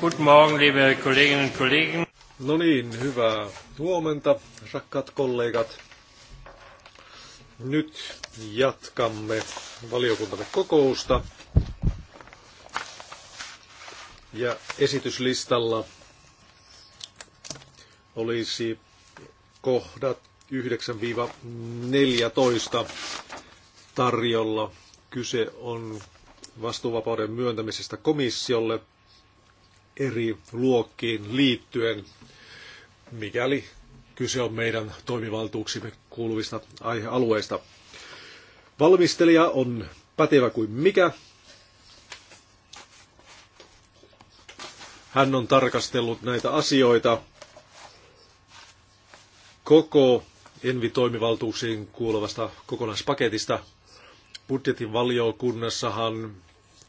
Guten Morgen, liebe Kolleginnen und Kollegen. No niin, hyvää huomenta, rakkaat kollegat. Nyt jatkamme valiokuntamme kokousta. Ja esityslistalla olisi kohdat 9-14 tarjolla. Kyse on vastuuvapauden myöntämisestä komissiolle eri luokkiin liittyen, mikäli kyse on meidän toimivaltuuksimme kuuluvista aihealueista. Valmistelija on pätevä kuin mikä. Hän on tarkastellut näitä asioita koko Envi-toimivaltuuksiin kuuluvasta kokonaispaketista. Budjetin valiokunnassahan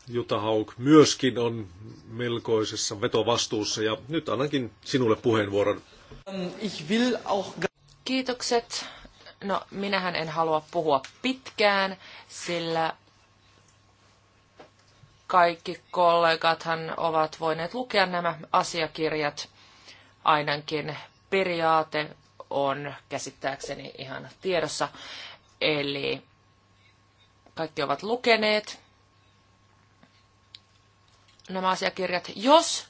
Jutta Hauk myöskin on melkoisessa vetovastuussa ja nyt annankin sinulle puheenvuoron. Ähm, Kiitokset. No, minähän en halua puhua pitkään, sillä kaikki kollegathan ovat voineet lukea nämä asiakirjat. Ainakin periaate on käsittääkseni ihan tiedossa. Eli kaikki ovat lukeneet nämä asiakirjat, jos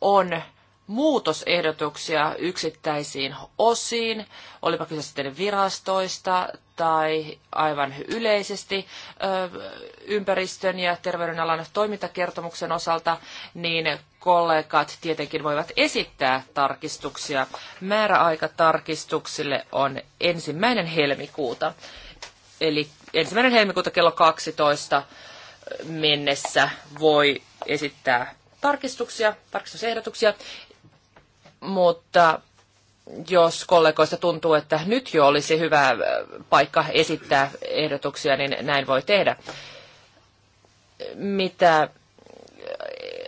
on muutosehdotuksia yksittäisiin osiin, olipa kyse sitten virastoista tai aivan yleisesti ympäristön ja terveydenalan toimintakertomuksen osalta, niin kollegat tietenkin voivat esittää tarkistuksia. Määräaika tarkistuksille on ensimmäinen helmikuuta, eli ensimmäinen helmikuuta kello 12 mennessä voi esittää tarkistuksia, tarkistusehdotuksia, mutta jos kollegoista tuntuu, että nyt jo olisi hyvä äh, paikka esittää ehdotuksia, niin näin voi tehdä. Mitä äh,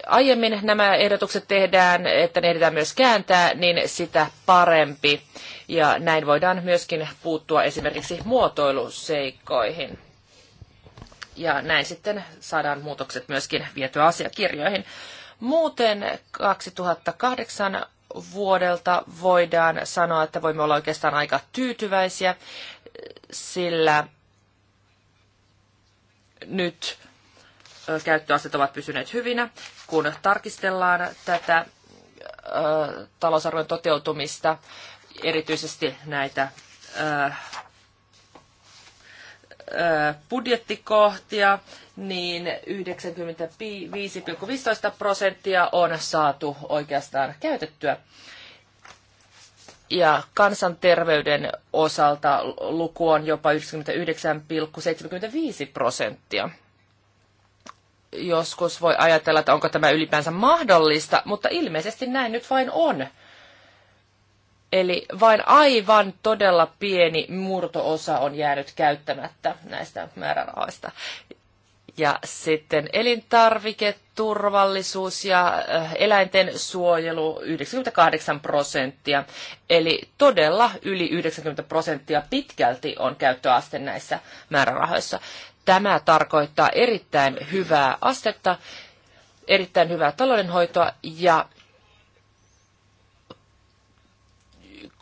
aiemmin nämä ehdotukset tehdään, että ne ehditään myös kääntää, niin sitä parempi. Ja näin voidaan myöskin puuttua esimerkiksi muotoiluseikkoihin ja näin sitten saadaan muutokset myöskin vietyä asiakirjoihin. Muuten 2008 vuodelta voidaan sanoa, että voimme olla oikeastaan aika tyytyväisiä, sillä nyt käyttöasteet ovat pysyneet hyvinä, kun tarkistellaan tätä talousarvion toteutumista, erityisesti näitä budjettikohtia, niin 95,15 prosenttia on saatu oikeastaan käytettyä. Ja kansanterveyden osalta luku on jopa 99,75 prosenttia. Joskus voi ajatella, että onko tämä ylipäänsä mahdollista, mutta ilmeisesti näin nyt vain on Eli vain aivan todella pieni murtoosa on jäänyt käyttämättä näistä määrärahoista. Ja sitten elintarviketurvallisuus ja äh, eläinten suojelu 98 prosenttia. Eli todella yli 90 prosenttia pitkälti on käyttöaste näissä määrärahoissa. Tämä tarkoittaa erittäin hyvää astetta, erittäin hyvää taloudenhoitoa ja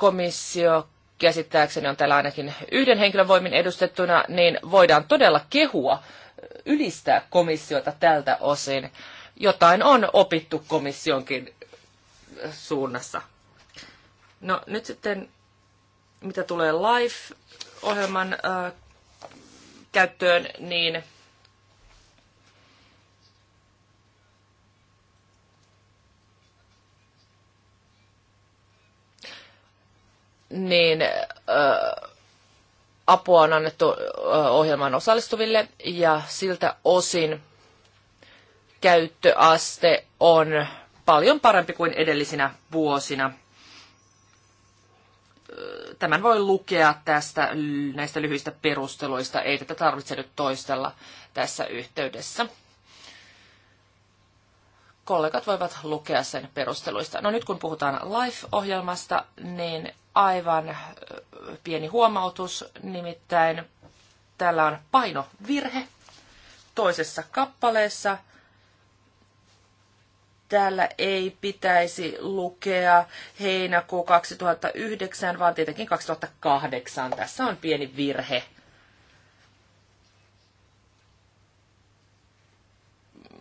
komissio käsittääkseni on täällä ainakin yhden henkilön voimin edustettuna, niin voidaan todella kehua, ylistää komissiota tältä osin. Jotain on opittu komissionkin äh, suunnassa. No nyt sitten, mitä tulee live-ohjelman äh, käyttöön, niin niin apua on annettu ohjelman osallistuville ja siltä osin käyttöaste on paljon parempi kuin edellisinä vuosina. Tämän voi lukea tästä näistä lyhyistä perusteluista. Ei tätä tarvitse nyt toistella tässä yhteydessä. Kollegat voivat lukea sen perusteluista. No nyt kun puhutaan LIFE-ohjelmasta, niin aivan pieni huomautus, nimittäin täällä on painovirhe toisessa kappaleessa. Täällä ei pitäisi lukea heinäkuu 2009, vaan tietenkin 2008. Tässä on pieni virhe.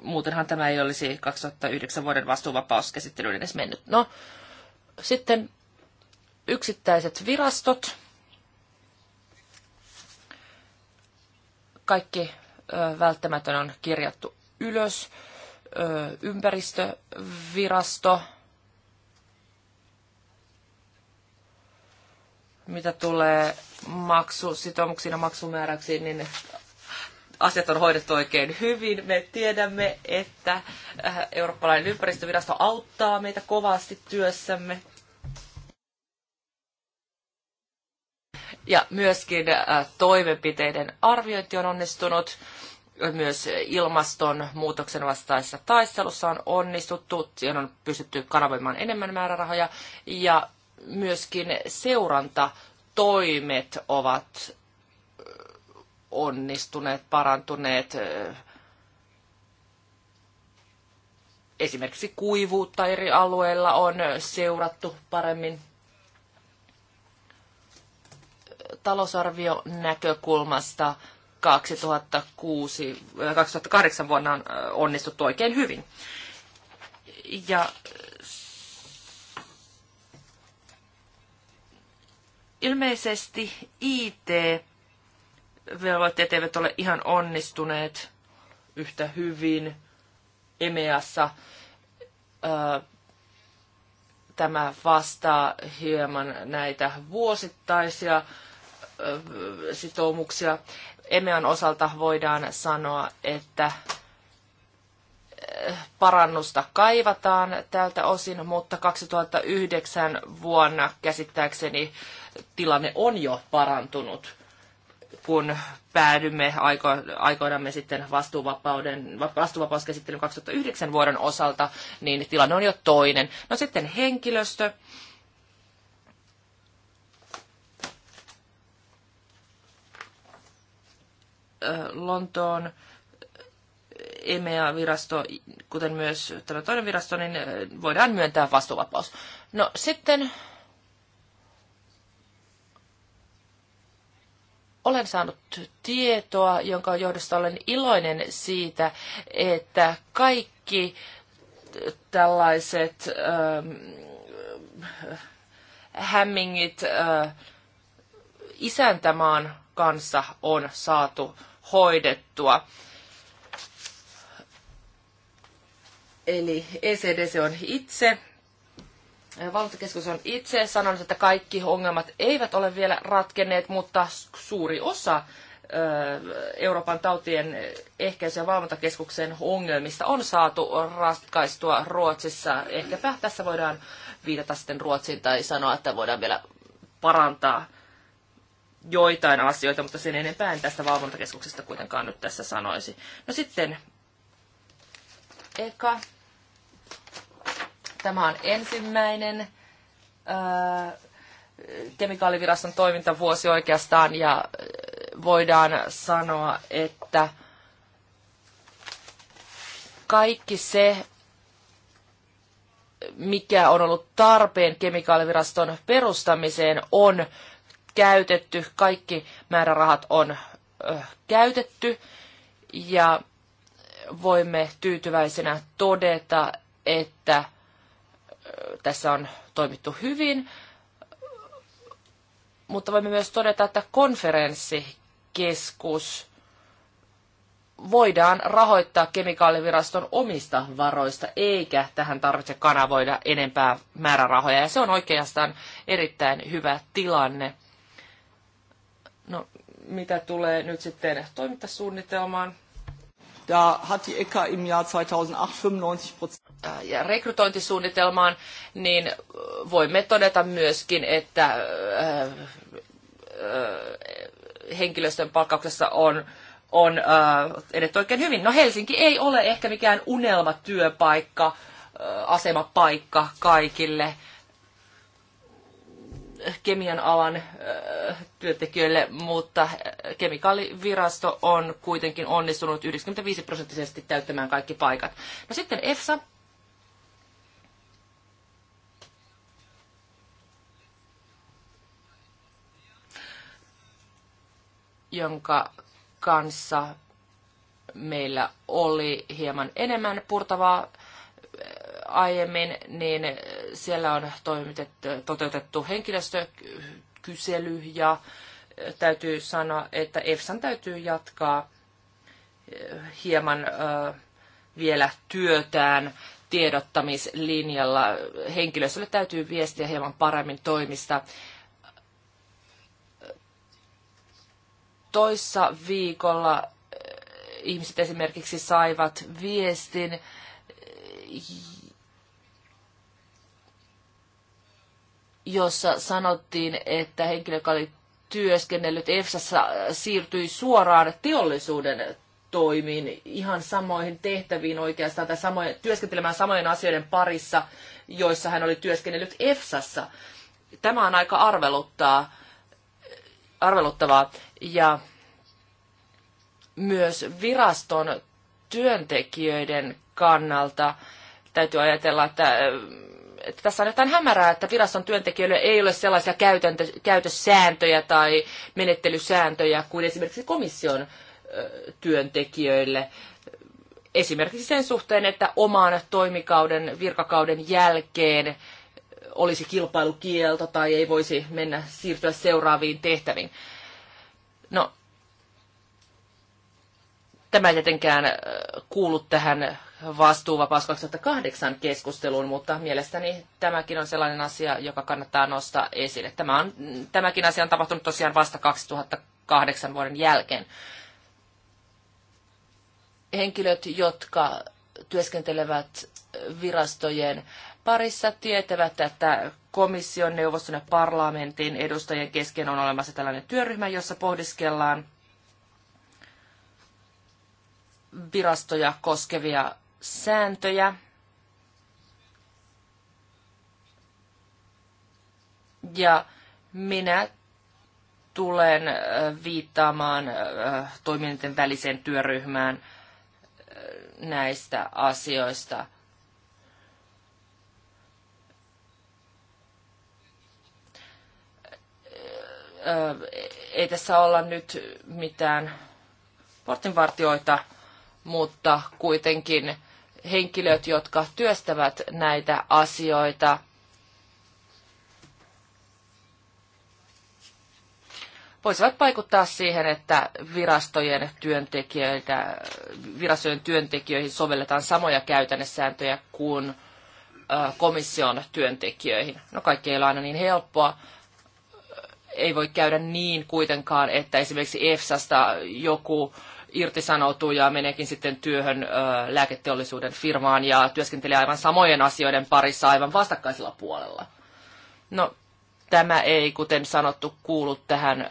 Muutenhan tämä ei olisi 2009 vuoden vastuuvapauskäsittelyyn edes mennyt. No, sitten yksittäiset virastot, kaikki välttämätön on kirjattu ylös, ympäristövirasto, mitä tulee maksusitoumuksiin ja maksumääräyksiin, niin asiat on hoidettu oikein hyvin. Me tiedämme, että äh, eurooppalainen ympäristövirasto auttaa meitä kovasti työssämme. Ja myöskin äh, toimenpiteiden arviointi on onnistunut. Myös ilmastonmuutoksen vastaisessa taistelussa on onnistuttu. Siihen on pystytty kanavoimaan enemmän määrärahoja. Ja myöskin seurantatoimet ovat äh, onnistuneet, parantuneet esimerkiksi kuivuutta eri alueilla on äh, seurattu paremmin talousarvionäkökulmasta 2006, 2008 äh, vuonna on äh, onnistuttu oikein hyvin. Ja ilmeisesti IT-velvoitteet eivät ole ihan onnistuneet yhtä hyvin EMEassa. Tämä vastaa hieman näitä vuosittaisia sitoumuksia. Emean osalta voidaan sanoa, että parannusta kaivataan tältä osin, mutta 2009 vuonna käsittääkseni tilanne on jo parantunut, kun päädymme aiko, aikoinamme sitten vastuuvapauden, vastuuvapauskäsittelyn 2009 vuoden osalta, niin tilanne on jo toinen. No sitten henkilöstö. Lontoon EMEA-virasto, kuten myös tämä toinen virasto, niin voidaan myöntää vastuuvapaus. No sitten olen saanut tietoa, jonka johdosta olen iloinen siitä, että kaikki tällaiset ähm, hämmingit äh, isäntämaan kanssa on saatu hoidettua. Eli ECDC on itse, valuuttakeskus on itse sanonut, että kaikki ongelmat eivät ole vielä ratkenneet, mutta suuri osa Euroopan tautien ehkäisy- ja valvontakeskuksen ongelmista on saatu ratkaistua Ruotsissa. Ehkäpä tässä voidaan viitata sitten Ruotsiin tai sanoa, että voidaan vielä parantaa joitain asioita, mutta sen enempää en tästä valvontakeskuksesta kuitenkaan nyt tässä sanoisi. No sitten eka. Tämä on ensimmäinen ää, äh, kemikaaliviraston toimintavuosi oikeastaan ja äh, voidaan sanoa, että kaikki se, mikä on ollut tarpeen kemikaaliviraston perustamiseen, on käytetty, kaikki määrärahat on käytetty ja voimme tyytyväisenä todeta, että tässä on toimittu hyvin, mutta voimme myös todeta, että konferenssikeskus voidaan rahoittaa kemikaaliviraston omista varoista, eikä tähän tarvitse kanavoida enempää määrärahoja. Ja se on oikeastaan erittäin hyvä tilanne. No, mitä tulee nyt sitten toimintasuunnitelmaan? Da hat die ECA im Jahr 2008 95 äh, ja rekrytointisuunnitelmaan, niin äh, voimme todeta myöskin, että äh, henkilöstön palkkauksessa on on äh, edetty oikein hyvin. No Helsinki ei ole ehkä mikään unelmatyöpaikka, äh, asemapaikka kaikille kemian alan työntekijöille, mutta kemikaalivirasto on kuitenkin onnistunut 95 prosenttisesti täyttämään kaikki paikat. No sitten EFSA. jonka kanssa meillä oli hieman enemmän purtavaa aiemmin, niin siellä on toimitettu, toteutettu henkilöstökysely ja täytyy sanoa, että EFSAn täytyy jatkaa eh, hieman vielä työtään tiedottamislinjalla. Henkilöstölle täytyy viestiä hieman paremmin toimista. Toissa viikolla eh, ihmiset esimerkiksi saivat viestin, jossa sanottiin, että henkilö, joka oli työskennellyt EFSassa, äh, siirtyi suoraan teollisuuden toimiin, ihan samoihin tehtäviin oikeastaan, tai samoihin työskentelemään samojen asioiden parissa, joissa hän oli työskennellyt EFSassa. Tämä on aika arveluttaa, arveluttavaa, ja myös viraston työntekijöiden kannalta täytyy ajatella, että äh, että tässä on jotain hämärää, että viraston työntekijöille ei ole sellaisia käytäntö, käytössääntöjä tai menettelysääntöjä kuin esimerkiksi komission työntekijöille. Esimerkiksi sen suhteen, että oman toimikauden, virkakauden jälkeen olisi kilpailukielto tai ei voisi mennä siirtyä seuraaviin tehtäviin. No, tämä ei tietenkään kuulu tähän vastuuvapaus 2008 keskusteluun, mutta mielestäni tämäkin on sellainen asia, joka kannattaa nostaa esille. Tämä on, tämäkin asia on tapahtunut tosiaan vasta 2008 vuoden jälkeen. Henkilöt, jotka työskentelevät virastojen parissa, tietävät, että komission, neuvoston ja parlamentin edustajien kesken on olemassa tällainen työryhmä, jossa pohdiskellaan virastoja koskevia sääntöjä, ja minä tulen viittaamaan toiminnan väliseen työryhmään näistä asioista. Ei tässä olla nyt mitään portinvartioita, mutta kuitenkin henkilöt, jotka työstävät näitä asioita. voisivat vaikuttaa siihen, että virastojen, työntekijöitä, virastojen työntekijöihin sovelletaan samoja käytännössääntöjä kuin komission työntekijöihin. No kaikki ei ole aina niin helppoa. Ei voi käydä niin kuitenkaan, että esimerkiksi EFSAsta joku irtisanoutuu ja meneekin sitten työhön lääketeollisuuden firmaan ja työskentelee aivan samojen asioiden parissa aivan vastakkaisella puolella. No, tämä ei, kuten sanottu, kuulu tähän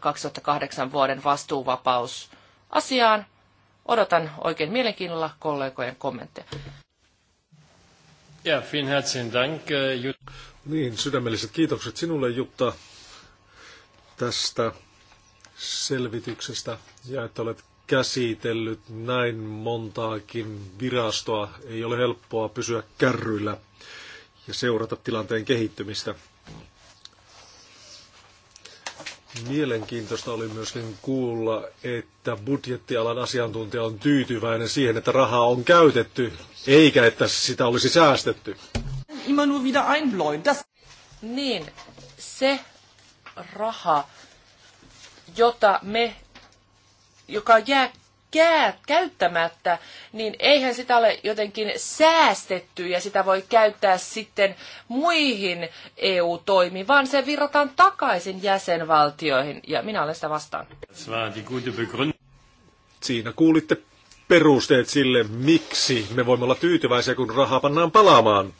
2008 vuoden vastuuvapausasiaan. Odotan oikein mielenkiinnolla kollegojen kommentteja. Ja, vielen herzlichen Dank, äh, Jutta. Niin, sydämelliset kiitokset sinulle, Jutta, tästä selvityksestä ja että olet käsitellyt näin montaakin virastoa. Ei ole helppoa pysyä kärryillä ja seurata tilanteen kehittymistä. Mielenkiintoista oli myöskin kuulla, että budjettialan asiantuntija on tyytyväinen siihen, että rahaa on käytetty, eikä että sitä olisi säästetty. Immer nur wieder einbläuen. Niin, se raha, jota me, joka jää kää, käyttämättä, niin eihän sitä ole jotenkin säästetty ja sitä voi käyttää sitten muihin EU-toimiin, vaan se virrataan takaisin jäsenvaltioihin ja minä olen sitä vastaan. Siinä kuulitte perusteet sille, miksi me voimme olla tyytyväisiä, kun rahaa pannaan palaamaan.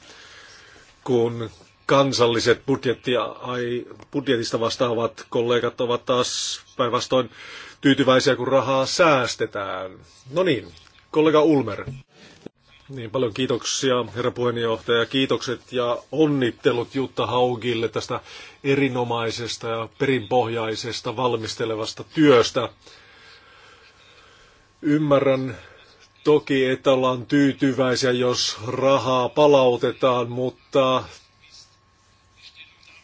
Kun kansalliset budjettia, ai, budjetista vastaavat kollegat ovat taas päinvastoin tyytyväisiä, kun rahaa säästetään. No niin, kollega Ulmer. Niin, paljon kiitoksia, herra puheenjohtaja. Kiitokset ja onnittelut Jutta Haugille tästä erinomaisesta ja perinpohjaisesta valmistelevasta työstä. Ymmärrän toki, että ollaan tyytyväisiä, jos rahaa palautetaan, mutta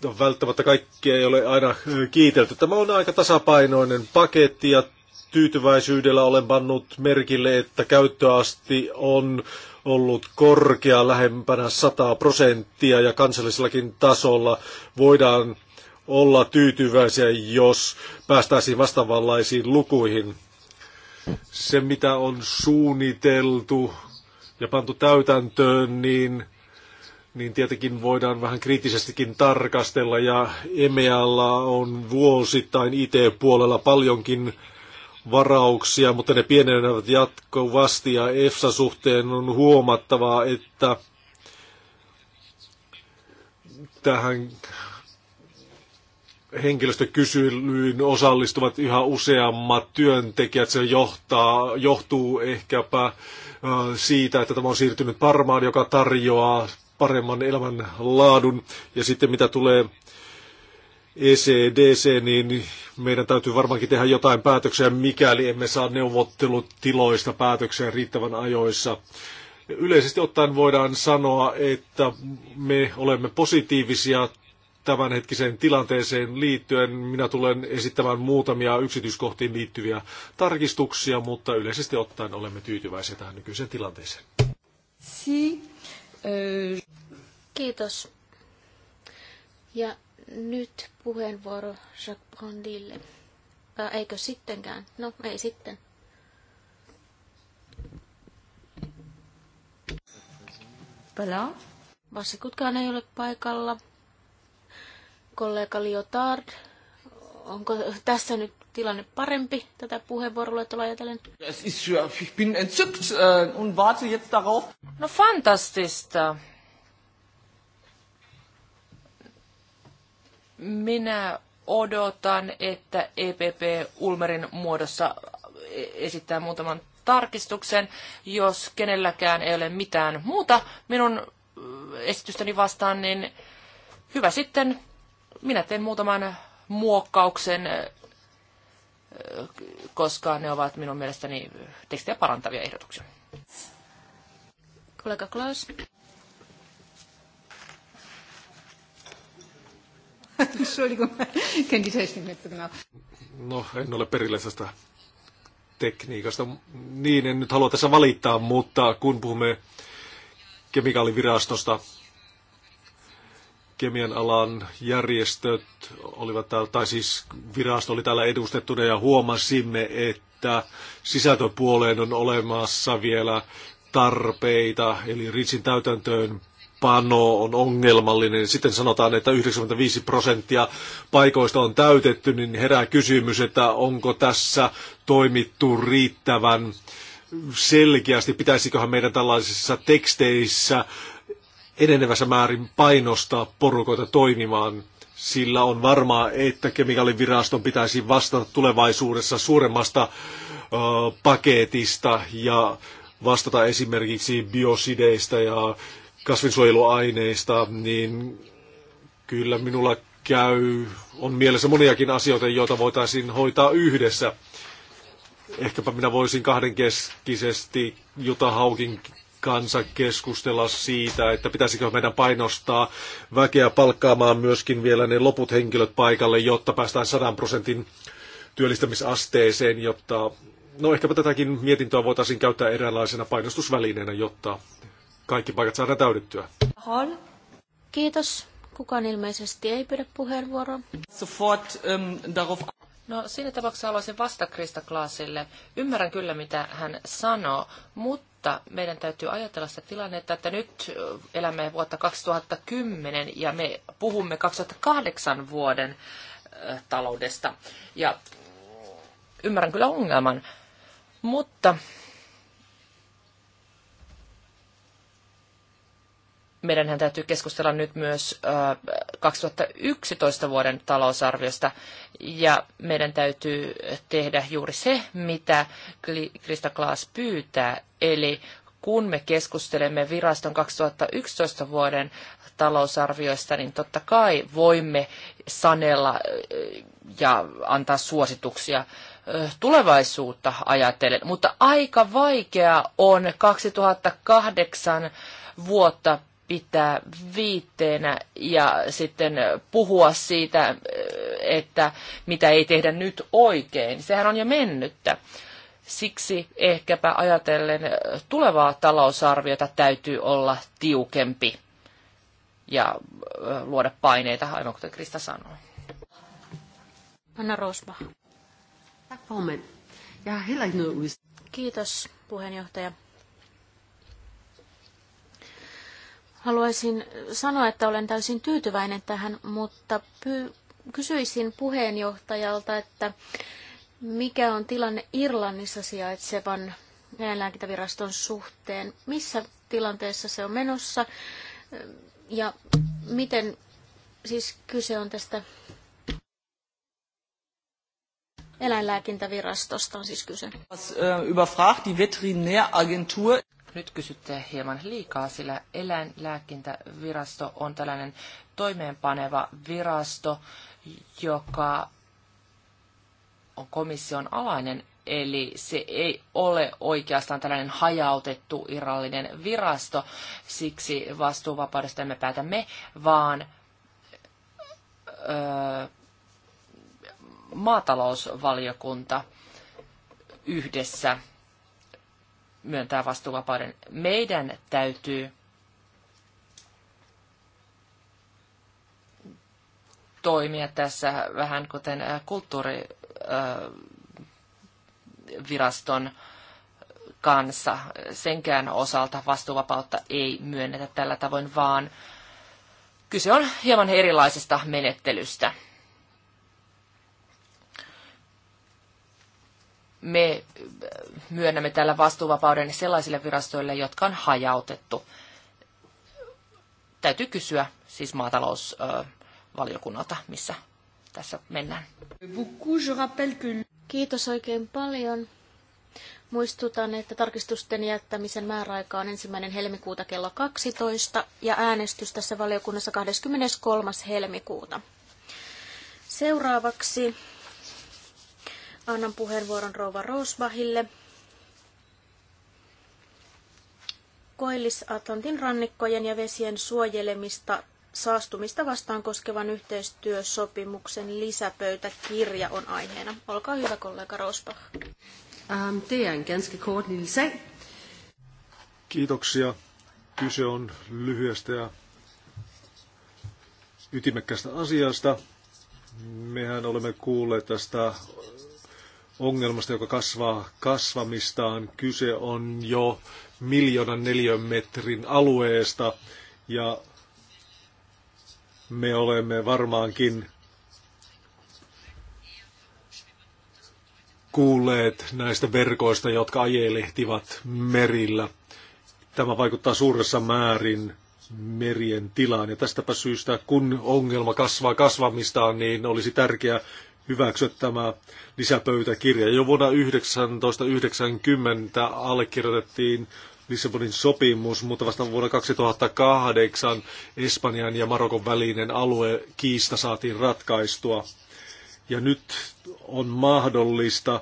No, välttämättä kaikkea ei ole aina kiitelty. Tämä on aika tasapainoinen paketti ja tyytyväisyydellä olen pannut merkille, että käyttöasti on ollut korkea lähempänä 100 prosenttia ja kansallisellakin tasolla voidaan olla tyytyväisiä, jos päästäisiin vastaavanlaisiin lukuihin. Se, mitä on suunniteltu ja pantu täytäntöön, niin niin tietenkin voidaan vähän kriittisestikin tarkastella ja EMEAlla on vuosittain IT-puolella paljonkin varauksia, mutta ne pienenevät jatkuvasti ja EFSA-suhteen on huomattavaa, että tähän henkilöstökyselyyn osallistuvat yhä useammat työntekijät. Se johtaa, johtuu ehkäpä siitä, että tämä on siirtynyt Parmaan, joka tarjoaa paremman laadun Ja sitten mitä tulee ECDC, niin meidän täytyy varmaankin tehdä jotain päätöksiä, mikäli emme saa neuvottelutiloista päätöksiä riittävän ajoissa. Yleisesti ottaen voidaan sanoa, että me olemme positiivisia tämänhetkiseen tilanteeseen liittyen. Minä tulen esittämään muutamia yksityiskohtiin liittyviä tarkistuksia, mutta yleisesti ottaen olemme tyytyväisiä tähän nykyiseen tilanteeseen. Si. Kiitos. Ja nyt puheenvuoro Jacques Brandille. eikö sittenkään? No, ei sitten. Pala. Vassikutkaan ei ole paikalla. Kollega Liotard Onko tässä nyt tilanne parempi tätä puheenvuoroluettelua ajatellen? Es ist ich bin entzückt äh, und warte jetzt darauf. No fantastista. Minä odotan, että EPP Ulmerin muodossa esittää muutaman tarkistuksen. Jos kenelläkään ei ole mitään muuta minun äh, esitystäni vastaan, niin hyvä sitten. Minä teen muutaman muokkauksen, koska ne ovat minun mielestäni tekstiä parantavia ehdotuksia. Kollega Klaus. No, en ole perillä tästä tekniikasta. Niin, en nyt halua tässä valittaa, mutta kun puhumme kemikaalivirastosta, kemian alan järjestöt olivat täällä, tai siis virasto oli täällä edustettuna ja huomasimme, että sisältöpuoleen on olemassa vielä tarpeita, eli Ritsin täytäntöön pano on ongelmallinen. Sitten sanotaan, että 95 prosenttia paikoista on täytetty, niin herää kysymys, että onko tässä toimittu riittävän selkeästi. Pitäisiköhän meidän tällaisissa teksteissä enenevässä määrin painostaa porukoita toimimaan. Sillä on varmaa, että kemikaaliviraston pitäisi vastata tulevaisuudessa suuremmasta paketista ja vastata esimerkiksi biosideista ja kasvinsuojeluaineista, niin kyllä minulla käy, on mielessä moniakin asioita, joita voitaisiin hoitaa yhdessä. Ehkäpä minä voisin kahdenkeskisesti Juta Haukin kanssa keskustella siitä, että pitäisikö meidän painostaa väkeä palkkaamaan myöskin vielä ne loput henkilöt paikalle, jotta päästään 100 prosentin työllistämisasteeseen, jotta no ehkäpä tätäkin mietintöä voitaisiin käyttää eräänlaisena painostusvälineenä, jotta kaikki paikat saadaan täydettyä. Kiitos. Kukaan ilmeisesti ei pidä puheenvuoroa. Sofort, ähm, darauf... No siinä tapauksessa haluaisin vastata Krista Klaasille. Ymmärrän kyllä, mitä hän sanoo, mutta meidän täytyy ajatella sitä tilannetta, että nyt elämme vuotta 2010 ja me puhumme 2008 vuoden taloudesta. Ja ymmärrän kyllä ongelman, mutta meidänhän täytyy keskustella nyt myös 2011 vuoden talousarviosta ja meidän täytyy tehdä juuri se, mitä Krista Klaas pyytää, eli kun me keskustelemme viraston 2011 vuoden talousarvioista, niin totta kai voimme sanella ja antaa suosituksia tulevaisuutta ajatellen, mutta aika vaikea on 2008 vuotta pitää viitteenä ja sitten puhua siitä, että mitä ei tehdä nyt oikein. Sehän on jo mennyttä. Siksi ehkäpä ajatellen tulevaa talousarviota täytyy olla tiukempi ja luoda paineita, aivan kuten Krista sanoi. Anna Rosba. Kiitos puheenjohtaja. Haluaisin sanoa, että olen täysin tyytyväinen tähän, mutta kysyisin puheenjohtajalta, että mikä on tilanne Irlannissa sijaitsevan eläinlääkintäviraston suhteen? Missä tilanteessa se on menossa? Ja miten siis kyse on tästä eläinlääkintävirastosta on siis kyse. Äh, überfragt die Veterinäragentur. Nyt kysytte hieman liikaa, sillä eläinlääkintävirasto on tällainen toimeenpaneva virasto, joka on komission alainen, eli se ei ole oikeastaan tällainen hajautettu irrallinen virasto, siksi vastuuvapaudesta emme päätä me, vaan öö, maatalousvaliokunta yhdessä myöntää vastuuvapauden. Meidän täytyy toimia tässä vähän kuten äh, kulttuuriviraston äh, kanssa. Senkään osalta vastuuvapautta ei myönnetä tällä tavoin, vaan kyse on hieman erilaisesta menettelystä. me myönnämme tällä vastuuvapauden sellaisille virastoille, jotka on hajautettu. Täytyy kysyä siis maatalousvaliokunnalta, missä tässä mennään. Kiitos oikein paljon. Muistutan, että tarkistusten jättämisen määräaika on ensimmäinen helmikuuta kello 12 ja äänestys tässä valiokunnassa 23. helmikuuta. Seuraavaksi Annan puheenvuoron rouva Rosbahille. Koillis-Atlantin rannikkojen ja vesien suojelemista saastumista vastaan koskevan yhteistyösopimuksen lisäpöytäkirja on aiheena. Olkaa hyvä kollega Rosbach. Um, det er en ganske kort Kiitoksia. Kyse on lyhyestä ja ytimekkästä asiasta. Mehän olemme kuulleet tästä ongelmasta, joka kasvaa kasvamistaan. Kyse on jo miljoonan neliömetrin alueesta ja me olemme varmaankin kuulleet näistä verkoista, jotka ajelehtivat merillä. Tämä vaikuttaa suuressa määrin merien tilaan. Ja tästäpä syystä, kun ongelma kasvaa kasvamistaan, niin olisi tärkeää hyväksyttämä lisäpöytäkirja. Jo vuonna 1990 allekirjoitettiin Lissabonin sopimus, mutta vasta vuonna 2008 Espanjan ja Marokon välinen alue kiista saatiin ratkaistua. Ja nyt on mahdollista,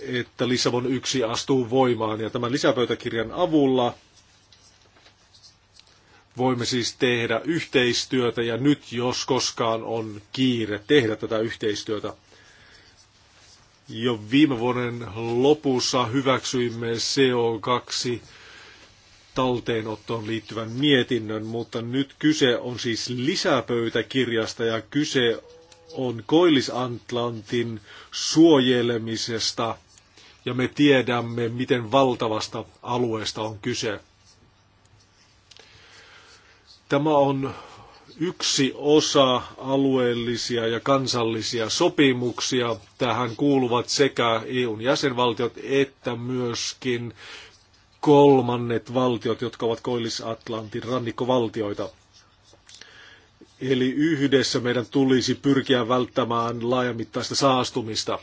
että Lissabon yksi astuu voimaan. Ja tämän lisäpöytäkirjan avulla Voimme siis tehdä yhteistyötä ja nyt jos koskaan on kiire tehdä tätä yhteistyötä. Jo viime vuoden lopussa hyväksyimme CO2 talteenottoon liittyvän mietinnön, mutta nyt kyse on siis lisäpöytäkirjasta ja kyse on Koillis-Atlantin suojelemisesta ja me tiedämme, miten valtavasta alueesta on kyse. Tämä on yksi osa alueellisia ja kansallisia sopimuksia. Tähän kuuluvat sekä EUn jäsenvaltiot että myöskin kolmannet valtiot, jotka ovat Koillis-Atlantin rannikkovaltioita. Eli yhdessä meidän tulisi pyrkiä välttämään laajamittaista saastumista.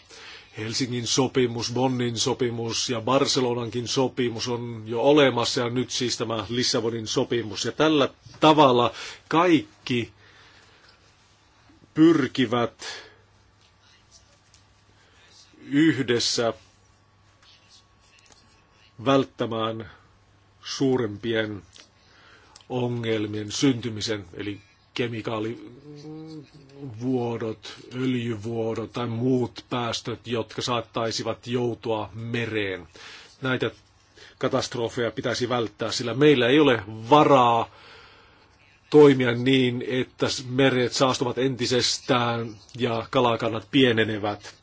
Helsingin sopimus, Bonnin sopimus ja Barcelonankin sopimus on jo olemassa ja nyt siis tämä Lissabonin sopimus. Ja tällä tavalla kaikki pyrkivät yhdessä välttämään suurempien ongelmien syntymisen, eli kemikaalivuodot, öljyvuodot tai muut päästöt, jotka saattaisivat joutua mereen. Näitä katastrofeja pitäisi välttää, sillä meillä ei ole varaa toimia niin, että meret saastuvat entisestään ja kalakannat pienenevät.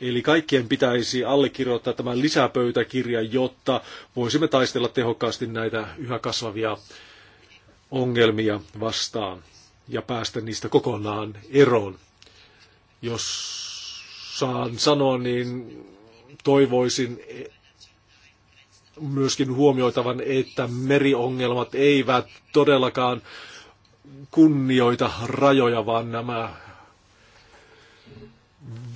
Eli kaikkien pitäisi allekirjoittaa tämä lisäpöytäkirja, jotta voisimme taistella tehokkaasti näitä yhä kasvavia ongelmia vastaan ja päästä niistä kokonaan eroon. Jos saan sanoa, niin toivoisin myöskin huomioitavan, että meriongelmat eivät todellakaan kunnioita rajoja, vaan nämä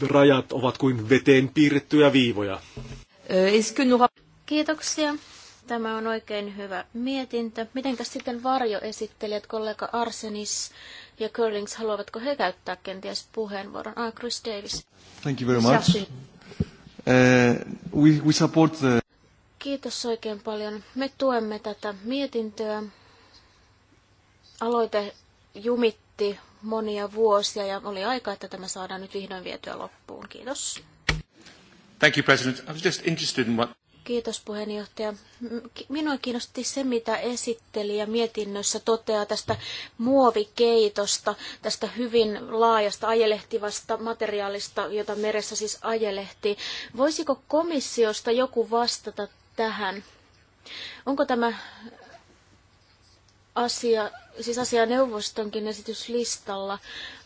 rajat ovat kuin veteen piirrettyjä viivoja. Kiitoksia. Tämä on oikein hyvä mietintö. Mitenkäs sitten varjoesittelijät, kollega Arsenis ja Curlings, haluavatko he käyttää kenties puheenvuoron? Ah, Chris Davis. Thank you very much. Uh, we, we support the... Kiitos oikein paljon. Me tuemme tätä mietintöä. Aloite jumitti monia vuosia ja oli aika, että tämä saadaan nyt vihdoin vietyä loppuun. Kiitos. Thank you, President. I was just interested in what... Kiitos puheenjohtaja. Minua kiinnosti se, mitä ja mietinnössä toteaa tästä muovikeitosta, tästä hyvin laajasta ajelehtivasta materiaalista, jota meressä siis ajelehtii. Voisiko komissiosta joku vastata tähän? Onko tämä asia, siis asianeuvostonkin esityslistalla?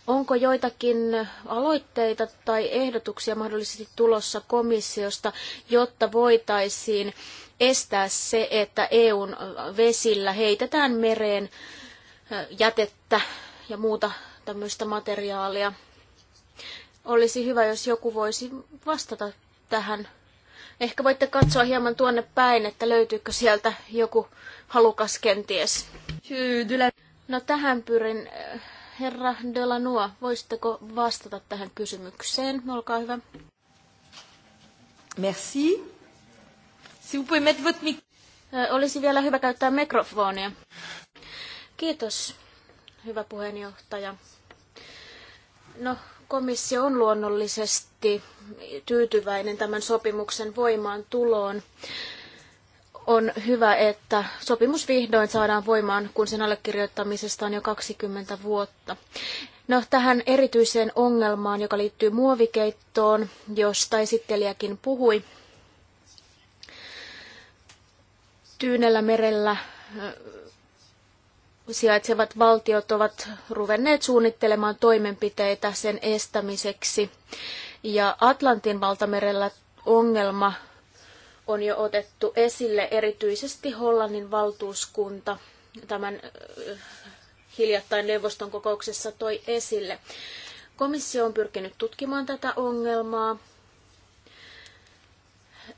Onko joitakin aloitteita tai ehdotuksia mahdollisesti tulossa komissiosta, jotta voitaisiin estää se, että EUn vesillä heitetään mereen jätettä ja muuta tämmöistä materiaalia? Olisi hyvä, jos joku voisi vastata tähän. Ehkä voitte katsoa hieman tuonne päin, että löytyykö sieltä joku halukas kenties. No tähän pyrin herra Delanoa, voisitteko vastata tähän kysymykseen? Olkaa hyvä. Merci. Si vous pouvez mettre votre micro. olisi vielä hyvä käyttää mikrofonia. Kiitos, hyvä puheenjohtaja. No, komissio on luonnollisesti tyytyväinen tämän sopimuksen voimaan tuloon on hyvä, että sopimus vihdoin saadaan voimaan, kun sen allekirjoittamisesta on jo 20 vuotta. No, tähän erityiseen ongelmaan, joka liittyy muovikeittoon, josta esittelijäkin puhui, Tyynellä merellä sijaitsevat valtiot ovat ruvenneet suunnittelemaan toimenpiteitä sen estämiseksi. Ja Atlantin valtamerellä ongelma on jo otettu esille erityisesti Hollannin valtuuskunta tämän äh, hiljattain neuvoston kokouksessa toi esille. Komissio on pyrkinyt tutkimaan tätä ongelmaa,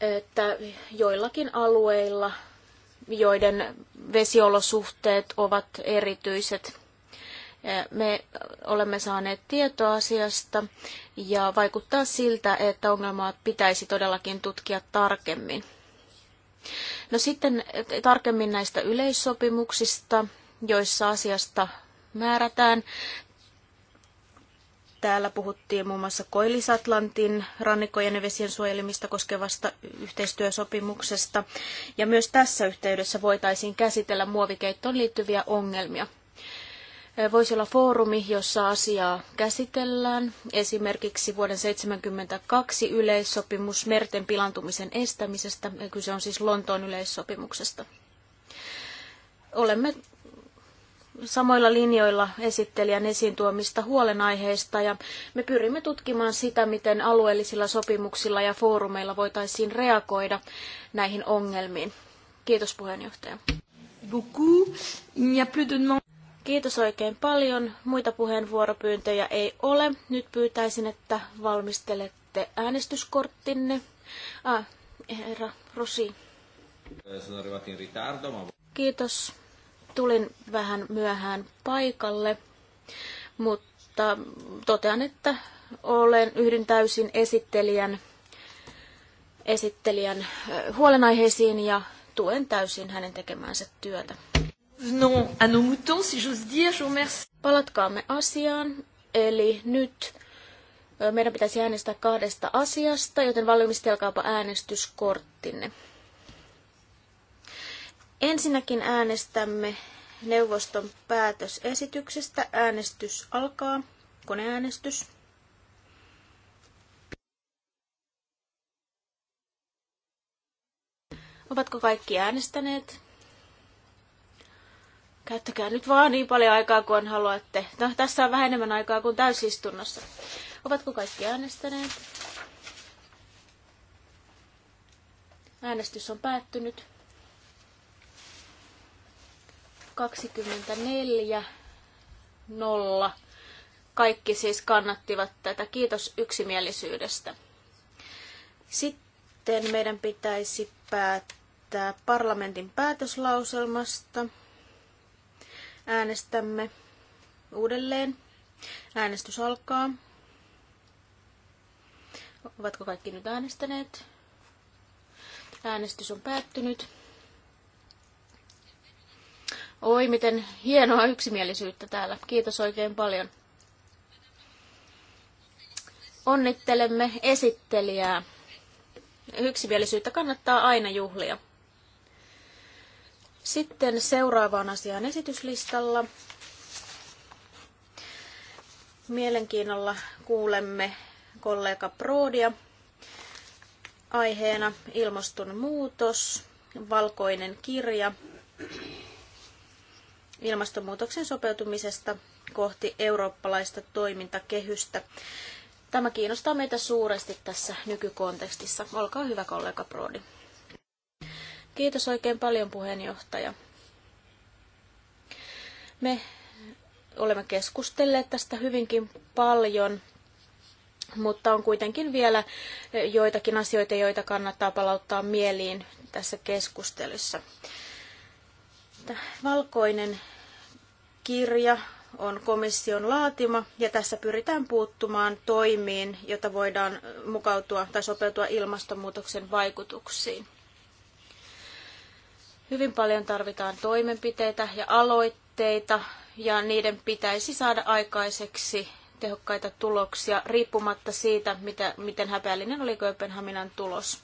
että joillakin alueilla, joiden vesiolosuhteet ovat erityiset, me olemme saaneet tietoa asiasta ja vaikuttaa siltä, että ongelmaa pitäisi todellakin tutkia tarkemmin. No sitten eh, tarkemmin näistä yleissopimuksista, joissa asiasta määrätään. Täällä puhuttiin muun muassa Koillis-Atlantin rannikkojen ja vesien suojelimista koskevasta yhteistyösopimuksesta. Ja myös tässä yhteydessä voitaisiin käsitellä muovikeittoon liittyviä ongelmia voisi olla foorumi, jossa asiaa käsitellään. Esimerkiksi vuoden 1972 yleissopimus merten pilantumisen estämisestä. Kyse on siis Lontoon yleissopimuksesta. Olemme samoilla linjoilla esittelijän esiin tuomista huolenaiheista ja me pyrimme tutkimaan sitä, miten alueellisilla sopimuksilla ja foorumeilla voitaisiin reagoida näihin ongelmiin. Kiitos puheenjohtaja. Beaucoup. Il n'y a plus de Kiitos oikein paljon. Muita puheenvuoropyyntöjä ei ole. Nyt pyytäisin, että valmistelette äänestyskorttinne. Ah, herra Rosi. Kiitos. Tulin vähän myöhään paikalle, mutta totean, että olen yhden täysin esittelijän, esittelijän huolenaiheisiin ja tuen täysin hänen tekemäänsä työtä. Venons à nos moutons, si j'ose dire, je vous remercie. Palatkaamme asiaan, eli nyt meidän pitäisi äänestää kahdesta asiasta, joten valmistelkaapa äänestyskorttinne. Ensinnäkin äänestämme neuvoston päätösesityksestä. Äänestys alkaa. Koneäänestys. Ovatko kaikki äänestäneet? Käyttäkää nyt vaan niin paljon aikaa kuin haluatte. No, tässä on vähän enemmän aikaa kuin täysistunnossa. Ovatko kaikki äänestäneet? Äänestys on päättynyt. 24 0. Kaikki siis kannattivat tätä. Kiitos yksimielisyydestä. Sitten meidän pitäisi päättää parlamentin päätöslauselmasta. Äänestämme uudelleen. Äänestys alkaa. Ovatko kaikki nyt äänestäneet? Äänestys on päättynyt. Oi, miten hienoa yksimielisyyttä täällä. Kiitos oikein paljon. Onnittelemme esittelijää. Yksimielisyyttä kannattaa aina juhlia. Sitten seuraavaan asiaan esityslistalla. Mielenkiinnolla kuulemme kollega Proodia aiheena ilmastonmuutos, valkoinen kirja ilmastonmuutoksen sopeutumisesta kohti eurooppalaista toimintakehystä. Tämä kiinnostaa meitä suuresti tässä nykykontekstissa. Olkaa hyvä kollega Proodi. Kiitos oikein paljon puheenjohtaja. Me olemme keskustelleet tästä hyvinkin paljon, mutta on kuitenkin vielä joitakin asioita, joita kannattaa palauttaa mieliin tässä keskustelussa. Valkoinen kirja on komission laatima ja tässä pyritään puuttumaan toimiin, jota voidaan mukautua tai sopeutua ilmastonmuutoksen vaikutuksiin. Hyvin paljon tarvitaan toimenpiteitä ja aloitteita, ja niiden pitäisi saada aikaiseksi tehokkaita tuloksia, riippumatta siitä, mitä, miten häpeällinen oli Kööpenhaminan tulos.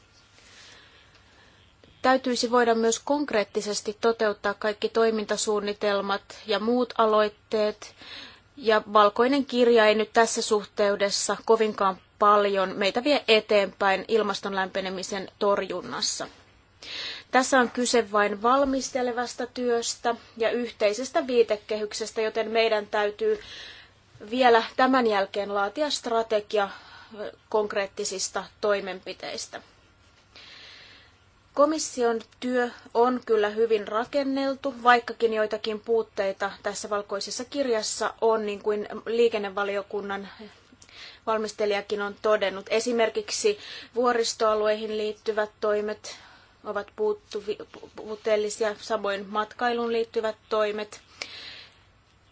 Täytyisi voida myös konkreettisesti toteuttaa kaikki toimintasuunnitelmat ja muut aloitteet, ja valkoinen kirja ei nyt tässä suhteudessa kovinkaan paljon meitä vie eteenpäin ilmaston lämpenemisen torjunnassa. Tässä on kyse vain valmistelevasta työstä ja yhteisestä viitekehyksestä, joten meidän täytyy vielä tämän jälkeen laatia strategia konkreettisista toimenpiteistä. Komission työ on kyllä hyvin rakenneltu, vaikkakin joitakin puutteita tässä valkoisessa kirjassa on, niin kuin liikennevaliokunnan valmistelijakin on todennut. Esimerkiksi vuoristoalueihin liittyvät toimet ovat puuttuvi, puutteellisia, samoin matkailun liittyvät toimet.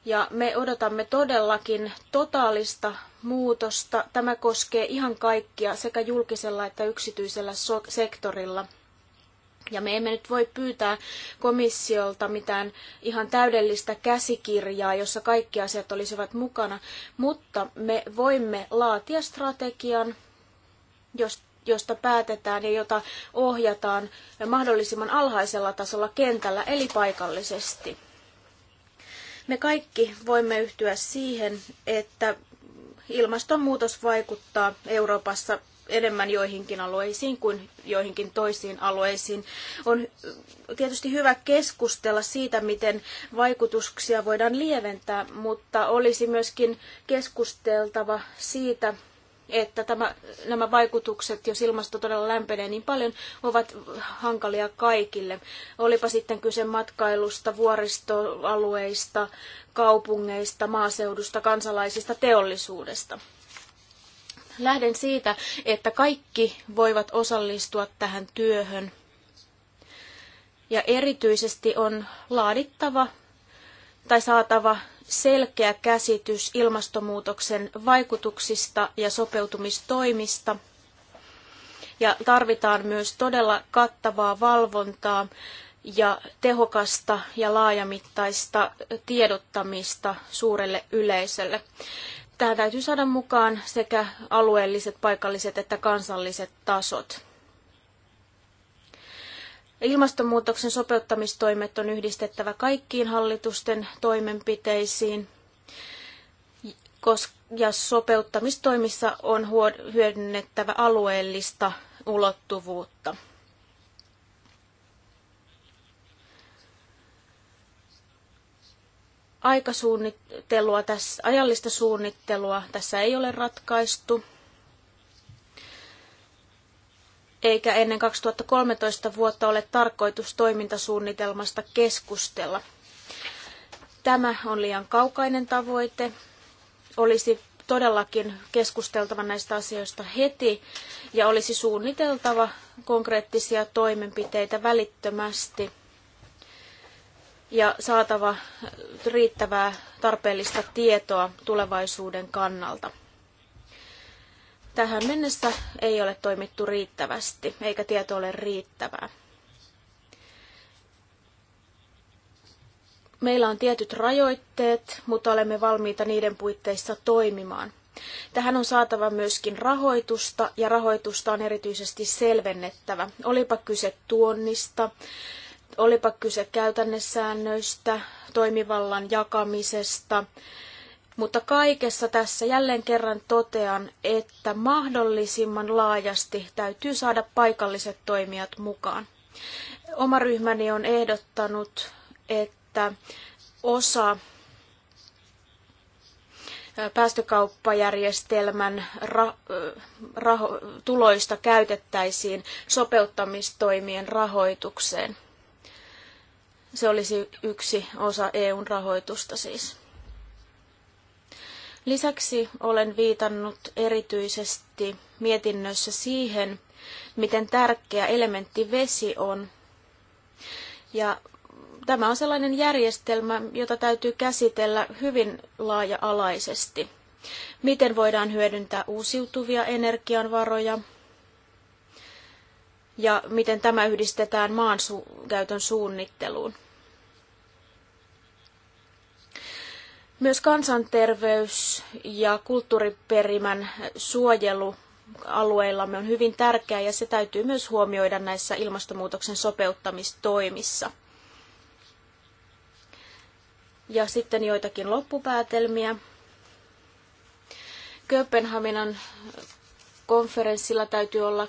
Ja me odotamme todellakin totaalista muutosta. Tämä koskee ihan kaikkia sekä julkisella että yksityisellä sektorilla. Ja me emme nyt voi pyytää komissiolta mitään ihan täydellistä käsikirjaa, jossa kaikki asiat olisivat mukana, mutta me voimme laatia strategian, jos josta päätetään ja jota ohjataan mahdollisimman alhaisella tasolla kentällä, eli paikallisesti. Me kaikki voimme yhtyä siihen, että ilmastonmuutos vaikuttaa Euroopassa enemmän joihinkin alueisiin kuin joihinkin toisiin alueisiin. On tietysti hyvä keskustella siitä, miten vaikutuksia voidaan lieventää, mutta olisi myöskin keskusteltava siitä, että tämä, nämä vaikutukset, jos ilmasto todella lämpenee niin paljon, ovat hankalia kaikille. Olipa sitten kyse matkailusta, vuoristoalueista, kaupungeista, maaseudusta, kansalaisista, teollisuudesta. Lähden siitä, että kaikki voivat osallistua tähän työhön. Ja erityisesti on laadittava tai saatava selkeä käsitys ilmastonmuutoksen vaikutuksista ja sopeutumistoimista. Ja tarvitaan myös todella kattavaa valvontaa ja tehokasta ja laajamittaista tiedottamista suurelle yleisölle. Tähän täytyy saada mukaan sekä alueelliset, paikalliset että kansalliset tasot. Ilmastonmuutoksen sopeuttamistoimet on yhdistettävä kaikkiin hallitusten toimenpiteisiin, ja sopeuttamistoimissa on hyödynnettävä alueellista ulottuvuutta. Aikasuunnittelua tässä, ajallista suunnittelua tässä ei ole ratkaistu eikä ennen 2013 vuotta ole tarkoitus toimintasuunnitelmasta keskustella. Tämä on liian kaukainen tavoite. Olisi todellakin keskusteltava näistä asioista heti ja olisi suunniteltava konkreettisia toimenpiteitä välittömästi ja saatava riittävää tarpeellista tietoa tulevaisuuden kannalta tähän mennessä ei ole toimittu riittävästi, eikä tieto ole riittävää. Meillä on tietyt rajoitteet, mutta olemme valmiita niiden puitteissa toimimaan. Tähän on saatava myöskin rahoitusta ja rahoitusta on erityisesti selvennettävä. Olipa kyse tuonnista, olipa kyse käytännessäännöistä, toimivallan jakamisesta, mutta kaikessa tässä jälleen kerran totean, että mahdollisimman laajasti täytyy saada paikalliset toimijat mukaan. Oma ryhmäni on ehdottanut, että osa päästökauppajärjestelmän tuloista käytettäisiin sopeuttamistoimien rahoitukseen. Se olisi yksi osa EUn rahoitusta siis. Lisäksi olen viitannut erityisesti mietinnössä siihen, miten tärkeä elementti vesi on. Ja tämä on sellainen järjestelmä, jota täytyy käsitellä hyvin laaja-alaisesti. Miten voidaan hyödyntää uusiutuvia energianvaroja ja miten tämä yhdistetään käytön suunnitteluun. Myös kansanterveys ja kulttuuriperimän suojelu alueillamme on hyvin tärkeää ja se täytyy myös huomioida näissä ilmastonmuutoksen sopeuttamistoimissa. Ja sitten joitakin loppupäätelmiä. Kööpenhaminan konferenssilla täytyy olla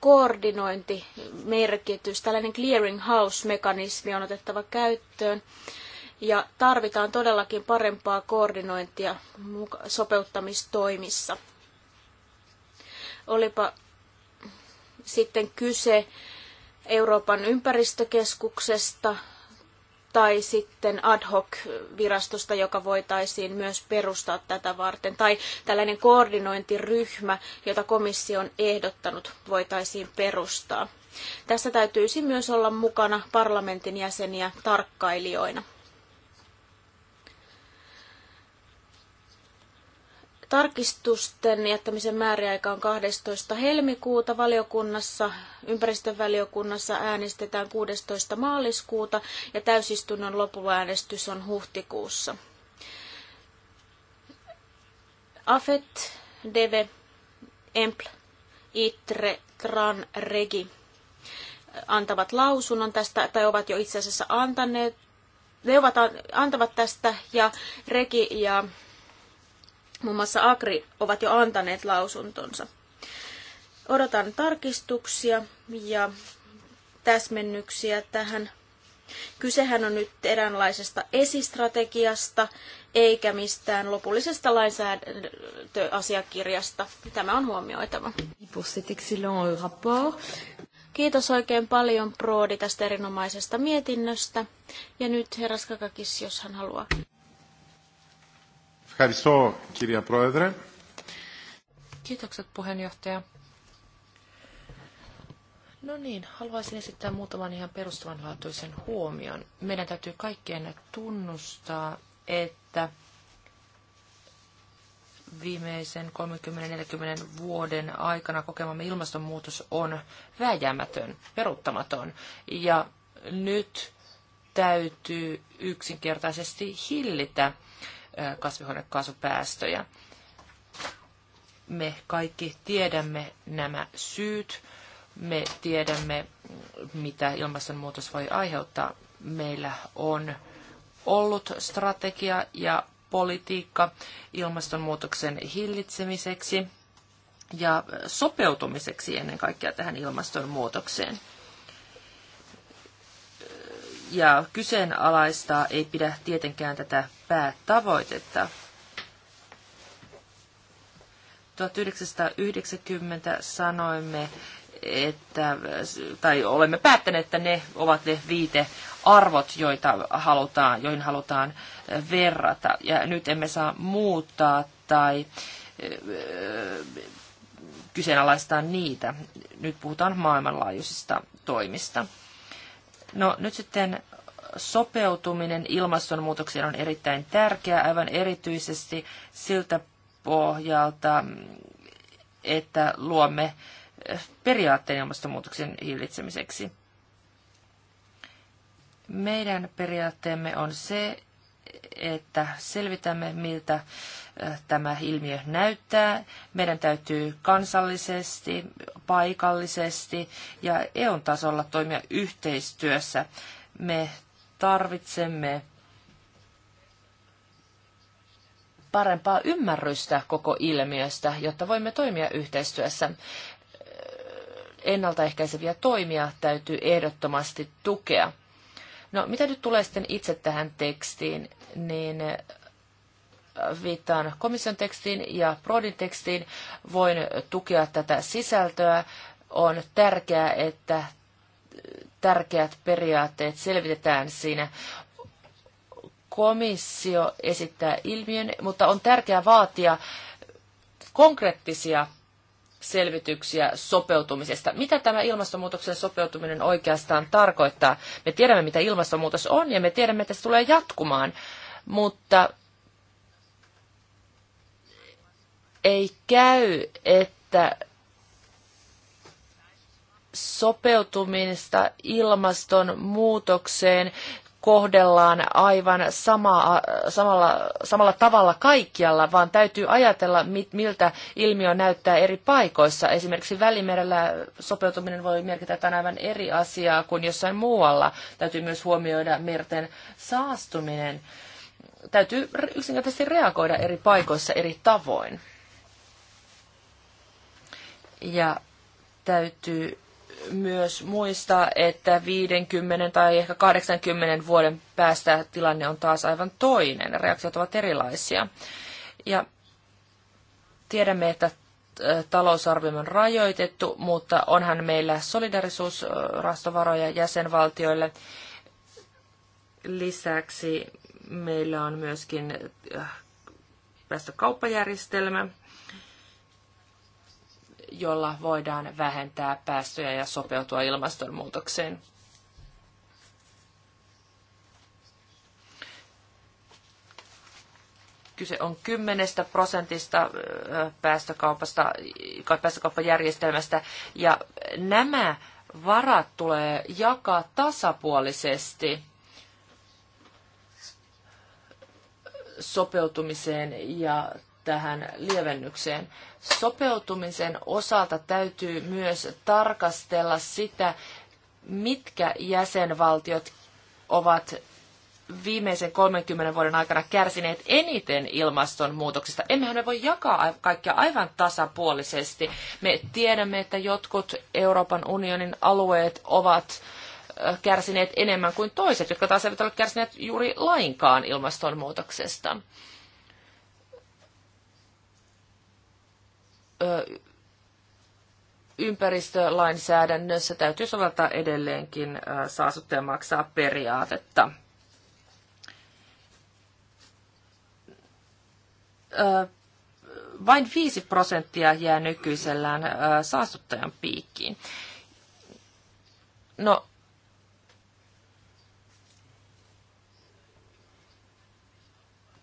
koordinointimerkitys. Tällainen clearing house-mekanismi on otettava käyttöön ja tarvitaan todellakin parempaa koordinointia sopeuttamistoimissa. Olipa sitten kyse Euroopan ympäristökeskuksesta tai sitten ad hoc virastosta, joka voitaisiin myös perustaa tätä varten, tai tällainen koordinointiryhmä, jota komissio on ehdottanut, voitaisiin perustaa. Tässä täytyisi myös olla mukana parlamentin jäseniä tarkkailijoina. Tarkistusten jättämisen määräaika on 12. helmikuuta valiokunnassa, ympäristövaliokunnassa äänestetään 16. maaliskuuta ja täysistunnon äänestys on huhtikuussa. AFET, DEVE, EMPL, ITRE, TRAN, REGI antavat lausunnon tästä, tai ovat jo itse asiassa antaneet, ne ovat, antavat tästä, ja REGI ja muun muassa Agri, ovat jo antaneet lausuntonsa. Odotan tarkistuksia ja täsmennyksiä tähän. Kysehän on nyt eräänlaisesta esistrategiasta eikä mistään lopullisesta lainsäädäntöasiakirjasta. Tämä on huomioitava. Euh, Kiitos oikein paljon Proodi tästä erinomaisesta mietinnöstä. Ja nyt herra Skakakis, jos hän haluaa. Ευχαριστώ, κυρία Πρόεδρε. Kiitokset, puheenjohtaja. No niin, haluaisin esittää muutaman ihan perustavanlaatuisen huomion. Meidän täytyy kaikkien tunnustaa, että viimeisen 30-40 vuoden aikana kokemamme ilmastonmuutos on vääjäämätön, peruuttamaton. Ja nyt täytyy yksinkertaisesti hillitä kasvihuonekaasupäästöjä. Me kaikki tiedämme nämä syyt. Me tiedämme, mitä ilmastonmuutos voi aiheuttaa. Meillä on ollut strategia ja politiikka ilmastonmuutoksen hillitsemiseksi ja sopeutumiseksi ennen kaikkea tähän ilmastonmuutokseen ja kyseenalaistaa ei pidä tietenkään tätä päätavoitetta. 1990 sanoimme, että, tai olemme päättäneet, että ne ovat ne viite arvot, joita halutaan, joihin halutaan verrata. Ja nyt emme saa muuttaa tai kyseenalaistaa niitä. Nyt puhutaan maailmanlaajuisista toimista. No nyt sitten sopeutuminen ilmastonmuutokseen on erittäin tärkeää, aivan erityisesti siltä pohjalta, että luomme eh, periaatteen ilmastonmuutoksen hillitsemiseksi. Meidän periaatteemme on se, että selvitämme, miltä tämä ilmiö näyttää. Meidän täytyy kansallisesti, paikallisesti ja EUn tasolla toimia yhteistyössä. Me tarvitsemme parempaa ymmärrystä koko ilmiöstä, jotta voimme toimia yhteistyössä. Ennaltaehkäiseviä toimia täytyy ehdottomasti tukea. No, mitä nyt tulee sitten itse tähän tekstiin? niin viittaan komission tekstiin ja Prodin tekstiin. Voin tukea tätä sisältöä. On tärkeää, että tärkeät periaatteet selvitetään siinä komissio esittää ilmiön, mutta on tärkeää vaatia konkreettisia selvityksiä sopeutumisesta. Mitä tämä ilmastonmuutoksen sopeutuminen oikeastaan tarkoittaa? Me tiedämme, mitä ilmastonmuutos on ja me tiedämme, että se tulee jatkumaan, mutta ei käy, että sopeutumista ilmastonmuutokseen kohdellaan aivan sama, samalla, samalla tavalla kaikkialla, vaan täytyy ajatella, miltä ilmiö näyttää eri paikoissa. Esimerkiksi Välimerellä sopeutuminen voi merkitä jotain aivan eri asiaa kuin jossain muualla. Täytyy myös huomioida merten saastuminen. Täytyy yksinkertaisesti reagoida eri paikoissa eri tavoin. Ja täytyy myös muistaa, että 50 tai ehkä 80 vuoden päästä tilanne on taas aivan toinen. Reaktiot ovat erilaisia. Ja tiedämme, että äh, talousarvio on rajoitettu, mutta onhan meillä solidarisuusrahastovaroja jäsenvaltioille. Lisäksi meillä on myöskin päästökauppajärjestelmä äh, – jolla voidaan vähentää päästöjä ja sopeutua ilmastonmuutokseen. kyse on 10 prosentista päästökaupasta, päästökauppajärjestelmästä, ja nämä varat tulee jakaa tasapuolisesti sopeutumiseen ja tähän lievennykseen. Sopeutumisen osalta täytyy myös tarkastella sitä, mitkä jäsenvaltiot ovat viimeisen 30 vuoden aikana kärsineet eniten ilmastonmuutoksesta. Emmehän me voi jakaa kaikkia aivan tasapuolisesti. Me tiedämme, että jotkut Euroopan unionin alueet ovat kärsineet enemmän kuin toiset, jotka taas eivät ole kärsineet juuri lainkaan ilmastonmuutoksesta. ympäristölainsäädännössä täytyy soveltaa edelleenkin saastuttaja maksaa periaatetta. Vain 5 prosenttia jää nykyisellään saastuttajan piikkiin. No,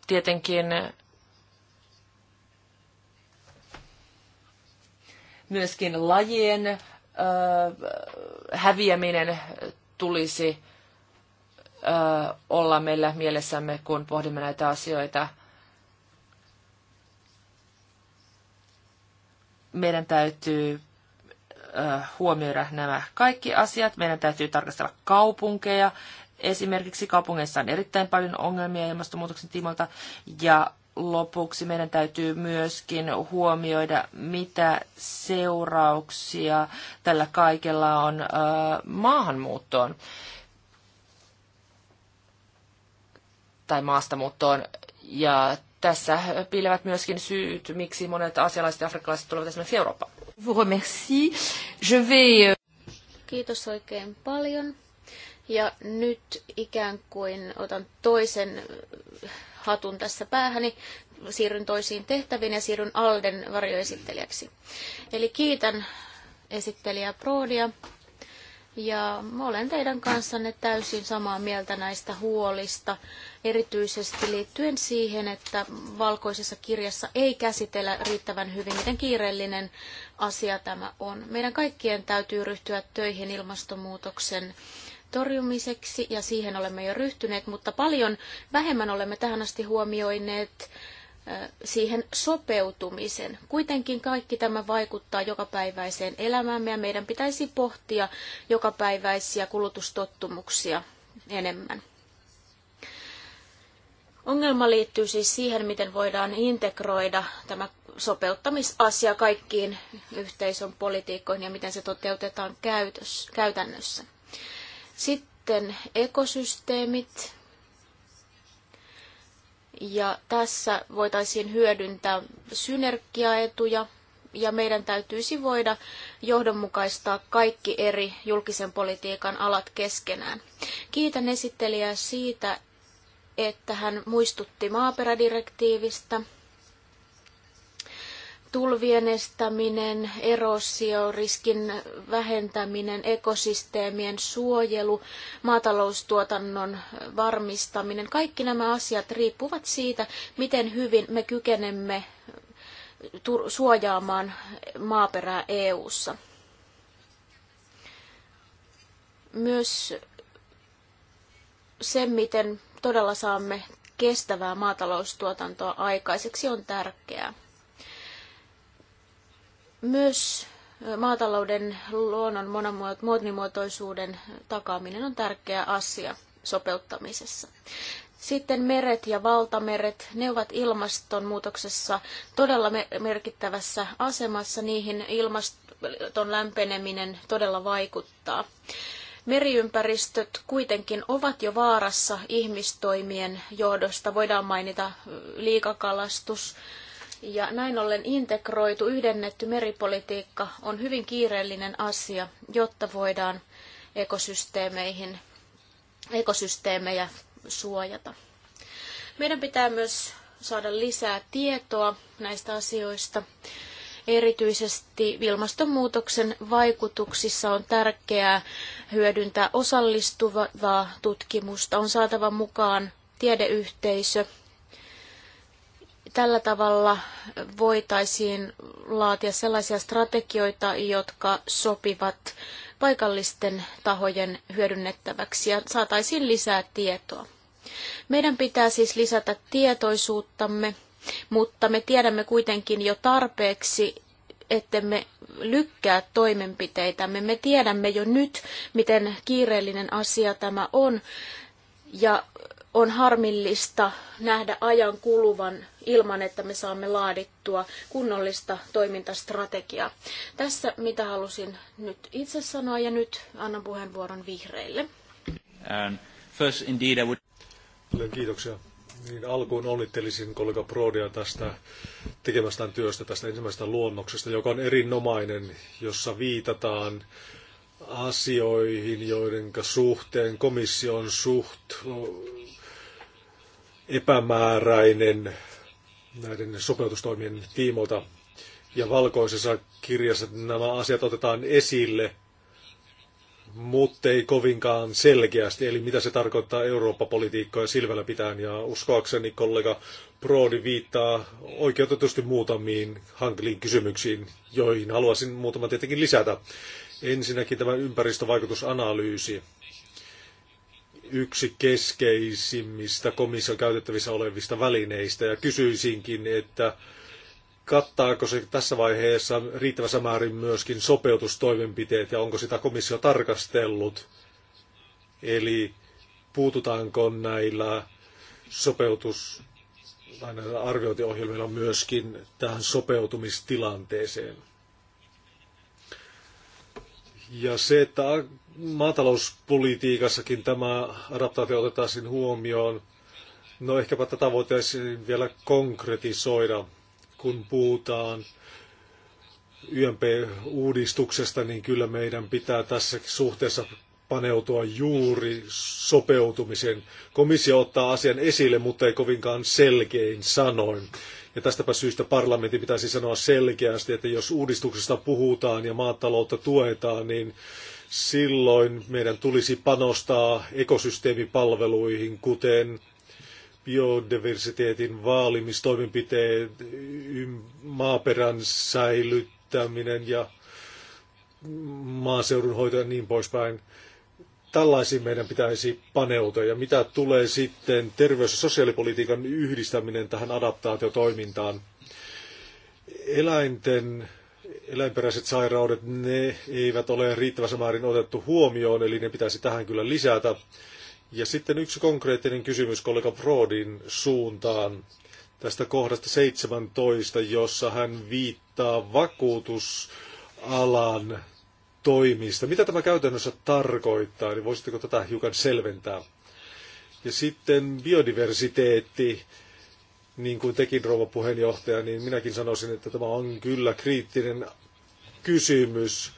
tietenkin Myöskin lajien ö, häviäminen tulisi ö, olla meillä mielessämme, kun pohdimme näitä asioita. Meidän täytyy ö, huomioida nämä kaikki asiat. Meidän täytyy tarkastella kaupunkeja. Esimerkiksi kaupungeissa on erittäin paljon ongelmia ilmastonmuutoksen tiimoilta ja lopuksi meidän täytyy myöskin huomioida, mitä seurauksia tällä kaikella on maahanmuuttoon tai maastamuuttoon. Ja tässä piilevät myöskin syyt, miksi monet asialaiset ja afrikkalaiset tulevat esimerkiksi Eurooppaan. Kiitos oikein paljon. Ja nyt ikään kuin otan toisen hatun tässä päähäni, siirryn toisiin tehtäviin ja siirryn Alden varjoesittelijäksi. Eli kiitän esittelijä Proodia ja olen teidän kanssanne täysin samaa mieltä näistä huolista, erityisesti liittyen siihen, että valkoisessa kirjassa ei käsitellä riittävän hyvin, miten kiireellinen asia tämä on. Meidän kaikkien täytyy ryhtyä töihin ilmastonmuutoksen torjumiseksi ja siihen olemme jo ryhtyneet, mutta paljon vähemmän olemme tähän asti huomioineet siihen sopeutumisen. Kuitenkin kaikki tämä vaikuttaa jokapäiväiseen elämäämme ja meidän pitäisi pohtia jokapäiväisiä kulutustottumuksia enemmän. Ongelma liittyy siis siihen, miten voidaan integroida tämä sopeuttamisasia kaikkiin yhteisön politiikkoihin ja miten se toteutetaan käytännössä. Sitten ekosysteemit. Ja tässä voitaisiin hyödyntää synergiaetuja ja meidän täytyisi voida johdonmukaistaa kaikki eri julkisen politiikan alat keskenään. Kiitän esittelijää siitä, että hän muistutti maaperädirektiivistä – tulvien estäminen, erosio, riskin vähentäminen, ekosysteemien suojelu, maataloustuotannon varmistaminen. Kaikki nämä asiat riippuvat siitä, miten hyvin me kykenemme suojaamaan maaperää EU:ssa. Myös se, miten todella saamme kestävää maataloustuotantoa aikaiseksi, on tärkeää. Myös maatalouden luonnon monimuotoisuuden takaaminen on tärkeä asia sopeuttamisessa. Sitten meret ja valtameret, ne ovat ilmastonmuutoksessa todella merkittävässä asemassa. Niihin ilmaston lämpeneminen todella vaikuttaa. Meriympäristöt kuitenkin ovat jo vaarassa ihmistoimien johdosta. Voidaan mainita liikakalastus, ja näin ollen integroitu, yhdennetty meripolitiikka on hyvin kiireellinen asia, jotta voidaan ekosysteemeihin, ekosysteemejä suojata. Meidän pitää myös saada lisää tietoa näistä asioista. Erityisesti ilmastonmuutoksen vaikutuksissa on tärkeää hyödyntää osallistuvaa tutkimusta. On saatava mukaan tiedeyhteisö Tällä tavalla voitaisiin laatia sellaisia strategioita, jotka sopivat paikallisten tahojen hyödynnettäväksi ja saataisiin lisää tietoa. Meidän pitää siis lisätä tietoisuuttamme, mutta me tiedämme kuitenkin jo tarpeeksi, ettemme lykkää toimenpiteitämme. Me tiedämme jo nyt, miten kiireellinen asia tämä on. Ja on harmillista nähdä ajan kuluvan ilman, että me saamme laadittua kunnollista toimintastrategiaa. Tässä mitä halusin nyt itse sanoa ja nyt annan puheenvuoron vihreille. first indeed I would... Paljon kiitoksia. Niin alkuun onnittelisin kollega Prodia tästä tekemästään työstä, tästä ensimmäisestä luonnoksesta, joka on erinomainen, jossa viitataan asioihin, joiden suhteen komission suht epämääräinen näiden sopeutustoimien tiimoilta. Ja valkoisessa kirjassa nämä asiat otetaan esille, mutta ei kovinkaan selkeästi, eli mitä se tarkoittaa Eurooppa-politiikkoja silmällä pitäen. Ja uskoakseni kollega Prodi viittaa oikeutetusti muutamiin hankaliin kysymyksiin, joihin haluaisin muutaman tietenkin lisätä. Ensinnäkin tämä ympäristövaikutusanalyysi yksi keskeisimmistä komission käytettävissä olevista välineistä ja kysyisinkin, että kattaako se tässä vaiheessa riittävässä määrin myöskin sopeutustoimenpiteet ja onko sitä komissio tarkastellut? Eli puututaanko näillä sopeutus näillä arviointiohjelmilla myöskin tähän sopeutumistilanteeseen? Ja se, että maatalouspolitiikassakin tämä adaptaatio otettaisiin huomioon. No ehkäpä tätä voitaisiin vielä konkretisoida, kun puhutaan YMP-uudistuksesta, niin kyllä meidän pitää tässä suhteessa paneutua juuri sopeutumiseen. Komissio ottaa asian esille, mutta ei kovinkaan selkein sanoin. Ja tästäpä syystä parlamentti pitäisi sanoa selkeästi, että jos uudistuksesta puhutaan ja maataloutta tuetaan, niin silloin meidän tulisi panostaa ekosysteemipalveluihin, kuten biodiversiteetin vaalimistoimenpiteet, maaperän säilyttäminen ja maaseudun hoito ja niin poispäin. Tällaisiin meidän pitäisi paneutua. Ja mitä tulee sitten terveys- ja sosiaalipolitiikan yhdistäminen tähän adaptaatiotoimintaan? Eläinten eläinperäiset sairaudet, ne eivät ole riittävässä määrin otettu huomioon, eli ne pitäisi tähän kyllä lisätä. Ja sitten yksi konkreettinen kysymys kollega Brodin suuntaan tästä kohdasta 17, jossa hän viittaa vakuutusalan toimista. Mitä tämä käytännössä tarkoittaa, niin voisitteko tätä hiukan selventää? Ja sitten biodiversiteetti niin kuin tekin rouva puheenjohtaja, niin minäkin sanoisin, että tämä on kyllä kriittinen kysymys.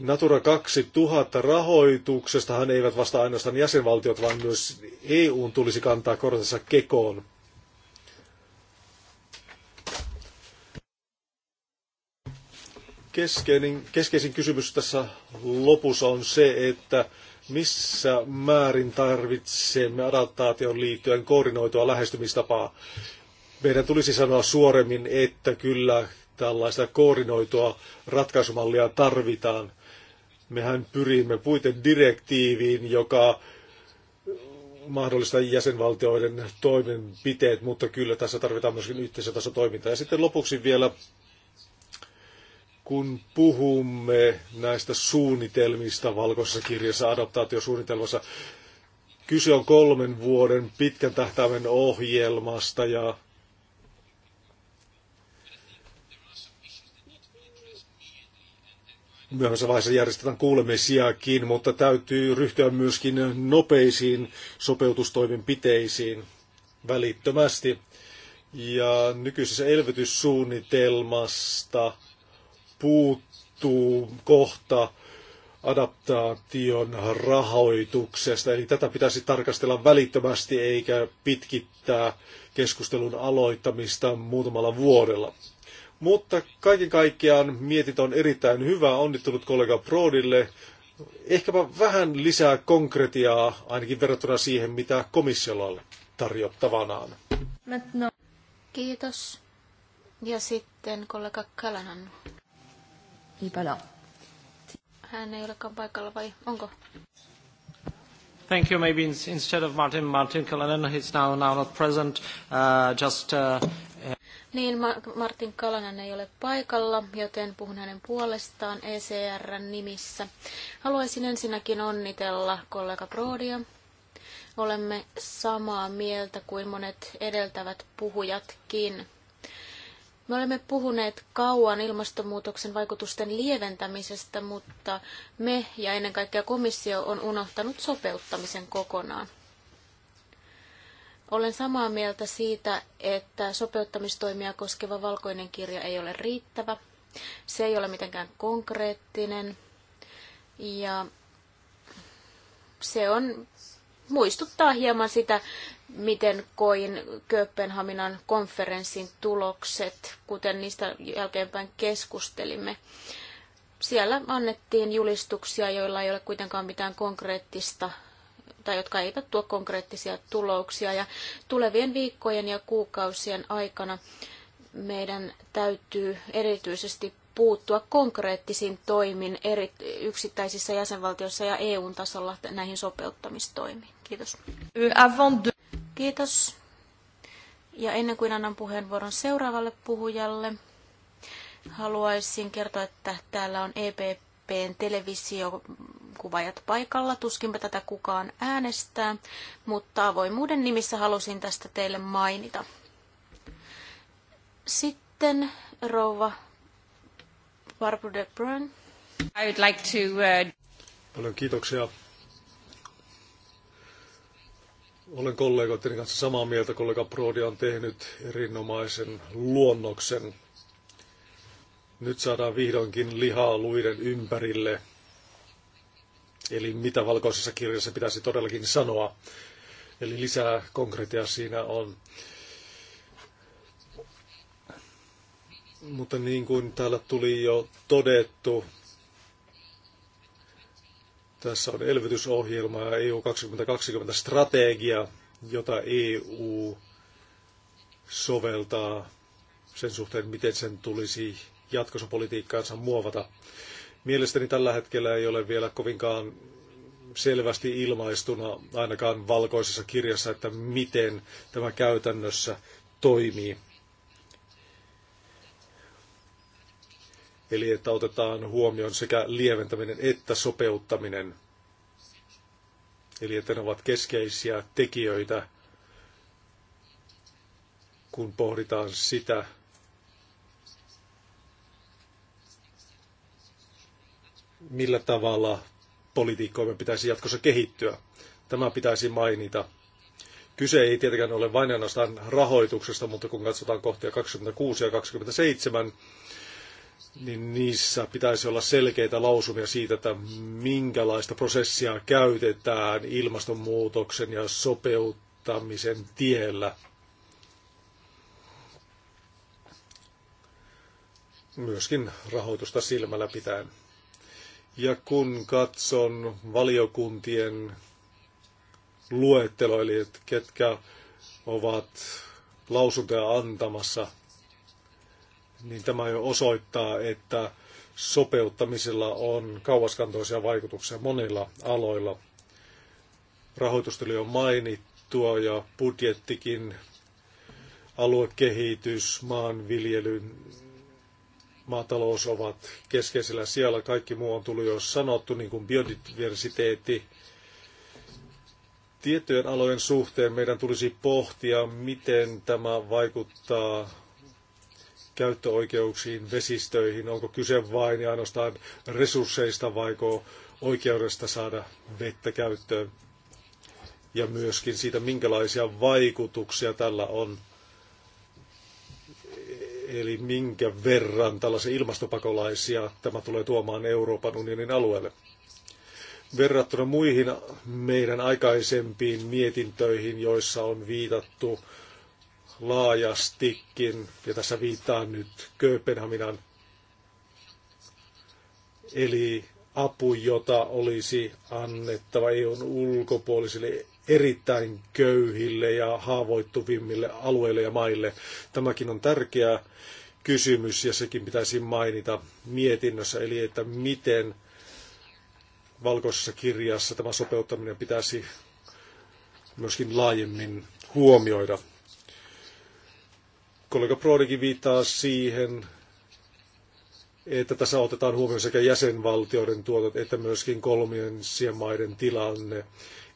Natura 2000 rahoituksestahan eivät vasta ainoastaan jäsenvaltiot, vaan myös EUn tulisi kantaa kortensa kekoon. Keskeinen, keskeisin kysymys tässä lopussa on se, että missä määrin tarvitsemme adaptaation liittyen koordinoitua lähestymistapaa. Meidän tulisi sanoa suoremmin, että kyllä tällaista koordinoitua ratkaisumallia tarvitaan. Mehän pyrimme direktiiviin, joka mahdollista jäsenvaltioiden toimenpiteet, mutta kyllä tässä tarvitaan myöskin yhteisötaso toimintaa. Ja sitten lopuksi vielä kun puhumme näistä suunnitelmista valkoisessa kirjassa, adaptaatiosuunnitelmassa, kyse on kolmen vuoden pitkän tähtäimen ohjelmasta ja myöhemmässä vaiheessa järjestetään kuulemisiakin, mutta täytyy ryhtyä myöskin nopeisiin sopeutustoimenpiteisiin välittömästi. Ja nykyisessä elvytyssuunnitelmasta puuttuu kohta adaptaation rahoituksesta. Eli tätä pitäisi tarkastella välittömästi eikä pitkittää keskustelun aloittamista muutamalla vuodella. Mutta kaiken kaikkiaan mietit on erittäin hyvä. Onnittelut kollega Prodille. Ehkäpä vähän lisää konkretiaa, ainakin verrattuna siihen, mitä komissiolla on tarjottavanaan. No, kiitos. Ja sitten kollega Kalanan. No. Hän ei olekaan paikalla vai onko? Thank you. Maybe instead of Martin, Martin Kalanen, he's now, now not present. Uh, just, uh, niin, Martin Kalanen ei ole paikalla, joten puhun hänen puolestaan ECRn nimissä. Haluaisin ensinnäkin onnitella kollega Broodia. Olemme samaa mieltä kuin monet edeltävät puhujatkin me olemme puhuneet kauan ilmastonmuutoksen vaikutusten lieventämisestä, mutta me ja ennen kaikkea komissio on unohtanut sopeuttamisen kokonaan. Olen samaa mieltä siitä, että sopeuttamistoimia koskeva valkoinen kirja ei ole riittävä. Se ei ole mitenkään konkreettinen ja se on muistuttaa hieman sitä, miten koin Kööpenhaminan konferenssin tulokset, kuten niistä jälkeenpäin keskustelimme. Siellä annettiin julistuksia, joilla ei ole kuitenkaan mitään konkreettista tai jotka eivät tuo konkreettisia tuloksia. Ja tulevien viikkojen ja kuukausien aikana meidän täytyy erityisesti puuttua konkreettisiin toimin eri yksittäisissä jäsenvaltioissa ja eu tasolla näihin sopeuttamistoimiin. Kiitos. Euh, Kiitos. Ja ennen kuin annan puheenvuoron seuraavalle puhujalle, haluaisin kertoa, että täällä on EPPn televisiokuvaajat paikalla. Tuskinpä tätä kukaan äänestää, mutta avoimuuden nimissä halusin tästä teille mainita. Sitten rouva Barbara de Bruyne. I would like to, uh... Paljon kiitoksia. Olen kollegoiden kanssa samaa mieltä. Kollega Prodi on tehnyt erinomaisen luonnoksen. Nyt saadaan vihdoinkin lihaa luiden ympärille. Eli mitä valkoisessa kirjassa pitäisi todellakin sanoa. Eli lisää konkreettia siinä on. Mutta niin kuin täällä tuli jo todettu, tässä on elvytysohjelma ja EU 2020 strategia, jota EU soveltaa sen suhteen, miten sen tulisi jatkossa politiikkaansa muovata. Mielestäni tällä hetkellä ei ole vielä kovinkaan selvästi ilmaistuna ainakaan valkoisessa kirjassa, että miten tämä käytännössä toimii. Eli että otetaan huomioon sekä lieventäminen että sopeuttaminen. Eli että ne ovat keskeisiä tekijöitä, kun pohditaan sitä, millä tavalla politiikkoimme pitäisi jatkossa kehittyä. Tämä pitäisi mainita. Kyse ei tietenkään ole vain ainoastaan rahoituksesta, mutta kun katsotaan kohtia 26 ja 27, niin niissä pitäisi olla selkeitä lausumia siitä, että minkälaista prosessia käytetään ilmastonmuutoksen ja sopeuttamisen tiellä. Myöskin rahoitusta silmällä pitäen. Ja kun katson valiokuntien luettelo, eli ketkä ovat lausuntoja antamassa – niin tämä jo osoittaa, että sopeuttamisella on kauaskantoisia vaikutuksia monilla aloilla. Rahoitustili on mainittua ja budjettikin, aluekehitys, maanviljely, maatalous ovat keskeisellä siellä Kaikki muu on tullut jo sanottu, niin kuin biodiversiteetti. Tiettyjen alojen suhteen meidän tulisi pohtia, miten tämä vaikuttaa käyttöoikeuksiin, vesistöihin, onko kyse vain ja ainoastaan resursseista vaiko oikeudesta saada vettä käyttöön ja myöskin siitä, minkälaisia vaikutuksia tällä on. Eli minkä verran tällaisia ilmastopakolaisia tämä tulee tuomaan Euroopan unionin alueelle. Verrattuna muihin meidän aikaisempiin mietintöihin, joissa on viitattu laajastikin, ja tässä viittaan nyt Kööpenhaminan, eli apu, jota olisi annettava EUn ulkopuolisille erittäin köyhille ja haavoittuvimmille alueille ja maille. Tämäkin on tärkeä kysymys ja sekin pitäisi mainita mietinnössä, eli että miten valkoisessa kirjassa tämä sopeuttaminen pitäisi myöskin laajemmin huomioida. Kollega Prodikin viittaa siihen, että tässä otetaan huomioon sekä jäsenvaltioiden tuotot että myöskin kolmansien maiden tilanne,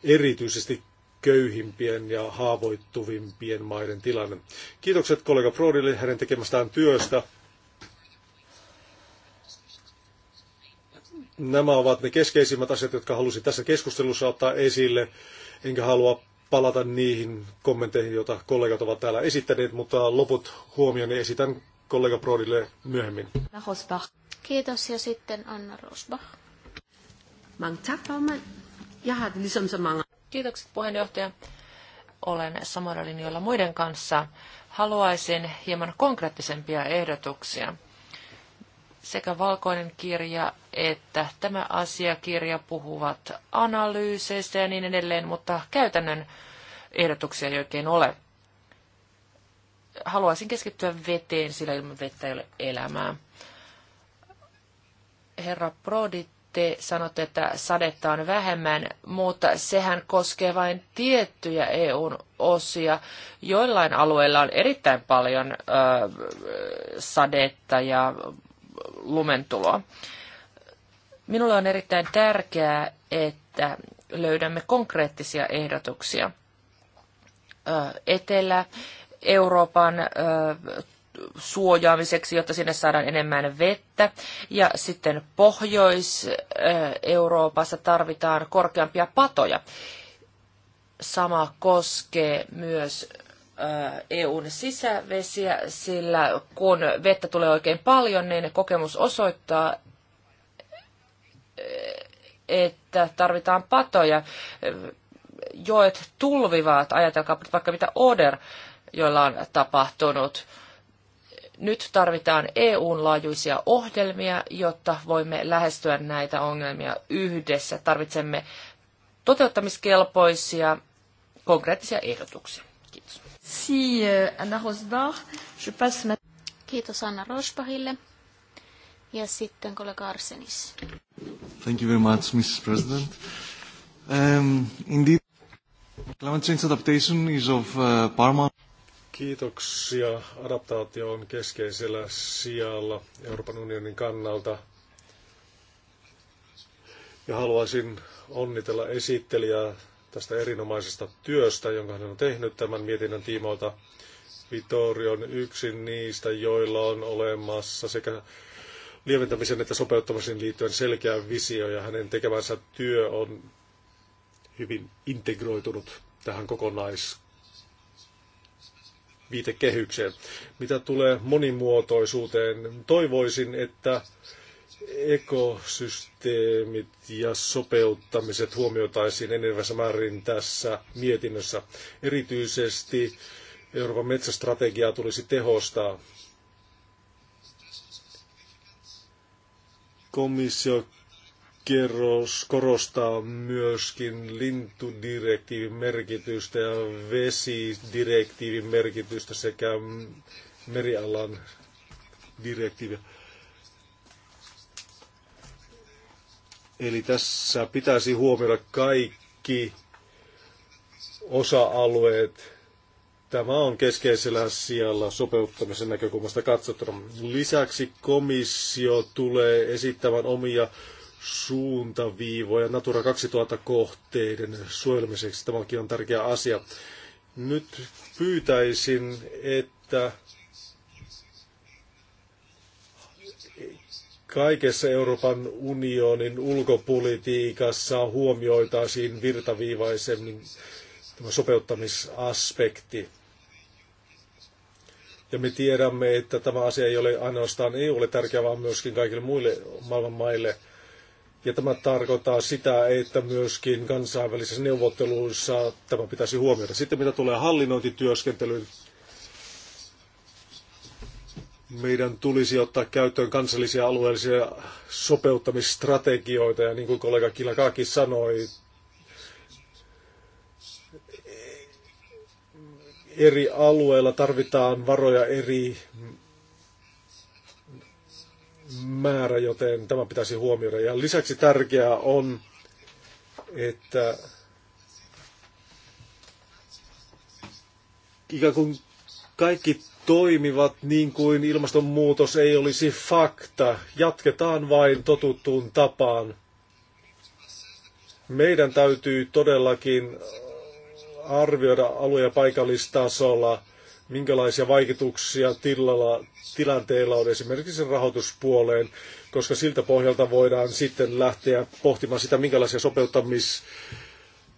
erityisesti köyhimpien ja haavoittuvimpien maiden tilanne. Kiitokset kollega Prodille hänen tekemästään työstä. Nämä ovat ne keskeisimmät asiat, jotka halusin tässä keskustelussa ottaa esille. Enkä halua palata niihin kommentteihin, joita kollegat ovat täällä esittäneet, mutta loput huomioni esitän kollega Brodille myöhemmin. Kiitos ja sitten Anna Rosbach. Kiitokset puheenjohtaja. Olen samoilla linjoilla muiden kanssa. Haluaisin hieman konkreettisempia ehdotuksia sekä valkoinen kirja että tämä asiakirja puhuvat analyyseistä ja niin edelleen, mutta käytännön ehdotuksia ei oikein ole. Haluaisin keskittyä veteen, sillä ilman vettä ei ole elämää. Herra Prodi, te sanotte, että sadetta on vähemmän, mutta sehän koskee vain tiettyjä EUn osia. Joillain alueilla on erittäin paljon ö, sadetta ja lumentuloa. Minulle on erittäin tärkeää, että löydämme konkreettisia ehdotuksia. Etelä-Euroopan suojaamiseksi, jotta sinne saadaan enemmän vettä. Ja sitten Pohjois-Euroopassa tarvitaan korkeampia patoja. Sama koskee myös EUn sisävesiä, sillä kun vettä tulee oikein paljon, niin kokemus osoittaa, että tarvitaan patoja. Joet tulvivat, ajatelkaa vaikka mitä Oder, joilla on tapahtunut. Nyt tarvitaan EUn laajuisia ohjelmia, jotta voimme lähestyä näitä ongelmia yhdessä. Tarvitsemme toteuttamiskelpoisia konkreettisia ehdotuksia. Kiitos. Merci euh, Anna Rosbach. Je passe ma... Kiitos Anna Rosbachille. Ja sitten kollega Arsenis. Thank you very much, Mrs. President. Um, indeed, climate change adaptation is of uh, paramount. Kiitoksia. Adaptaatio on keskeisellä sijalla Euroopan unionin kannalta. Ja haluaisin onnitella esittelijää tästä erinomaisesta työstä, jonka hän on tehnyt tämän mietinnön tiimoilta. Vitori on yksi niistä, joilla on olemassa sekä lieventämisen että sopeuttamisen liittyen selkeä visio ja hänen tekemänsä työ on hyvin integroitunut tähän kokonais viitekehykseen. Mitä tulee monimuotoisuuteen, toivoisin, että ekosysteemit ja sopeuttamiset huomioitaisiin enenevässä määrin tässä mietinnössä. Erityisesti Euroopan metsästrategiaa tulisi tehostaa. Komissio kerros, korostaa myöskin lintudirektiivin merkitystä ja vesidirektiivin merkitystä sekä merialan direktiiviä Eli tässä pitäisi huomioida kaikki osa-alueet. Tämä on keskeisellä sijalla sopeuttamisen näkökulmasta katsottuna. Lisäksi komissio tulee esittämään omia suuntaviivoja Natura 2000-kohteiden suojelmiseksi. Tämäkin on tärkeä asia. Nyt pyytäisin, että kaikessa Euroopan unionin ulkopolitiikassa huomioitaisiin virtaviivaisemmin tämä sopeuttamisaspekti. Ja me tiedämme, että tämä asia ei ole ainoastaan EUlle tärkeä, vaan myöskin kaikille muille maailman maille. Ja tämä tarkoittaa sitä, että myöskin kansainvälisissä neuvotteluissa tämä pitäisi huomioida. Sitten mitä tulee hallinnointityöskentelyyn, meidän tulisi ottaa käyttöön kansallisia alueellisia sopeuttamisstrategioita, ja niin kuin kollega Kilakaakin sanoi, eri alueilla tarvitaan varoja eri määrä, joten tämä pitäisi huomioida. Ja lisäksi tärkeää on, että ikään kuin kaikki toimivat niin kuin ilmastonmuutos ei olisi fakta. Jatketaan vain totuttuun tapaan. Meidän täytyy todellakin arvioida alue- ja paikallistasolla, minkälaisia vaikutuksia tilalla, tilanteella on esimerkiksi rahoituspuoleen, koska siltä pohjalta voidaan sitten lähteä pohtimaan sitä, minkälaisia sopeuttamis-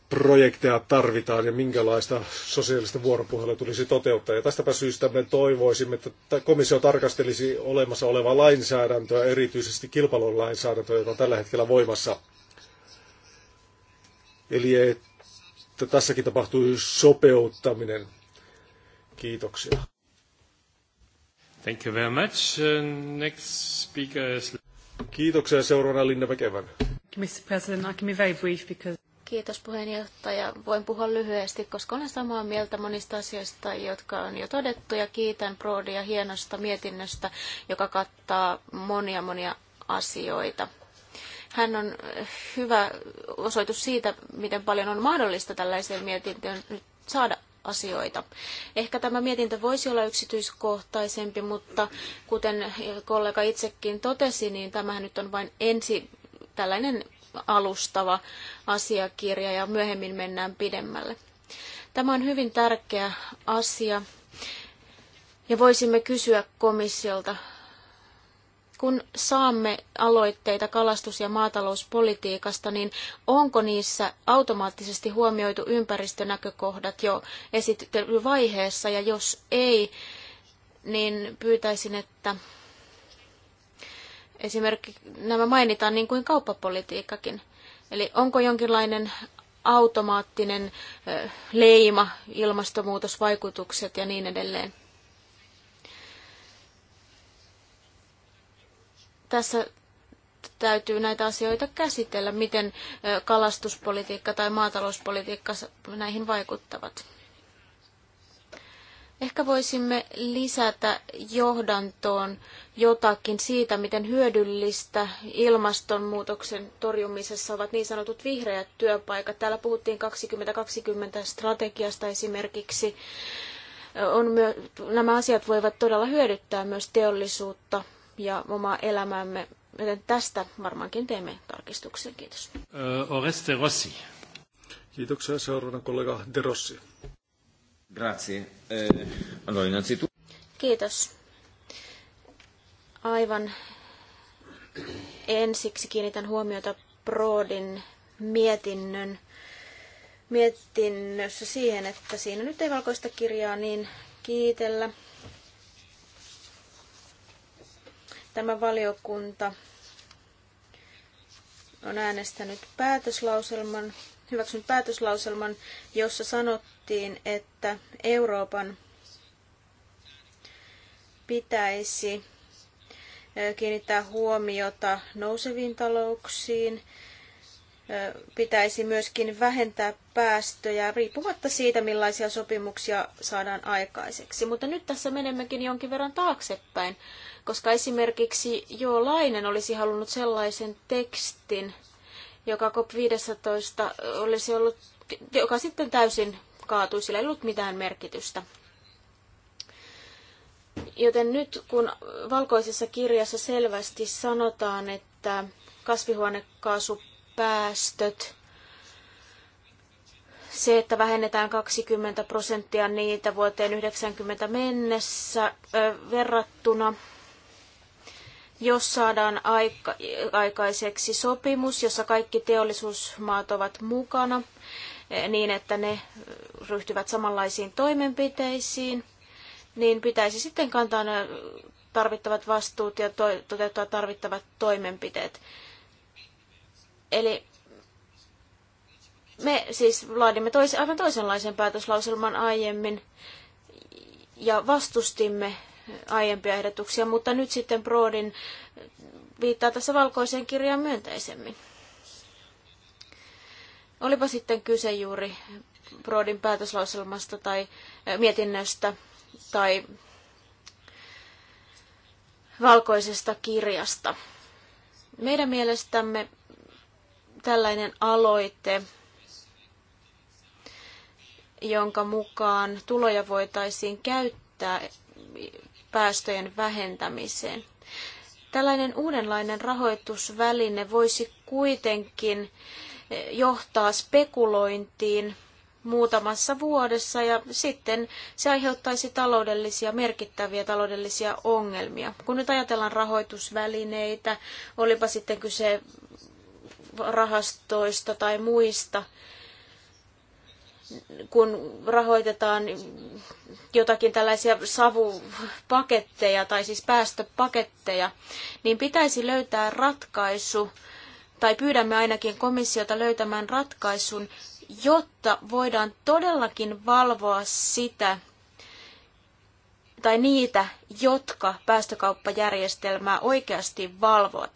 projekteja tarvitaan ja minkälaista sosiaalista vuoropuhelua tulisi toteuttaa. Ja tästäpä syystä me toivoisimme, että komissio tarkastelisi olemassa olevaa lainsäädäntöä, erityisesti kilpailulainsäädäntöä, joka on tällä hetkellä voimassa. Eli että tässäkin tapahtuu sopeuttaminen. Kiitoksia. Thank you very much. Uh, next speaker is... Kiitoksia seuraavana Linda Mr. President, I can be very brief because... Kiitos puheenjohtaja. Voin puhua lyhyesti, koska olen samaa mieltä monista asioista, jotka on jo todettu. Ja kiitän Broodia hienosta mietinnöstä, joka kattaa monia monia asioita. Hän on hyvä osoitus siitä, miten paljon on mahdollista tällaiseen mietintöön nyt saada asioita. Ehkä tämä mietintö voisi olla yksityiskohtaisempi, mutta kuten kollega itsekin totesi, niin tämähän nyt on vain ensi tällainen alustava asiakirja ja myöhemmin mennään pidemmälle. Tämä on hyvin tärkeä asia ja voisimme kysyä komissiolta, kun saamme aloitteita kalastus- ja maatalouspolitiikasta, niin onko niissä automaattisesti huomioitu ympäristönäkökohdat jo esittelyvaiheessa, ja jos ei, niin pyytäisin, että Esimerkiksi nämä mainitaan niin kuin kauppapolitiikkakin. Eli onko jonkinlainen automaattinen leima, ilmastonmuutosvaikutukset ja niin edelleen. Tässä täytyy näitä asioita käsitellä, miten kalastuspolitiikka tai maatalouspolitiikka näihin vaikuttavat. Ehkä voisimme lisätä johdantoon jotakin siitä, miten hyödyllistä ilmastonmuutoksen torjumisessa ovat niin sanotut vihreät työpaikat. Täällä puhuttiin 2020 strategiasta esimerkiksi. On myö, nämä asiat voivat todella hyödyttää myös teollisuutta ja omaa elämäämme, joten tästä varmaankin teemme tarkistuksen. Kiitos. Oreste Rossi. Kiitoksia seuraavana kollega De Rossi. Grazie. Eh, Kiitos. Aivan ensiksi kiinnitän huomiota Broadin mietinnön mietinnössä siihen, että siinä nyt ei valkoista kirjaa niin kiitellä. Tämä valiokunta on äänestänyt päätöslauselman, hyväksynyt päätöslauselman, jossa sanottu, sanottiin, että Euroopan pitäisi kiinnittää huomiota nouseviin talouksiin, pitäisi myöskin vähentää päästöjä riippumatta siitä, millaisia sopimuksia saadaan aikaiseksi. Mutta nyt tässä menemmekin jonkin verran taaksepäin, koska esimerkiksi Jo Lainen olisi halunnut sellaisen tekstin, joka COP15 olisi ollut, joka sitten täysin kaatui, sillä ei ollut mitään merkitystä. Joten nyt kun valkoisessa kirjassa selvästi sanotaan, että kasvihuonekaasupäästöt, se, että vähennetään 20 prosenttia niitä vuoteen 90 mennessä ö, verrattuna, jos saadaan aika, aikaiseksi sopimus, jossa kaikki teollisuusmaat ovat mukana, niin, että ne ryhtyvät samanlaisiin toimenpiteisiin, niin pitäisi sitten kantaa nämä tarvittavat vastuut ja to- toteuttaa tarvittavat toimenpiteet. Eli me siis laadimme tois- aivan toisenlaisen päätöslauselman aiemmin ja vastustimme aiempia ehdotuksia, mutta nyt sitten Broadin viittaa tässä valkoiseen kirjaan myönteisemmin. Olipa sitten kyse juuri Broadin päätöslauselmasta tai eh, mietinnöstä tai valkoisesta kirjasta. Meidän mielestämme tällainen aloite, jonka mukaan tuloja voitaisiin käyttää päästöjen vähentämiseen. Tällainen uudenlainen rahoitusväline voisi kuitenkin äh, johtaa spekulointiin muutamassa vuodessa ja sitten se aiheuttaisi taloudellisia, merkittäviä taloudellisia ongelmia. Kun nyt ajatellaan rahoitusvälineitä, olipa sitten kyse rahastoista tai muista, kun rahoitetaan jotakin tällaisia savupaketteja tai siis päästöpaketteja, niin pitäisi löytää ratkaisu, tai pyydämme ainakin komissiota löytämään ratkaisun, jotta voidaan todellakin valvoa sitä tai niitä, jotka päästökauppajärjestelmää oikeasti valvovat.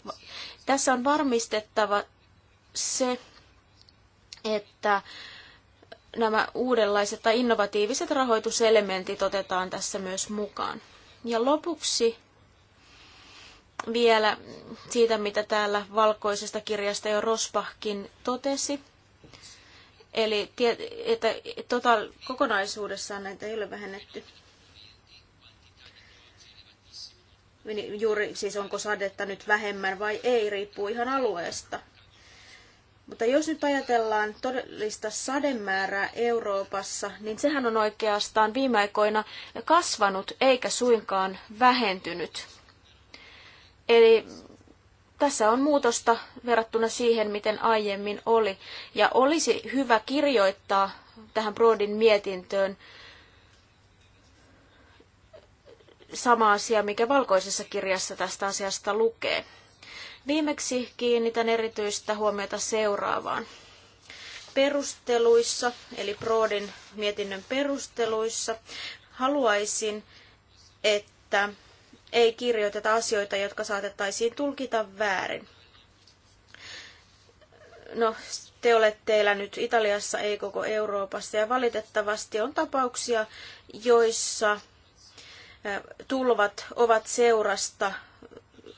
Tässä on varmistettava se, että nämä uudenlaiset tai innovatiiviset rahoituselementit otetaan tässä myös mukaan. Ja lopuksi vielä siitä, mitä täällä valkoisesta kirjasta jo Rospahkin totesi. Eli että tota, kokonaisuudessaan näitä ei ole vähennetty. Juuri siis onko sadetta nyt vähemmän vai ei, riippuu ihan alueesta. Mutta jos nyt ajatellaan todellista sademäärää Euroopassa, niin sehän on oikeastaan viime aikoina kasvanut eikä suinkaan vähentynyt. Eli tässä on muutosta verrattuna siihen, miten aiemmin oli. Ja olisi hyvä kirjoittaa tähän Broadin mietintöön sama asia, mikä valkoisessa kirjassa tästä asiasta lukee. Viimeksi kiinnitän erityistä huomiota seuraavaan. Perusteluissa, eli Broadin mietinnön perusteluissa, haluaisin, että ei kirjoiteta asioita, jotka saatettaisiin tulkita väärin. No, te olette elänyt Italiassa, ei koko Euroopassa, ja valitettavasti on tapauksia, joissa tulvat ovat seurasta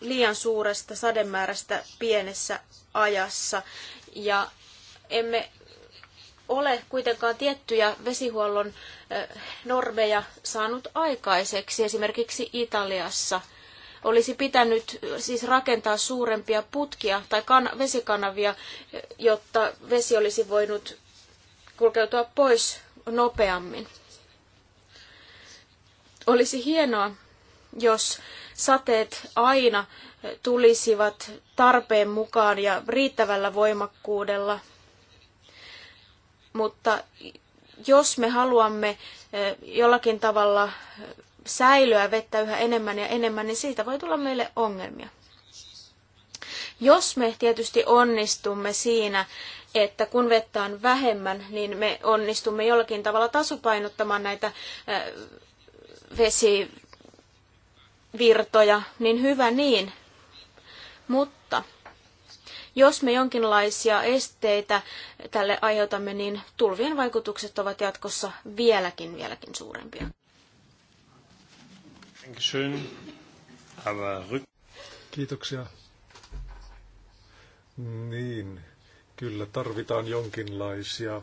liian suuresta sademäärästä pienessä ajassa, ja emme ole kuitenkaan tiettyjä vesihuollon normeja saanut aikaiseksi. Esimerkiksi Italiassa olisi pitänyt siis rakentaa suurempia putkia tai vesikanavia, jotta vesi olisi voinut kulkeutua pois nopeammin. Olisi hienoa, jos sateet aina tulisivat tarpeen mukaan ja riittävällä voimakkuudella – mutta jos me haluamme eh, jollakin tavalla eh, säilyä vettä yhä enemmän ja enemmän, niin siitä voi tulla meille ongelmia. Jos me tietysti onnistumme siinä, että kun vettä on vähemmän, niin me onnistumme jollakin tavalla tasapainottamaan näitä eh, vesivirtoja, niin hyvä niin. Mutta jos me jonkinlaisia esteitä tälle aiheutamme, niin tulvien vaikutukset ovat jatkossa vieläkin, vieläkin suurempia. Kiitoksia. Niin, kyllä tarvitaan jonkinlaisia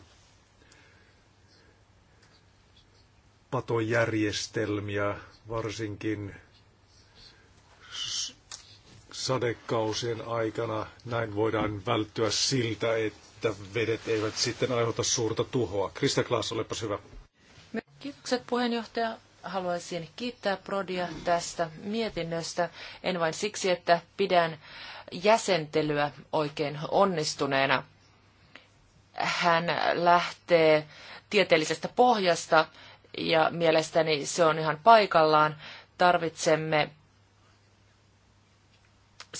patojärjestelmiä, varsinkin sadekausien aikana. Näin voidaan välttyä siltä, että vedet eivät sitten aiheuta suurta tuhoa. Krista Klaas, olepas hyvä. Kiitokset puheenjohtaja. Haluaisin kiittää Prodia tästä mietinnöstä. En vain siksi, että pidän jäsentelyä oikein onnistuneena. Hän lähtee tieteellisestä pohjasta ja mielestäni se on ihan paikallaan. Tarvitsemme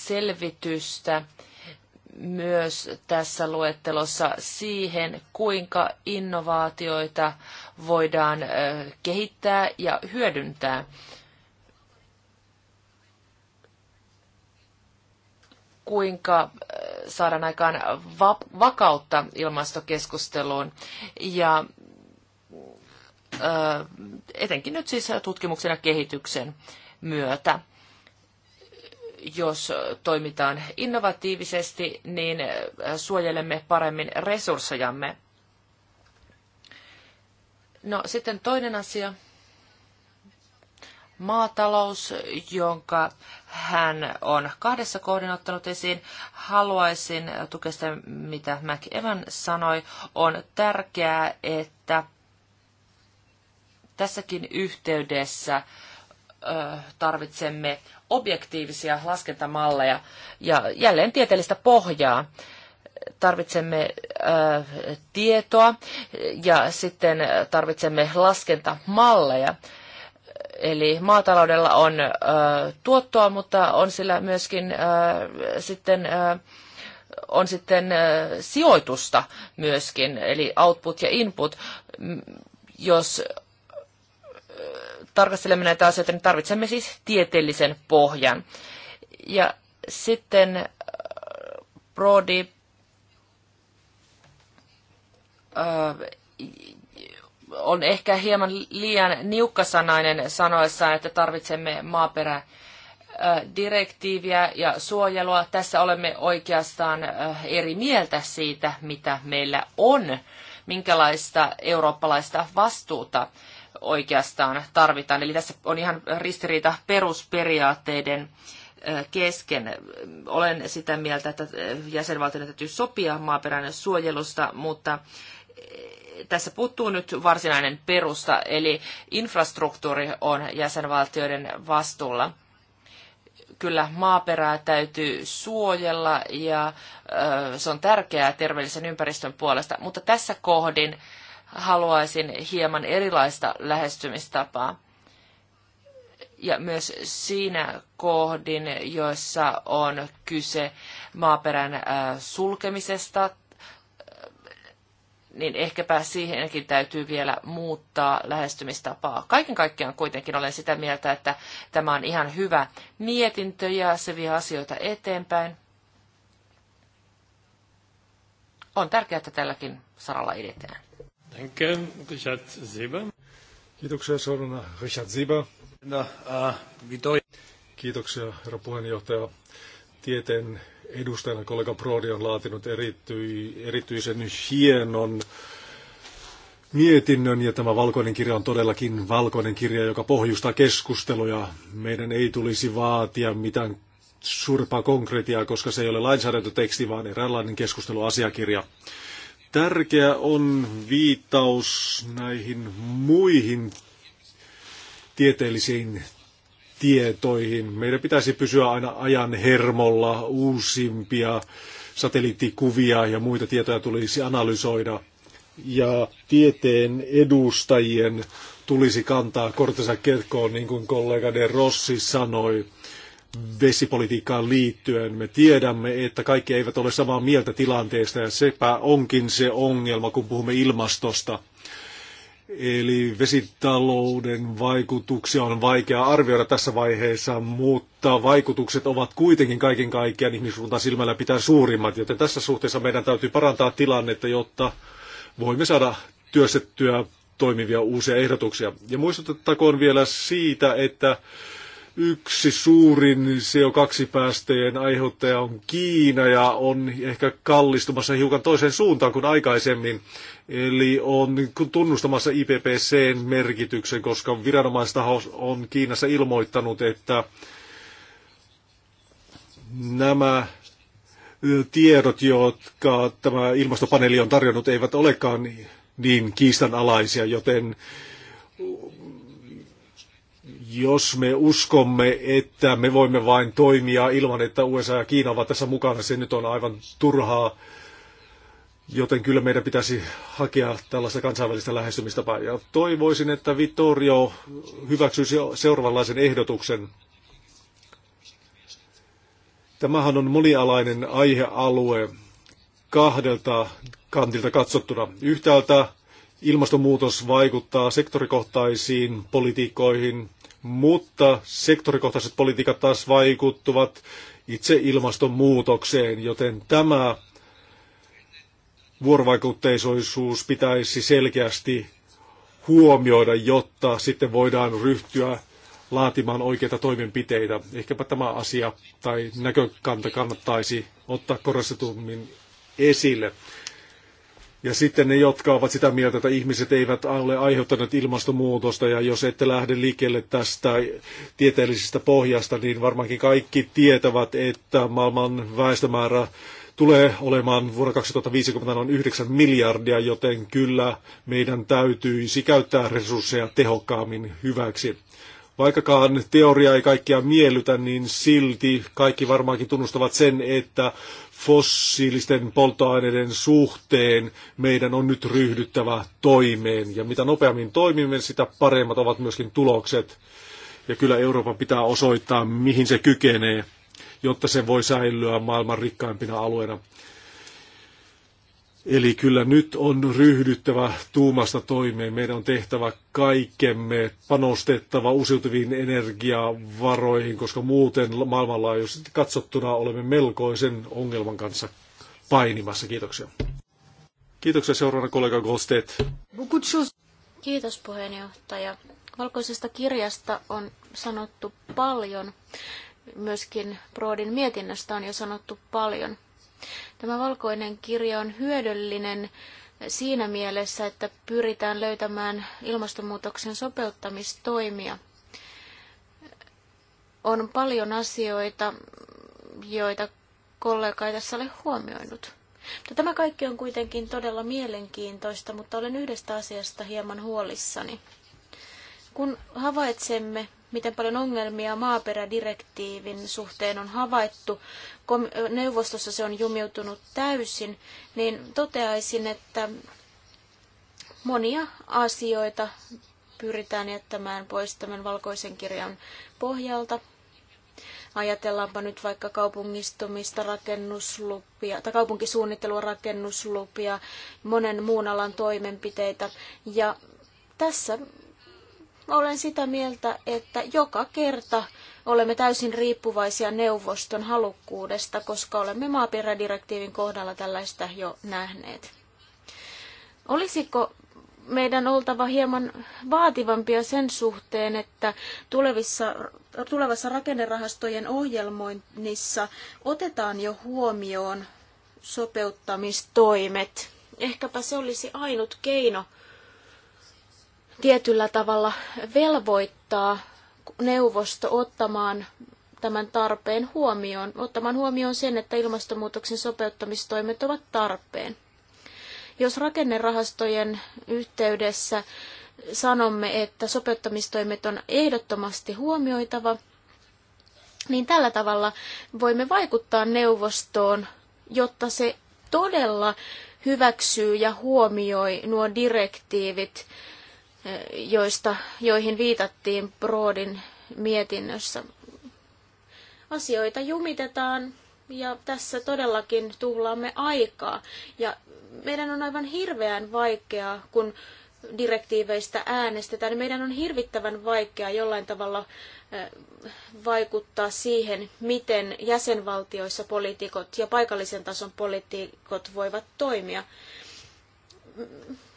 selvitystä myös tässä luettelossa siihen, kuinka innovaatioita voidaan kehittää ja hyödyntää. kuinka saadaan aikaan va- vakautta ilmastokeskusteluun. Ja ö, etenkin nyt siis tutkimuksen ja kehityksen myötä jos toimitaan innovatiivisesti, niin äh, suojelemme paremmin resurssejamme. No sitten toinen asia. Maatalous, jonka hän on kahdessa kohdin ottanut esiin. Haluaisin tukea sitä, mitä Mac Evan sanoi. On tärkeää, että tässäkin yhteydessä tarvitsemme objektiivisia laskentamalleja ja jälleen tieteellistä pohjaa. Tarvitsemme äh, tietoa ja sitten tarvitsemme laskentamalleja. Eli maataloudella on äh, tuottoa, mutta on sillä myöskin äh, sitten äh, on sitten äh, sijoitusta myöskin, eli output ja input. Jos tarkastelemme näitä asioita, niin tarvitsemme siis tieteellisen pohjan. Ja sitten äh, Brody äh, on ehkä hieman liian niukkasanainen sanoessaan, että tarvitsemme maaperä äh, direktiiviä ja suojelua. Tässä olemme oikeastaan eri mieltä siitä, mitä meillä on, minkälaista eurooppalaista vastuuta oikeastaan tarvitaan. Eli tässä on ihan ristiriita perusperiaatteiden kesken. Olen sitä mieltä, että jäsenvaltioiden täytyy sopia maaperän suojelusta, mutta e, tässä puuttuu nyt varsinainen perusta, eli infrastruktuuri on jäsenvaltioiden vastuulla. Kyllä maaperää täytyy suojella ja se on tärkeää terveellisen ympäristön puolesta, mutta tässä kohdin haluaisin hieman erilaista lähestymistapaa. Ja myös siinä kohdin, joissa on kyse maaperän äh, sulkemisesta, äh, niin ehkäpä siihenkin täytyy vielä muuttaa lähestymistapaa. Kaiken kaikkiaan kuitenkin olen sitä mieltä, että tämä on ihan hyvä mietintö ja se vie asioita eteenpäin. On tärkeää, että tälläkin saralla edetään. Danke, Richard Seber. Kiitoksia, seuraavana Richard Seber. No, uh, Kiitoksia, herra puheenjohtaja. Tieteen edustajana kollega Prodi on laatinut erityi, erityisen hienon mietinnön ja tämä valkoinen kirja on todellakin valkoinen kirja, joka pohjustaa keskusteluja. Meidän ei tulisi vaatia mitään surpaa konkretiaa, koska se ei ole lainsäädäntöteksti, vaan eräänlainen keskusteluasiakirja. asiakirja. Tärkeä on viittaus näihin muihin tieteellisiin tietoihin. Meidän pitäisi pysyä aina ajan hermolla uusimpia satelliittikuvia ja muita tietoja tulisi analysoida. Ja tieteen edustajien tulisi kantaa kortensa ketkoon, niin kuin kollega De Rossi sanoi vesipolitiikkaan liittyen. Me tiedämme, että kaikki eivät ole samaa mieltä tilanteesta ja sepä onkin se ongelma, kun puhumme ilmastosta. Eli vesitalouden vaikutuksia on vaikea arvioida tässä vaiheessa, mutta vaikutukset ovat kuitenkin kaiken kaikkiaan ihmiskuntaa silmällä pitää suurimmat, joten tässä suhteessa meidän täytyy parantaa tilannetta, jotta voimme saada työstettyä toimivia uusia ehdotuksia. Ja muistutettakoon vielä siitä, että yksi suurin CO2-päästöjen aiheuttaja on Kiina ja on ehkä kallistumassa hiukan toiseen suuntaan kuin aikaisemmin. Eli on tunnustamassa IPPCn merkityksen, koska viranomaistaho on Kiinassa ilmoittanut, että nämä tiedot, jotka tämä ilmastopaneeli on tarjonnut, eivät olekaan niin kiistanalaisia, joten jos me uskomme, että me voimme vain toimia ilman, että USA ja Kiina ovat tässä mukana, se nyt on aivan turhaa. Joten kyllä meidän pitäisi hakea tällaista kansainvälistä lähestymistapaa. Ja toivoisin, että Vittorio hyväksyisi seuraavanlaisen ehdotuksen. Tämähän on monialainen aihealue kahdelta kantilta katsottuna. Yhtäältä ilmastonmuutos vaikuttaa sektorikohtaisiin politiikkoihin, mutta sektorikohtaiset politiikat taas vaikuttuvat itse ilmastonmuutokseen, joten tämä vuorovaikutteisuus pitäisi selkeästi huomioida, jotta sitten voidaan ryhtyä laatimaan oikeita toimenpiteitä. Ehkäpä tämä asia tai näkökanta kannattaisi ottaa korostetummin esille. Ja sitten ne, jotka ovat sitä mieltä, että ihmiset eivät ole aiheuttaneet ilmastonmuutosta, ja jos ette lähde liikkeelle tästä tieteellisestä pohjasta, niin varmaankin kaikki tietävät, että maailman väestömäärä tulee olemaan vuonna 2050 noin 9 miljardia, joten kyllä meidän täytyisi käyttää resursseja tehokkaammin hyväksi. Vaikkakaan teoria ei kaikkia miellytä, niin silti kaikki varmaankin tunnustavat sen, että fossiilisten polttoaineiden suhteen meidän on nyt ryhdyttävä toimeen. Ja mitä nopeammin toimimme, sitä paremmat ovat myöskin tulokset. Ja kyllä Euroopan pitää osoittaa, mihin se kykenee, jotta se voi säilyä maailman rikkaimpina alueena. Eli kyllä nyt on ryhdyttävä tuumasta toimeen. Meidän on tehtävä kaikkemme, panostettava uusiutuviin energiavaroihin, koska muuten maailmanlaajuisesti katsottuna olemme melkoisen ongelman kanssa painimassa. Kiitoksia. Kiitoksia seuraavana kollega Gosteet. Kiitos puheenjohtaja. Valkoisesta kirjasta on sanottu paljon. Myöskin Broadin mietinnöstä on jo sanottu paljon. Tämä valkoinen kirja on hyödyllinen siinä mielessä, että pyritään löytämään ilmastonmuutoksen sopeuttamistoimia. On paljon asioita, joita kollega ei tässä ole huomioinut. tämä kaikki on kuitenkin todella mielenkiintoista, mutta olen yhdestä asiasta hieman huolissani. Kun havaitsemme, miten paljon ongelmia maaperädirektiivin suhteen on havaittu, neuvostossa se on jumiutunut täysin, niin toteaisin, että monia asioita pyritään jättämään pois tämän valkoisen kirjan pohjalta. Ajatellaanpa nyt vaikka kaupungistumista, rakennuslupia tai kaupunkisuunnittelua, rakennuslupia, monen muun alan toimenpiteitä. Ja tässä olen sitä mieltä, että joka kerta olemme täysin riippuvaisia neuvoston halukkuudesta, koska olemme maaperädirektiivin kohdalla tällaista jo nähneet. Olisiko meidän oltava hieman vaativampia sen suhteen, että tulevissa, tulevassa rakennerahastojen ohjelmoinnissa otetaan jo huomioon sopeuttamistoimet. Ehkäpä se olisi ainut keino tietyllä tavalla velvoittaa neuvosto ottamaan tämän tarpeen huomioon, ottamaan huomioon sen, että ilmastonmuutoksen sopeuttamistoimet ovat tarpeen. Jos rakennerahastojen yhteydessä sanomme, että sopeuttamistoimet on ehdottomasti huomioitava, niin tällä tavalla voimme vaikuttaa neuvostoon, jotta se todella hyväksyy ja huomioi nuo direktiivit joista, joihin viitattiin Broodin mietinnössä. Asioita jumitetaan ja tässä todellakin tuhlaamme aikaa. Ja meidän on aivan hirveän vaikeaa, kun direktiiveistä äänestetään, niin meidän on hirvittävän vaikeaa jollain tavalla vaikuttaa siihen, miten jäsenvaltioissa poliitikot ja paikallisen tason poliitikot voivat toimia.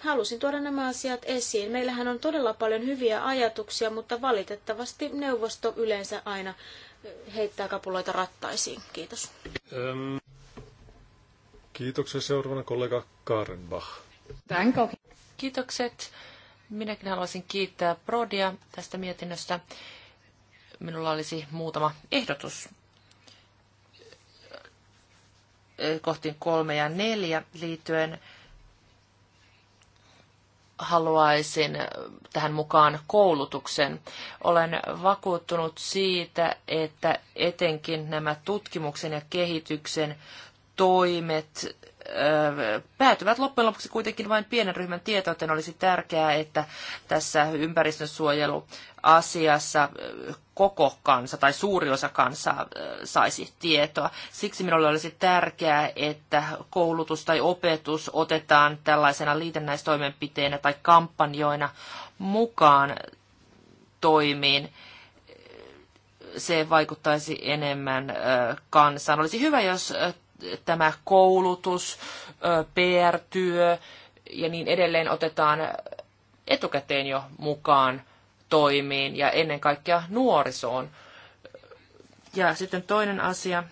Halusin tuoda nämä asiat esiin. Meillähän on todella paljon hyviä ajatuksia, mutta valitettavasti neuvosto yleensä aina heittää kapuloita rattaisiin. Kiitos. Ähm, kiitoksia seuraavana kollega Karenbach. Kiitokset. Minäkin haluaisin kiittää Prodia tästä mietinnöstä. Minulla olisi muutama ehdotus kohti kolme ja neljä liittyen haluaisin tähän mukaan koulutuksen. Olen vakuuttunut siitä, että etenkin nämä tutkimuksen ja kehityksen toimet päätyvät loppujen lopuksi kuitenkin vain pienen ryhmän tietoon, joten olisi tärkeää, että tässä ympäristönsuojeluasiassa koko kansa tai suuri osa kansaa saisi tietoa. Siksi minulle olisi tärkeää, että koulutus tai opetus otetaan tällaisena liitännäistoimenpiteenä tai kampanjoina mukaan toimiin se vaikuttaisi enemmän kansaan. Olisi hyvä, jos tämä koulutus, PR-työ ja niin edelleen otetaan etukäteen jo mukaan toimiin ja ennen kaikkea nuorisoon. Ja sitten toinen asia,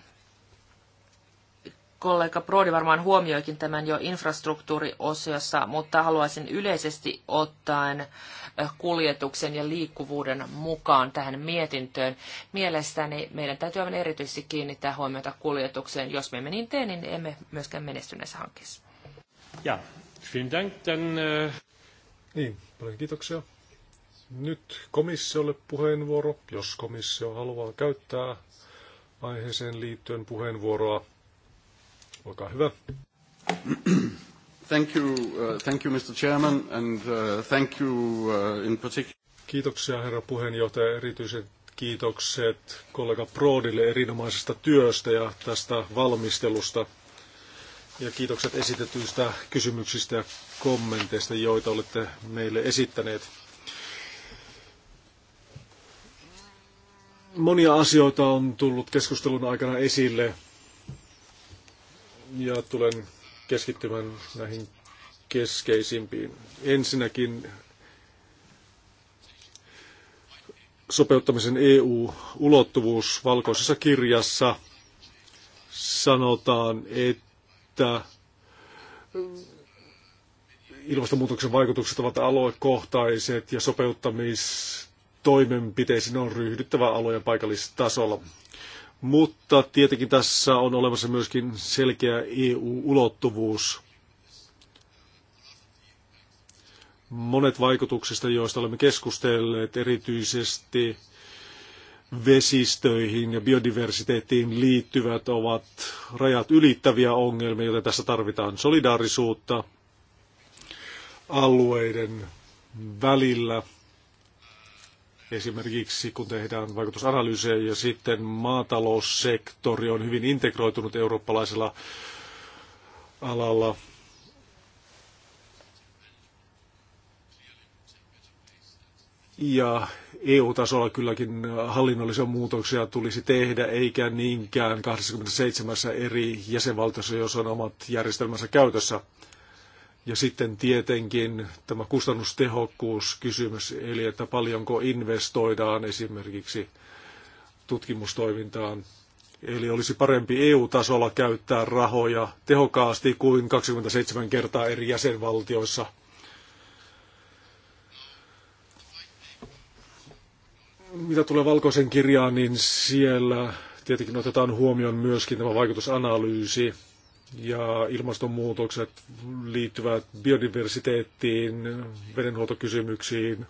kollega Brody varmaan huomioikin tämän jo infrastruktuuriosiossa, mutta haluaisin yleisesti ottaen eh, kuljetuksen ja liikkuvuuden mukaan tähän mietintöön. Mielestäni meidän täytyy aivan erityisesti kiinnittää huomiota kuljetukseen. Jos me emme niin tee, niin emme myöskään menesty näissä hankkeissa. Ja, vielen dank. Dann, äh... Niin, paljon kiitoksia. Nyt komissiolle puheenvuoro, jos komissio haluaa käyttää aiheeseen liittyen puheenvuoroa. Olkaa hyvä. Thank you, uh, thank you Mr. Chairman, and uh, thank you uh, in particular. Kiitoksia herra puheenjohtaja, erityiset kiitokset kollega Broadille erinomaisesta työstä ja tästä valmistelusta. Ja kiitokset esitetyistä kysymyksistä ja kommenteista, joita olette meille esittäneet. Monia asioita on tullut keskustelun aikana esille ja tulen keskittymään näihin keskeisimpiin. Ensinnäkin sopeuttamisen EU-ulottuvuus valkoisessa kirjassa sanotaan, että ilmastonmuutoksen vaikutukset ovat aluekohtaiset ja sopeuttamistoimenpiteisiin on ryhdyttävä alue- ja paikallistasolla. Mutta tietenkin tässä on olemassa myöskin selkeä EU-ulottuvuus. Monet vaikutuksista, joista olemme keskustelleet, erityisesti vesistöihin ja biodiversiteettiin liittyvät ovat rajat ylittäviä ongelmia, joten tässä tarvitaan solidaarisuutta alueiden välillä Esimerkiksi kun tehdään vaikutusanalyysejä ja sitten maataloussektori on hyvin integroitunut eurooppalaisella alalla. Ja EU-tasolla kylläkin hallinnollisia muutoksia tulisi tehdä, eikä niinkään 27 eri jäsenvaltiossa, jos on omat järjestelmänsä käytössä. Ja sitten tietenkin tämä kustannustehokkuuskysymys, eli että paljonko investoidaan esimerkiksi tutkimustoimintaan. Eli olisi parempi EU-tasolla käyttää rahoja tehokkaasti kuin 27 kertaa eri jäsenvaltioissa. Mitä tulee valkoisen kirjaan, niin siellä tietenkin otetaan huomioon myöskin tämä vaikutusanalyysi ja ilmastonmuutokset liittyvät biodiversiteettiin, vedenhuoltokysymyksiin,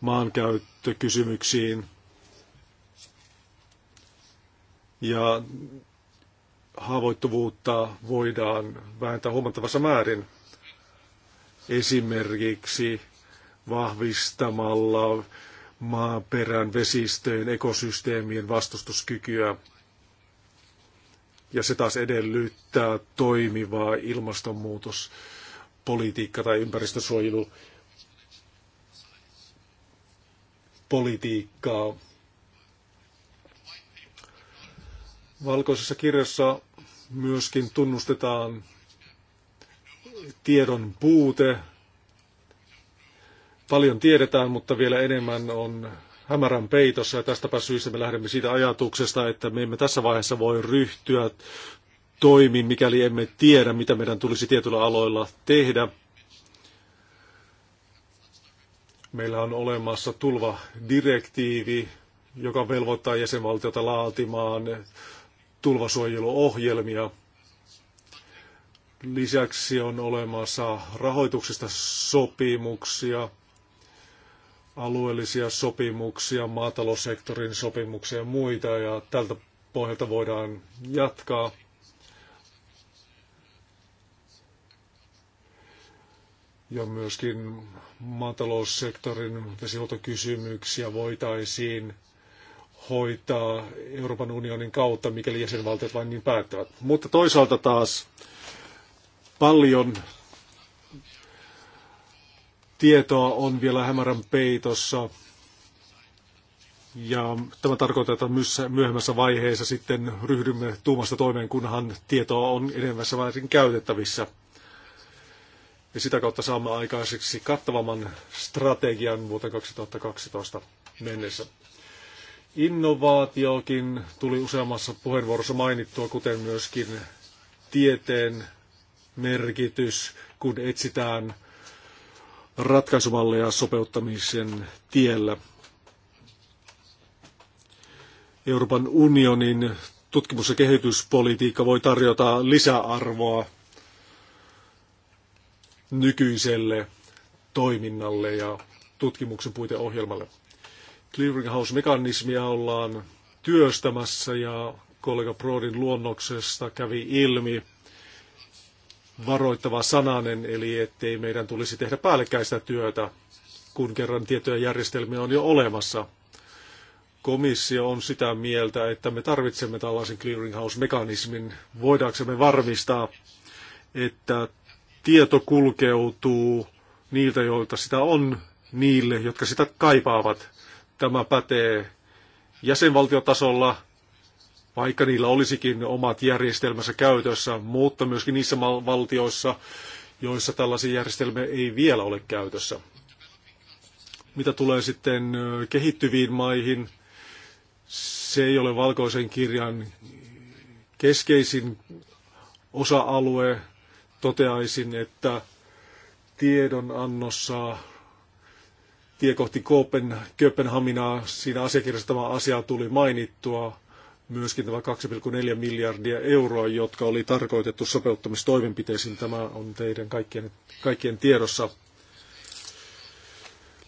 maankäyttökysymyksiin. Ja haavoittuvuutta voidaan vähentää huomattavassa määrin. Esimerkiksi vahvistamalla maaperän, vesistöjen, ekosysteemien vastustuskykyä ja se taas edellyttää toimivaa ilmastonmuutospolitiikkaa tai ympäristösuojelupolitiikkaa. Valkoisessa kirjassa myöskin tunnustetaan tiedon puute. Paljon tiedetään, mutta vielä enemmän on hämärän peitossa ja tästäpä syystä me lähdemme siitä ajatuksesta, että me emme tässä vaiheessa voi ryhtyä toimiin, mikäli emme tiedä, mitä meidän tulisi tietyillä aloilla tehdä. Meillä on olemassa tulvadirektiivi, joka velvoittaa jäsenvaltiota laatimaan tulvasuojeluohjelmia. Lisäksi on olemassa rahoituksesta sopimuksia – alueellisia sopimuksia, maataloussektorin sopimuksia ja muita, ja tältä pohjalta voidaan jatkaa. Ja myöskin maataloussektorin vesihuoltokysymyksiä voitaisiin hoitaa Euroopan unionin kautta, mikäli jäsenvaltiot vain niin päättävät. Mutta toisaalta taas paljon tietoa on vielä hämärän peitossa. Ja tämä tarkoittaa, että myös myöhemmässä vaiheessa sitten ryhdymme tuumasta toimeen, kunhan tietoa on enemmässä vaiheessa käytettävissä. Ja sitä kautta saamme aikaiseksi kattavamman strategian vuoteen 2012 mennessä. Innovaatiokin tuli useammassa puheenvuorossa mainittua, kuten myöskin tieteen merkitys, kun etsitään ratkaisumalleja sopeuttamisen tiellä. Euroopan unionin tutkimus- ja kehityspolitiikka voi tarjota lisäarvoa nykyiselle toiminnalle ja tutkimuksen puiteohjelmalle. Clearinghouse-mekanismia ollaan työstämässä ja kollega Prodin luonnoksesta kävi ilmi, varoittava sananen, eli ettei meidän tulisi tehdä päällekkäistä työtä, kun kerran tietoja järjestelmiä on jo olemassa. Komissio on sitä mieltä, että me tarvitsemme tällaisen clearinghouse-mekanismin, voidaksemme varmistaa, että tieto kulkeutuu niiltä, joilta sitä on, niille, jotka sitä kaipaavat. Tämä pätee jäsenvaltiotasolla, vaikka niillä olisikin omat järjestelmänsä käytössä, mutta myöskin niissä valtioissa, joissa tällaisia järjestelmiä ei vielä ole käytössä. Mitä tulee sitten kehittyviin maihin, se ei ole valkoisen kirjan keskeisin osa-alue. Toteaisin, että tiedonannossa tie kohti Kööpenhaminaa, siinä asiakirjassa tämä asia tuli mainittua, myöskin tämä 2,4 miljardia euroa, jotka oli tarkoitettu sopeuttamistoimenpiteisiin. Tämä on teidän kaikkien, kaikkien tiedossa.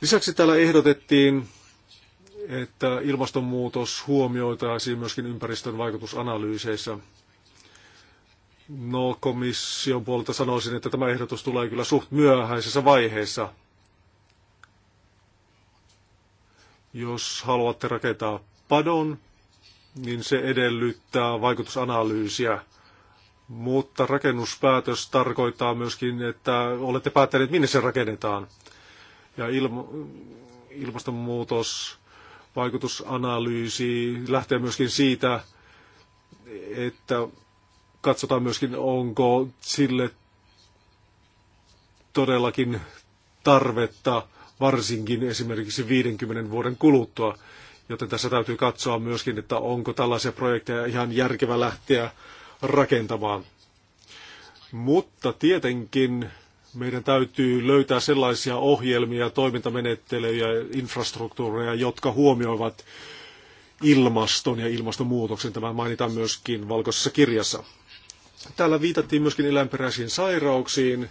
Lisäksi täällä ehdotettiin, että ilmastonmuutos huomioitaisiin myöskin ympäristön vaikutusanalyyseissä. No, komission puolelta sanoisin, että tämä ehdotus tulee kyllä suht myöhäisessä vaiheessa. Jos haluatte rakentaa padon, niin se edellyttää vaikutusanalyysiä. Mutta rakennuspäätös tarkoittaa myöskin, että olette päättäneet, minne se rakennetaan. Ja ilma, ilmastonmuutos, vaikutusanalyysi lähtee myöskin siitä, että katsotaan myöskin, onko sille todellakin tarvetta, varsinkin esimerkiksi 50 vuoden kuluttua. Joten tässä täytyy katsoa myöskin, että onko tällaisia projekteja ihan järkevä lähteä rakentamaan. Mutta tietenkin meidän täytyy löytää sellaisia ohjelmia, toimintamenettelyjä, infrastruktuureja, jotka huomioivat ilmaston ja ilmastonmuutoksen. Tämä mainitaan myöskin valkoisessa kirjassa. Täällä viitattiin myöskin eläinperäisiin sairauksiin.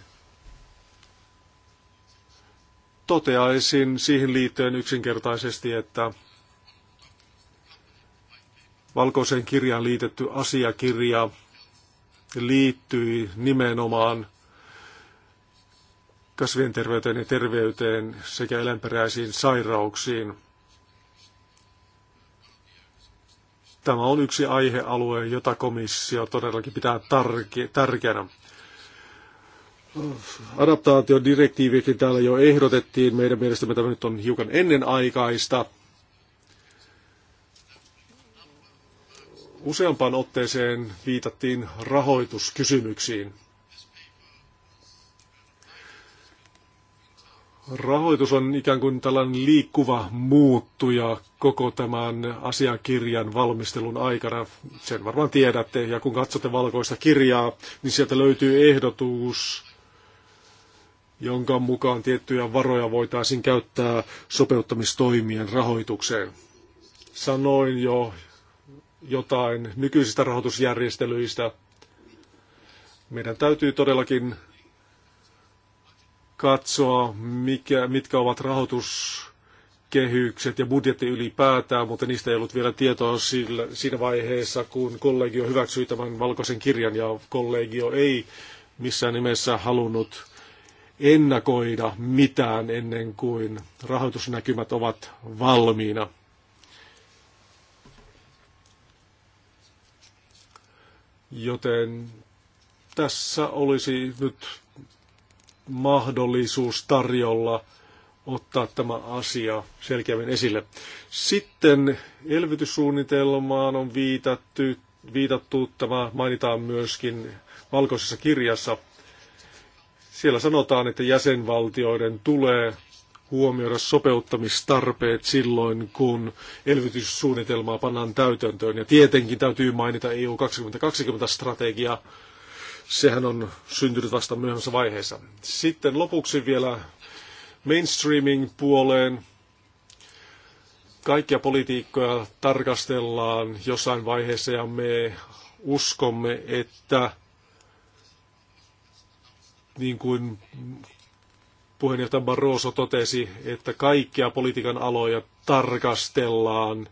Toteaisin siihen liittyen yksinkertaisesti, että valkoiseen kirjaan liitetty asiakirja liittyi nimenomaan kasvien terveyteen ja terveyteen sekä eläinperäisiin sairauksiin. Tämä on yksi aihealue, jota komissio todellakin pitää tärkeänä. Adaptaatiodirektiivikin täällä jo ehdotettiin. Meidän mielestämme tämä nyt on hiukan ennenaikaista. Useampaan otteeseen viitattiin rahoituskysymyksiin. Rahoitus on ikään kuin tällainen liikkuva muuttuja koko tämän asiakirjan valmistelun aikana. Sen varmaan tiedätte, ja kun katsotte valkoista kirjaa, niin sieltä löytyy ehdotus, jonka mukaan tiettyjä varoja voitaisiin käyttää sopeuttamistoimien rahoitukseen. Sanoin jo jotain nykyisistä rahoitusjärjestelyistä. Meidän täytyy todellakin katsoa, mikä, mitkä ovat rahoituskehykset ja budjetti ylipäätään, mutta niistä ei ollut vielä tietoa sillä, siinä vaiheessa, kun kollegio hyväksyi tämän valkoisen kirjan ja kollegio ei missään nimessä halunnut ennakoida mitään ennen kuin rahoitusnäkymät ovat valmiina. Joten tässä olisi nyt mahdollisuus tarjolla ottaa tämä asia selkeämmin esille. Sitten elvytyssuunnitelmaan on viitattu, viitattu tämä mainitaan myöskin valkoisessa kirjassa. Siellä sanotaan, että jäsenvaltioiden tulee huomioida sopeuttamistarpeet silloin, kun elvytyssuunnitelmaa pannaan täytäntöön. Ja tietenkin täytyy mainita EU 2020-strategia. Sehän on syntynyt vasta myöhemmässä vaiheessa. Sitten lopuksi vielä mainstreaming-puoleen. Kaikkia politiikkoja tarkastellaan jossain vaiheessa ja me uskomme, että niin kuin puheenjohtaja Barroso totesi, että kaikkia politiikan aloja tarkastellaan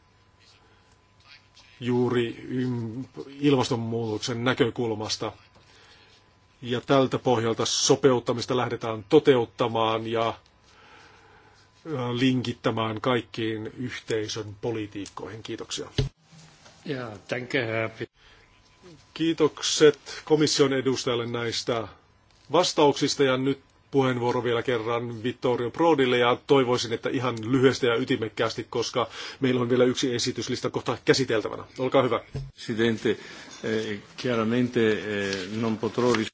juuri ilmastonmuutoksen näkökulmasta. Ja tältä pohjalta sopeuttamista lähdetään toteuttamaan ja linkittämään kaikkiin yhteisön politiikkoihin. Kiitoksia. Ja, Kiitokset komission edustajalle näistä vastauksista ja nyt puheenvuoro vielä kerran Vittorio Prodille ja toivoisin, että ihan lyhyesti ja ytimekkäästi, koska meillä on vielä yksi esityslista kohta käsiteltävänä. Olkaa hyvä. Presidente, eh, chiaramente eh, non potrò...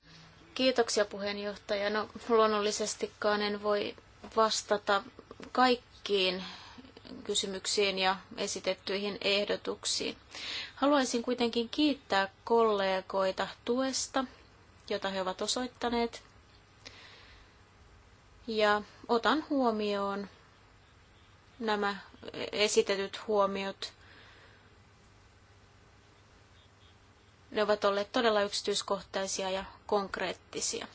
Kiitoksia puheenjohtaja. No, luonnollisestikaan en voi vastata kaikkiin kysymyksiin ja esitettyihin ehdotuksiin. Haluaisin kuitenkin kiittää kollegoita tuesta, jota he ovat osoittaneet ja otan huomioon nämä esitetyt huomiot. Ne ovat olleet todella yksityiskohtaisia ja konkreettisia.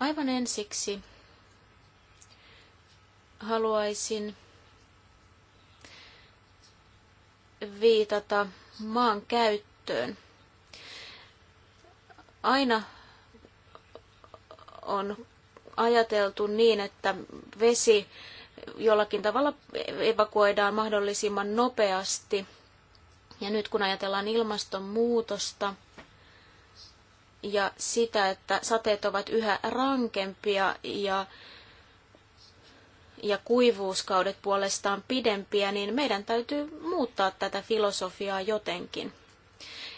Aivan ensiksi haluaisin viitata maan käyttöön. Aina on ajateltu niin, että vesi jollakin tavalla evakuoidaan mahdollisimman nopeasti. Ja nyt kun ajatellaan ilmastonmuutosta ja sitä, että sateet ovat yhä rankempia ja, ja kuivuuskaudet puolestaan pidempiä, niin meidän täytyy muuttaa tätä filosofiaa jotenkin.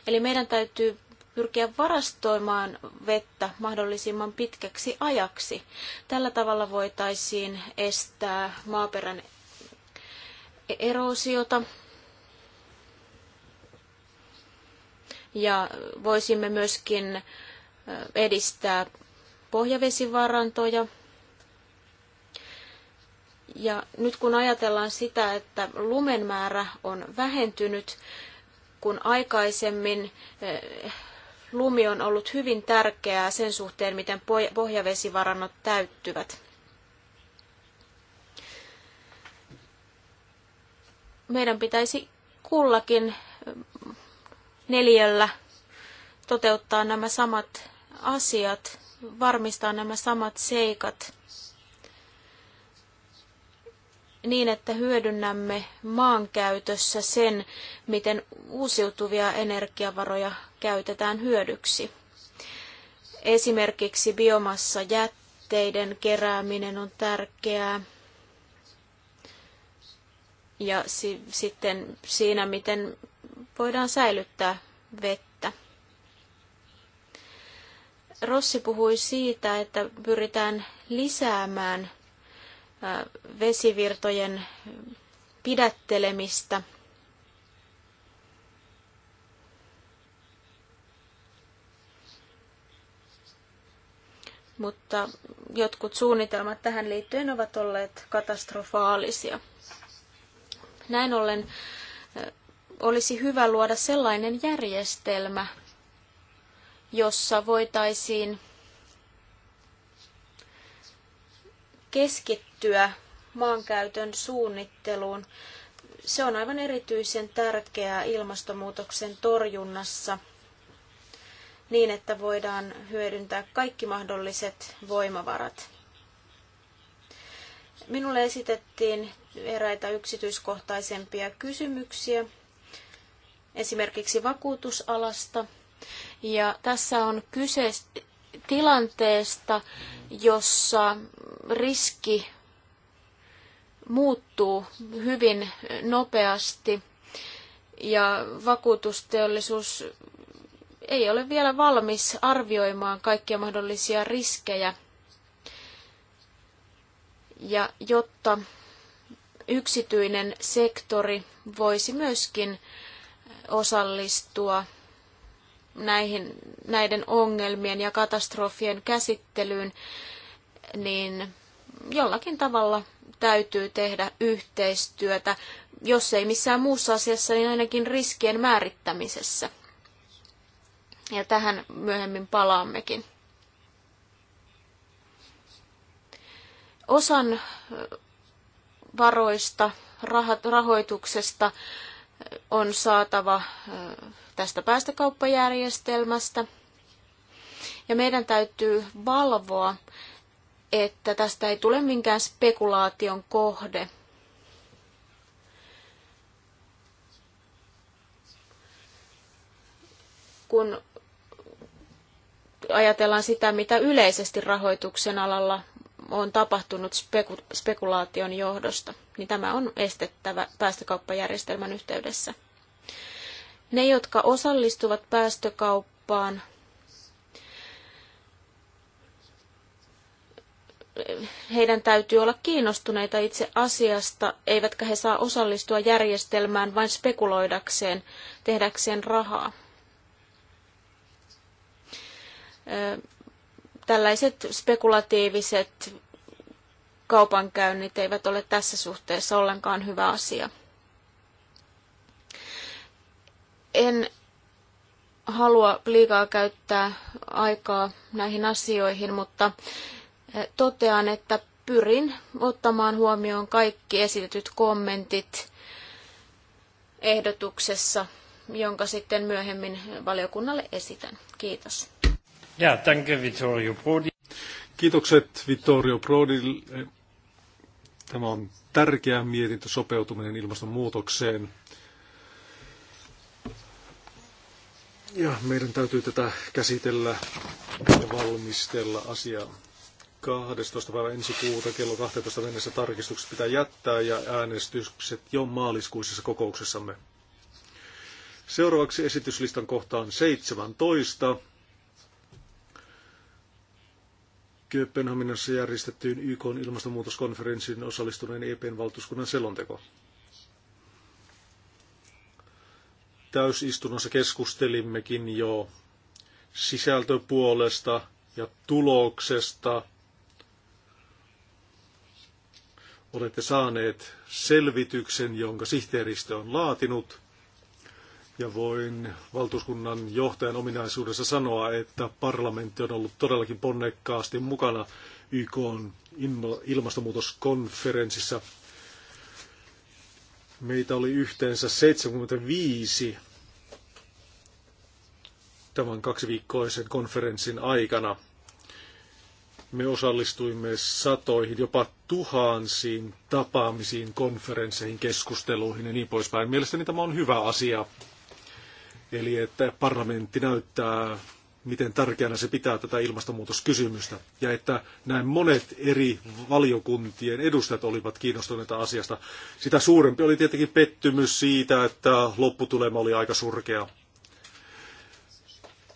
Eli meidän täytyy pyrkiä varastoimaan vettä mahdollisimman pitkäksi ajaksi. Tällä tavalla voitaisiin estää maaperän erosiota ja voisimme myöskin edistää pohjavesivarantoja. Ja nyt kun ajatellaan sitä, että lumen määrä on vähentynyt, kun aikaisemmin lumi on ollut hyvin tärkeää sen suhteen, miten pohjavesivarannot täyttyvät. Meidän pitäisi kullakin mm, neljällä toteuttaa nämä samat asiat, varmistaa nämä samat seikat – niin, että hyödynnämme maankäytössä sen, miten uusiutuvia energiavaroja käytetään hyödyksi. Esimerkiksi biomassajätteiden kerääminen on tärkeää. Ja si- sitten siinä, miten voidaan säilyttää vettä. Rossi puhui siitä, että pyritään lisäämään vesivirtojen pidättelemistä. Mutta jotkut suunnitelmat tähän liittyen ovat olleet katastrofaalisia. Näin ollen olisi hyvä luoda sellainen järjestelmä, jossa voitaisiin keskittää liittyä maankäytön suunnitteluun. Se on aivan erityisen tärkeää ilmastonmuutoksen torjunnassa niin, että voidaan hyödyntää kaikki mahdolliset voimavarat. Minulle esitettiin eräitä yksityiskohtaisempia kysymyksiä, esimerkiksi vakuutusalasta. Ja tässä on kyse tilanteesta, jossa riski muuttuu hyvin nopeasti ja vakuutusteollisuus ei ole vielä valmis arvioimaan kaikkia mahdollisia riskejä. Ja jotta yksityinen sektori voisi myöskin osallistua näihin, näiden ongelmien ja katastrofien käsittelyyn, niin jollakin tavalla täytyy tehdä yhteistyötä, jos ei missään muussa asiassa, niin ainakin riskien määrittämisessä. Ja tähän myöhemmin palaammekin. Osan varoista, rahoituksesta on saatava tästä päästökauppajärjestelmästä. Ja meidän täytyy valvoa että tästä ei tule minkään spekulaation kohde. Kun ajatellaan sitä, mitä yleisesti rahoituksen alalla on tapahtunut speku- spekulaation johdosta, niin tämä on estettävä päästökauppajärjestelmän yhteydessä. Ne, jotka osallistuvat päästökauppaan, heidän täytyy olla kiinnostuneita itse asiasta, eivätkä he saa osallistua järjestelmään vain spekuloidakseen, tehdäkseen rahaa. Tällaiset spekulatiiviset kaupankäynnit eivät ole tässä suhteessa ollenkaan hyvä asia. En halua liikaa käyttää aikaa näihin asioihin, mutta totean, että pyrin ottamaan huomioon kaikki esitetyt kommentit ehdotuksessa, jonka sitten myöhemmin valiokunnalle esitän. Kiitos. Ja, danke Vittorio Prodi. Kiitokset Vittorio Prodi. Tämä on tärkeä mietintö sopeutuminen ilmastonmuutokseen. Ja meidän täytyy tätä käsitellä ja valmistella asiaa. 12. päivä ensi kuuta kello 12 mennessä tarkistukset pitää jättää ja äänestykset jo maaliskuisessa kokouksessamme. Seuraavaksi esityslistan kohtaan 17. Kööpenhaminassa järjestettyyn YK ilmastonmuutoskonferenssiin osallistuneen EPn valtuuskunnan selonteko. Täysistunnossa keskustelimmekin jo sisältöpuolesta ja tuloksesta – olette saaneet selvityksen, jonka sihteeristö on laatinut. Ja voin valtuuskunnan johtajan ominaisuudessa sanoa, että parlamentti on ollut todellakin ponnekkaasti mukana YK ilmastonmuutoskonferenssissa. Meitä oli yhteensä 75 tämän kaksiviikkoisen konferenssin aikana – me osallistuimme satoihin, jopa tuhansiin tapaamisiin, konferensseihin, keskusteluihin ja niin poispäin. Mielestäni tämä on hyvä asia. Eli että parlamentti näyttää, miten tärkeänä se pitää tätä ilmastonmuutoskysymystä. Ja että näin monet eri valiokuntien edustajat olivat kiinnostuneita asiasta. Sitä suurempi oli tietenkin pettymys siitä, että lopputulema oli aika surkea.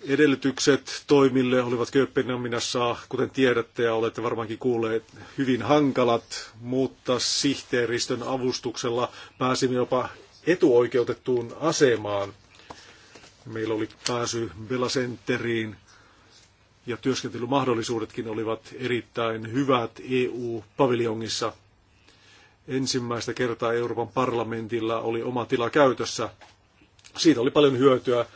Edellytykset toimille olivat Kööpenhaminassa, kuten tiedätte ja olette varmaankin kuulleet, hyvin hankalat, mutta sihteeristön avustuksella pääsimme jopa etuoikeutettuun asemaan. Meillä oli pääsy Belasenteriin ja työskentelymahdollisuudetkin olivat erittäin hyvät EU-paviljongissa. Ensimmäistä kertaa Euroopan parlamentilla oli oma tila käytössä. Siitä oli paljon hyötyä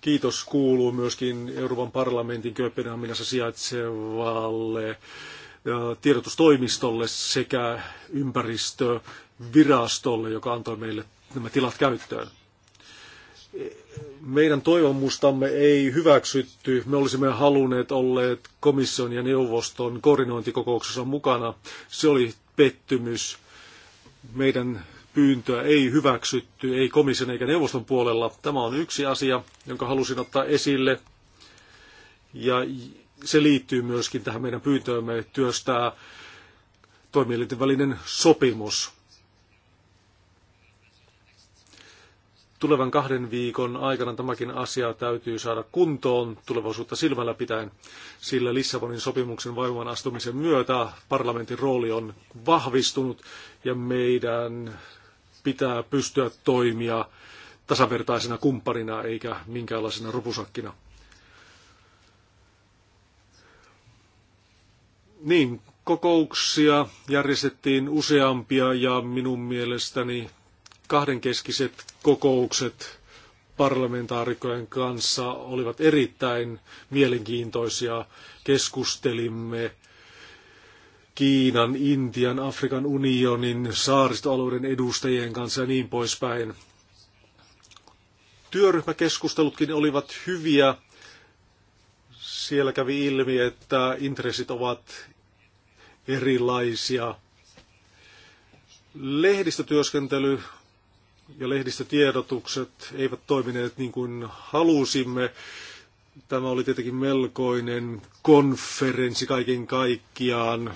Kiitos kuuluu myöskin Euroopan parlamentin Kööpenhaminassa sijaitsevalle äh, tiedotustoimistolle sekä ympäristövirastolle, joka antoi meille nämä tilat käyttöön. Meidän toivomustamme ei hyväksytty. Me olisimme halunneet olleet komission ja neuvoston koordinointikokouksessa mukana. Se oli pettymys. Meidän pyyntöä ei hyväksytty, ei komission eikä neuvoston puolella. Tämä on yksi asia, jonka halusin ottaa esille. Ja se liittyy myöskin tähän meidän pyyntöömme työstää toimielinten välinen sopimus. Tulevan kahden viikon aikana tämäkin asia täytyy saada kuntoon tulevaisuutta silmällä pitäen, sillä Lissabonin sopimuksen voimaan astumisen myötä parlamentin rooli on vahvistunut ja meidän pitää pystyä toimia tasavertaisena kumppanina eikä minkäänlaisena rupusakkina. Niin, kokouksia järjestettiin useampia ja minun mielestäni kahdenkeskiset kokoukset parlamentaarikojen kanssa olivat erittäin mielenkiintoisia. Keskustelimme Kiinan, Intian, Afrikan unionin, saaristoalueiden edustajien kanssa ja niin poispäin. Työryhmäkeskustelutkin olivat hyviä. Siellä kävi ilmi, että intressit ovat erilaisia. Lehdistötyöskentely ja lehdistötiedotukset eivät toimineet niin kuin halusimme. Tämä oli tietenkin melkoinen konferenssi kaiken kaikkiaan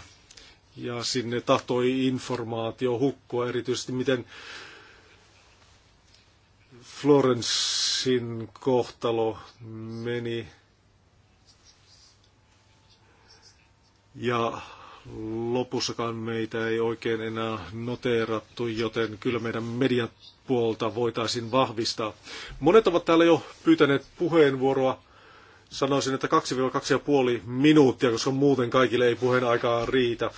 ja sinne tahtoi informaatio hukkua, erityisesti miten Florensin kohtalo meni ja lopussakaan meitä ei oikein enää noteerattu, joten kyllä meidän mediapuolta voitaisiin vahvistaa. Monet ovat täällä jo pyytäneet puheenvuoroa. Sanoisin, että 2-2,5 minuuttia, koska muuten kaikille ei puheen aikaa riitä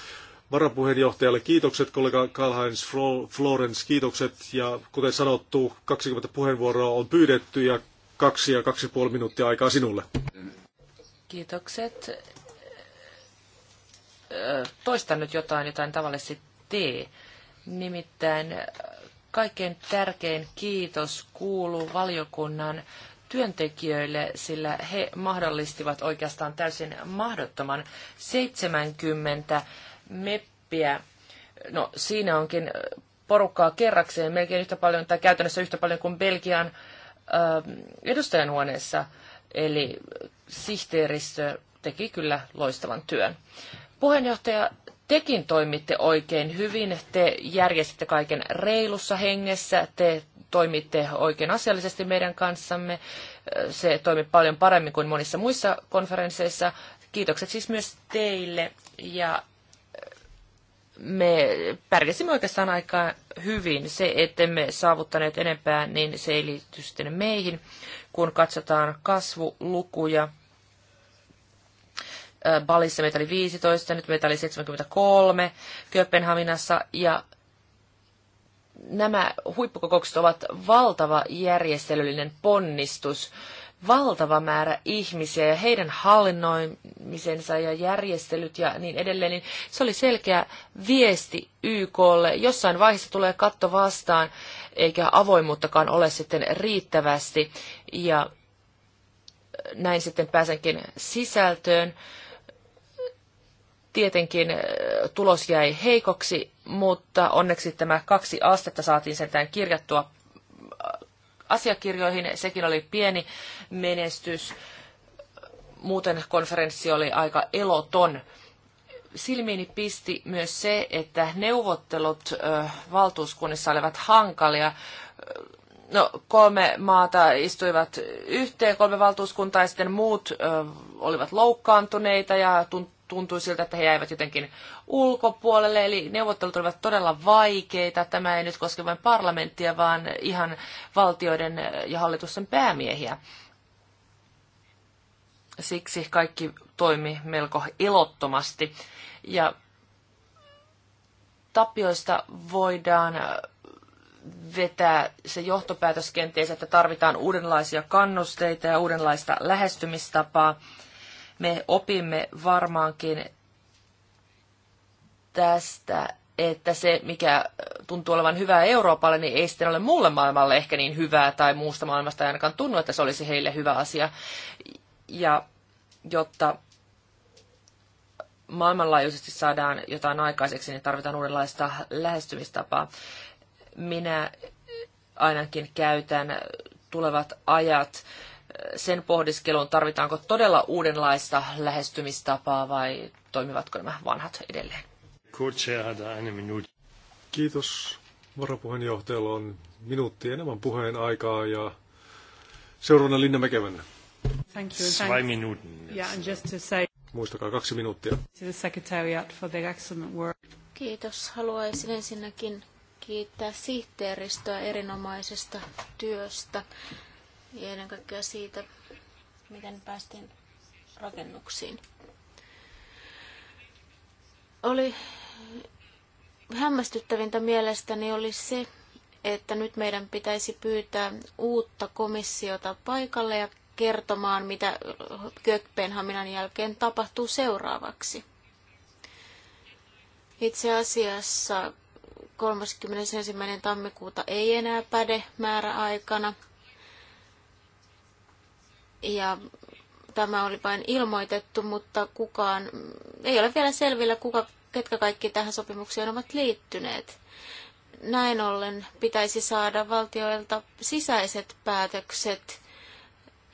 varapuheenjohtajalle kiitokset, kollega Karl-Heinz Florence kiitokset ja kuten sanottu, 20 puheenvuoroa on pyydetty ja kaksi ja kaksi puoli minuuttia aikaa sinulle. Kiitokset. Toistan nyt jotain, jotain tavallisesti tee. Nimittäin kaikkein tärkein kiitos kuuluu valiokunnan työntekijöille, sillä he mahdollistivat oikeastaan täysin mahdottoman 70 meppiä. No siinä onkin porukkaa kerrakseen melkein yhtä paljon tai käytännössä yhtä paljon kuin Belgian edustajanhuoneessa. Eli sihteeristö teki kyllä loistavan työn. Puheenjohtaja, tekin toimitte oikein hyvin. Te järjestitte kaiken reilussa hengessä. Te toimitte oikein asiallisesti meidän kanssamme. Se toimi paljon paremmin kuin monissa muissa konferensseissa. Kiitokset siis myös teille ja me pärjäsimme oikeastaan aika hyvin. Se, että emme saavuttaneet enempää, niin se ei liity sitten meihin. Kun katsotaan kasvulukuja, Balissa meitä oli 15, nyt meitä oli 73 Kööpenhaminassa ja nämä huippukokoukset ovat valtava järjestelyllinen ponnistus valtava määrä ihmisiä ja heidän hallinnoimisensa ja järjestelyt ja niin edelleen, niin se oli selkeä viesti YKlle. Jossain vaiheessa tulee katto vastaan, eikä avoimuuttakaan ole sitten riittävästi. Ja näin sitten pääsenkin sisältöön. Tietenkin äh, tulos jäi heikoksi, mutta onneksi tämä kaksi astetta saatiin sentään kirjattua asiakirjoihin. Sekin oli pieni menestys. Muuten konferenssi oli aika eloton. Silmiini pisti myös se, että neuvottelut valtuuskunnissa olivat hankalia. No, kolme maata istuivat yhteen, kolme valtuuskuntaa ja sitten muut ö, olivat loukkaantuneita ja tunt, tuntui siltä, että he jäivät jotenkin ulkopuolelle, eli neuvottelut olivat todella vaikeita. Tämä ei nyt koske vain parlamenttia, vaan ihan valtioiden ja hallitusten päämiehiä. Siksi kaikki toimi melko elottomasti. Ja tapioista voidaan vetää se johtopäätös kenties, että tarvitaan uudenlaisia kannusteita ja uudenlaista lähestymistapaa me opimme varmaankin tästä, että se, mikä tuntuu olevan hyvää Euroopalle, niin ei sitten ole muulle maailmalle ehkä niin hyvää tai muusta maailmasta ei ainakaan tunnu, että se olisi heille hyvä asia. Ja jotta maailmanlaajuisesti saadaan jotain aikaiseksi, niin tarvitaan uudenlaista lähestymistapaa. Minä ainakin käytän tulevat ajat sen pohdiskeluun, tarvitaanko todella uudenlaista lähestymistapaa vai toimivatko nämä vanhat edelleen? Kiitos. Varapuheenjohtajalla on minuutti enemmän puheen aikaa ja seuraavana Linna Mäkevänä. Thank you. Zwei Minuten. Yeah, and just to say... Muistakaa kaksi minuuttia. To the secretariat for the excellent work. Kiitos. Haluaisin ensinnäkin kiittää sihteeristöä erinomaisesta työstä ja ennen kaikkea siitä, miten päästiin rakennuksiin. Oli hämmästyttävintä mielestäni oli se, että nyt meidän pitäisi pyytää uutta komissiota paikalle ja kertomaan, mitä Kökpenhaminan jälkeen tapahtuu seuraavaksi. Itse asiassa 31. tammikuuta ei enää päde määräaikana. Ja tämä oli vain ilmoitettu, mutta kukaan ei ole vielä selvillä, kuka, ketkä kaikki tähän sopimukseen ovat liittyneet. Näin ollen pitäisi saada valtioilta sisäiset päätökset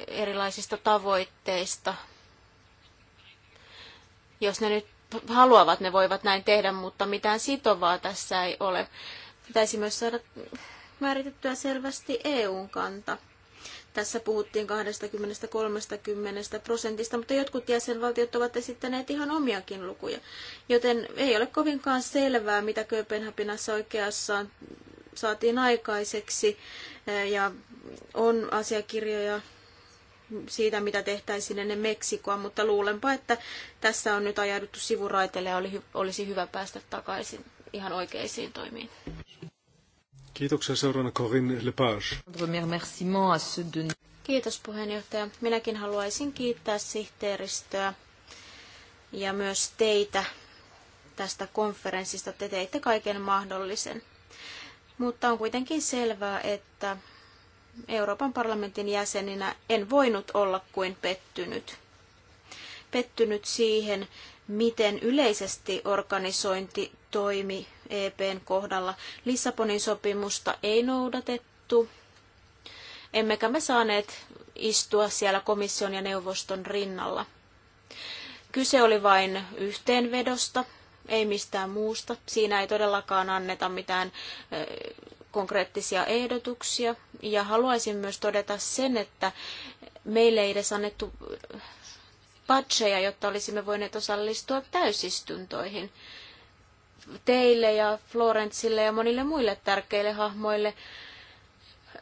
erilaisista tavoitteista. Jos ne nyt haluavat, ne voivat näin tehdä, mutta mitään sitovaa tässä ei ole. Pitäisi myös saada määritettyä selvästi EUn kanta. Tässä puhuttiin 20-30 prosentista, mutta jotkut jäsenvaltiot ovat esittäneet ihan omiakin lukuja. Joten ei ole kovinkaan selvää, mitä Kööpenhapinassa oikeassaan saatiin aikaiseksi. Eh, ja on asiakirjoja siitä, mitä tehtäisiin ennen Meksikoa, mutta luulenpa, että tässä on nyt ajauduttu sivuraiteille ja olisi hyvä päästä takaisin ihan oikeisiin toimiin. Kiitoksia seuraavana Corinne Lepage. Kiitos puheenjohtaja. Minäkin haluaisin kiittää sihteeristöä ja myös teitä tästä konferenssista. Te teitte kaiken mahdollisen. Mutta on kuitenkin selvää, että Euroopan parlamentin jäseninä en voinut olla kuin pettynyt. Pettynyt siihen, miten yleisesti organisointi toimi EPn kohdalla. Lissabonin sopimusta ei noudatettu, emmekä me saaneet istua siellä komission ja neuvoston rinnalla. Kyse oli vain yhteenvedosta, ei mistään muusta. Siinä ei todellakaan anneta mitään konkreettisia ehdotuksia. Ja haluaisin myös todeta sen, että meille ei edes annettu patcheja, jotta olisimme voineet osallistua täysistuntoihin teille ja Florentsille ja monille muille tärkeille hahmoille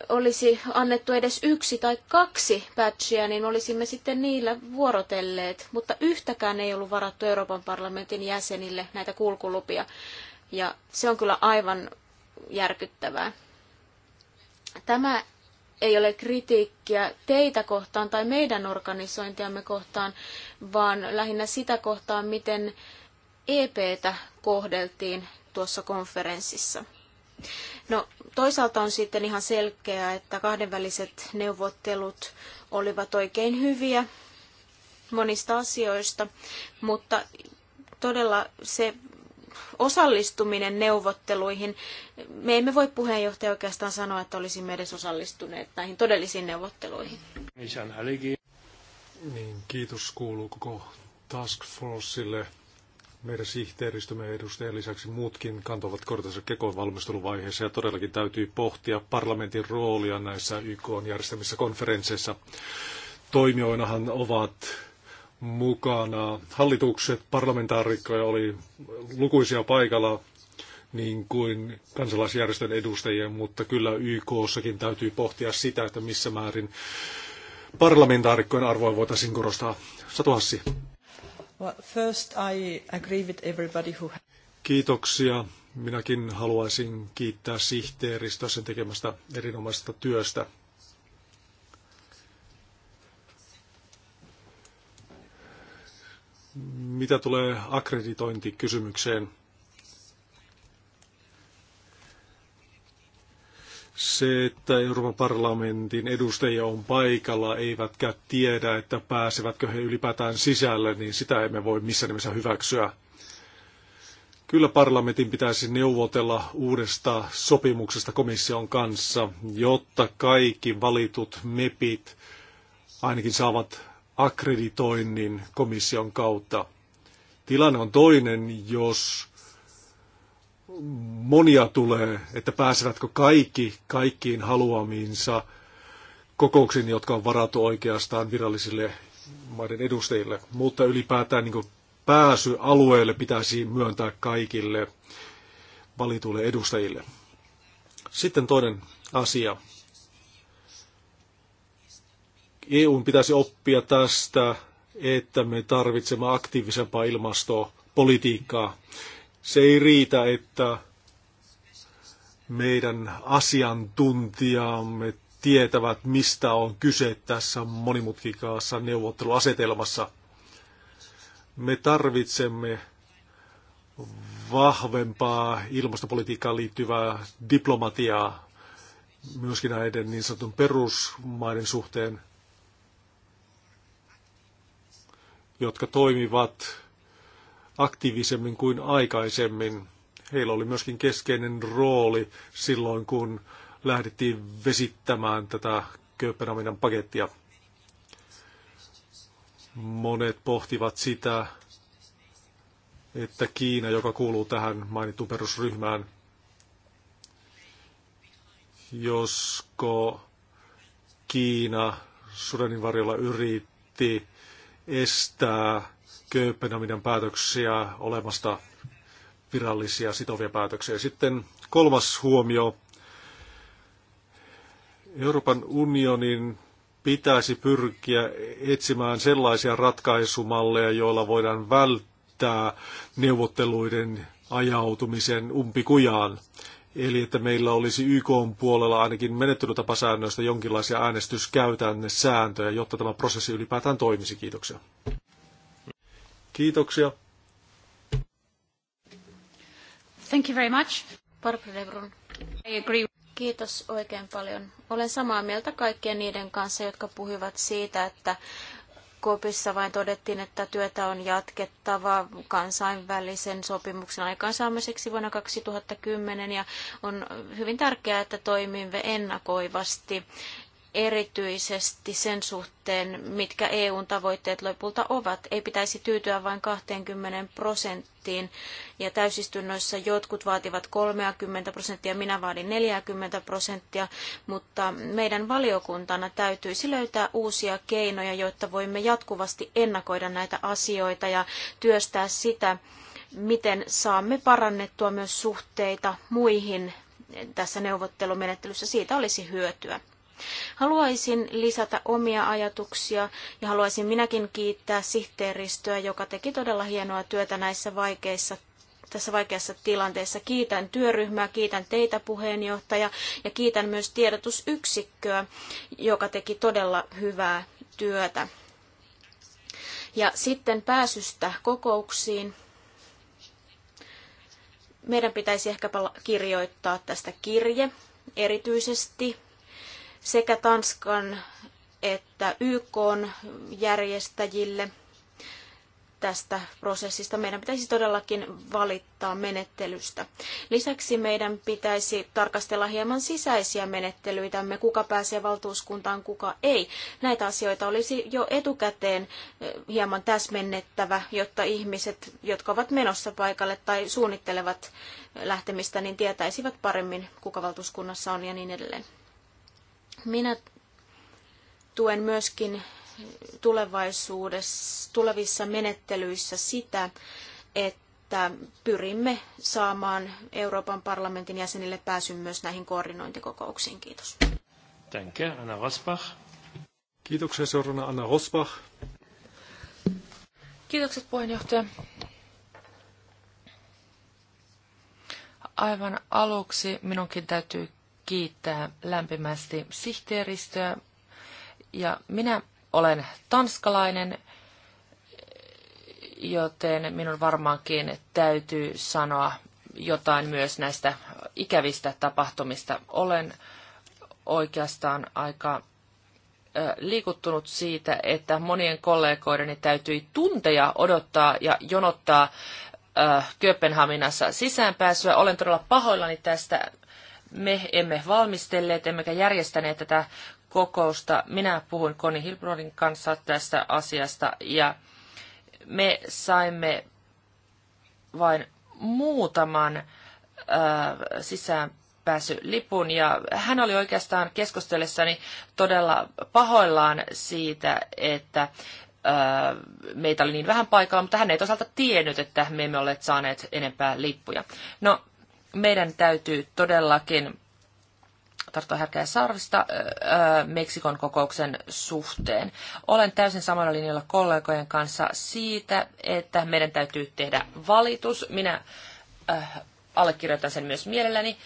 olisi annettu edes yksi tai kaksi patchia, niin olisimme sitten niillä vuorotelleet, mutta yhtäkään ei ollut varattu Euroopan parlamentin jäsenille näitä kulkulupia. Ja se on kyllä aivan järkyttävää. Tämä ei ole kritiikkiä teitä kohtaan tai meidän organisointiamme kohtaan, vaan lähinnä sitä kohtaan, miten EPtä kohdeltiin tuossa konferenssissa. No, toisaalta on sitten ihan selkeää, että kahdenväliset neuvottelut olivat oikein hyviä monista asioista, mutta todella se osallistuminen neuvotteluihin, me emme voi puheenjohtaja oikeastaan sanoa, että olisimme edes osallistuneet näihin todellisiin neuvotteluihin. Niin, kiitos kuuluu koko Task Forceille meidän sihteeristömme edustajan lisäksi muutkin kantavat kortensa kekoon valmisteluvaiheessa ja todellakin täytyy pohtia parlamentin roolia näissä YK järjestämissä konferensseissa. Toimijoinahan ovat mukana hallitukset, parlamentaarikkoja oli lukuisia paikalla niin kuin kansalaisjärjestön edustajia, mutta kyllä YKssakin täytyy pohtia sitä, että missä määrin parlamentaarikkojen arvoa voitaisiin korostaa. Satu Hassi. First I agree with everybody who... Kiitoksia. Minäkin haluaisin kiittää sihteeristä sen tekemästä erinomaisesta työstä. Mitä tulee akkreditointikysymykseen, Se, että Euroopan parlamentin edustajia on paikalla, eivätkä tiedä, että pääsevätkö he ylipäätään sisälle, niin sitä emme voi missään nimessä hyväksyä. Kyllä parlamentin pitäisi neuvotella uudesta sopimuksesta komission kanssa, jotta kaikki valitut MEPit ainakin saavat akkreditoinnin komission kautta. Tilanne on toinen, jos monia tulee, että pääsevätkö kaikki kaikkiin haluamiinsa kokouksiin, jotka on varattu oikeastaan virallisille maiden edustajille. Mutta ylipäätään niin pääsy alueelle pitäisi myöntää kaikille valituille edustajille. Sitten toinen asia. EUn pitäisi oppia tästä, että me tarvitsemme aktiivisempaa ilmastopolitiikkaa. Se ei riitä, että meidän asiantuntijamme tietävät, mistä on kyse tässä monimutkikaassa neuvotteluasetelmassa. Me tarvitsemme vahvempaa ilmastopolitiikkaan liittyvää diplomatiaa myöskin näiden niin sanotun perusmaiden suhteen, jotka toimivat aktiivisemmin kuin aikaisemmin. Heillä oli myöskin keskeinen rooli silloin, kun lähdettiin vesittämään tätä Kööpenhaminan pakettia. Monet pohtivat sitä, että Kiina, joka kuuluu tähän mainittuun perusryhmään, josko Kiina Sudanin varjolla yritti estää Kööpenhaminan päätöksiä olemasta virallisia sitovia päätöksiä. Sitten kolmas huomio. Euroopan unionin pitäisi pyrkiä etsimään sellaisia ratkaisumalleja, joilla voidaan välttää neuvotteluiden ajautumisen umpikujaan. Eli että meillä olisi YK puolella ainakin menettelytapasäännöistä jonkinlaisia äänestyskäytännössääntöjä, jotta tämä prosessi ylipäätään toimisi. Kiitoksia. Kiitoksia. Thank you very much. I agree. Kiitos oikein paljon. Olen samaa mieltä kaikkien niiden kanssa, jotka puhuivat siitä, että Kopissa vain todettiin, että työtä on jatkettava kansainvälisen sopimuksen aikaansaamiseksi vuonna 2010 ja on hyvin tärkeää, että toimimme ennakoivasti erityisesti sen suhteen, mitkä EUn tavoitteet lopulta ovat. Ei pitäisi tyytyä vain 20 prosenttiin, ja täysistunnoissa jotkut vaativat 30 prosenttia, minä vaadin 40 prosenttia, mutta meidän valiokuntana täytyisi löytää uusia keinoja, jotta voimme jatkuvasti ennakoida näitä asioita ja työstää sitä, miten saamme parannettua myös suhteita muihin tässä neuvottelumenettelyssä. Siitä olisi hyötyä. Haluaisin lisätä omia ajatuksia ja haluaisin minäkin kiittää sihteeristöä, joka teki todella hienoa työtä näissä vaikeissa tässä vaikeassa tilanteessa. Kiitän työryhmää, kiitän teitä puheenjohtaja ja kiitän myös tiedotusyksikköä, joka teki todella hyvää työtä. Ja sitten pääsystä kokouksiin. Meidän pitäisi ehkä kirjoittaa tästä kirje erityisesti sekä Tanskan että YK järjestäjille tästä prosessista. Meidän pitäisi todellakin valittaa menettelystä. Lisäksi meidän pitäisi tarkastella hieman sisäisiä menettelyitämme, kuka pääsee valtuuskuntaan, kuka ei. Näitä asioita olisi jo etukäteen eh, hieman täsmennettävä, jotta ihmiset, jotka ovat menossa paikalle tai suunnittelevat eh, lähtemistä, niin tietäisivät paremmin, kuka valtuuskunnassa on ja niin edelleen. Minä tuen myöskin tulevaisuudessa, tulevissa menettelyissä sitä, että pyrimme saamaan Euroopan parlamentin jäsenille pääsyn myös näihin koordinointikokouksiin. Kiitos. Danke, Anna Rosbach. Kiitoksia seurana Anna Rosbach. Kiitokset puheenjohtaja. Aivan aluksi minunkin täytyy kiittää lämpimästi sihteeristöä. Ja minä olen tanskalainen, joten minun varmaankin täytyy sanoa jotain myös näistä ikävistä tapahtumista. Olen oikeastaan aika liikuttunut siitä, että monien kollegoideni täytyi tunteja odottaa ja jonottaa Kööpenhaminassa sisäänpääsyä. Olen todella pahoillani tästä me emme valmistelleet emmekä järjestäneet tätä kokousta. Minä puhuin Koni Hilbronin kanssa tästä asiasta ja me saimme vain muutaman äh, sisään ja hän oli oikeastaan keskustellessani todella pahoillaan siitä, että äh, meitä oli niin vähän paikalla, mutta hän ei toisaalta tiennyt, että me emme ole saaneet enempää lippuja. No, meidän täytyy todellakin tarttua härkää saarista Meksikon kokouksen suhteen. Olen täysin samalla linjalla kollegojen kanssa siitä, että meidän täytyy tehdä valitus. Minä äh, allekirjoitan sen myös mielelläni.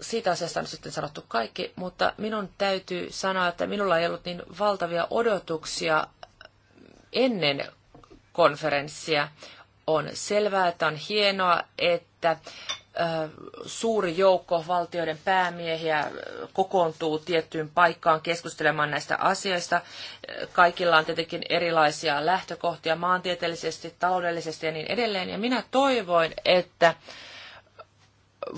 Siitä asiasta on sitten sanottu kaikki, mutta minun täytyy sanoa, että minulla ei ollut niin valtavia odotuksia ennen konferenssia, on selvää, että on hienoa, että suuri joukko valtioiden päämiehiä kokoontuu tiettyyn paikkaan keskustelemaan näistä asioista. Kaikilla on tietenkin erilaisia lähtökohtia maantieteellisesti, taloudellisesti ja niin edelleen. Ja minä toivoin, että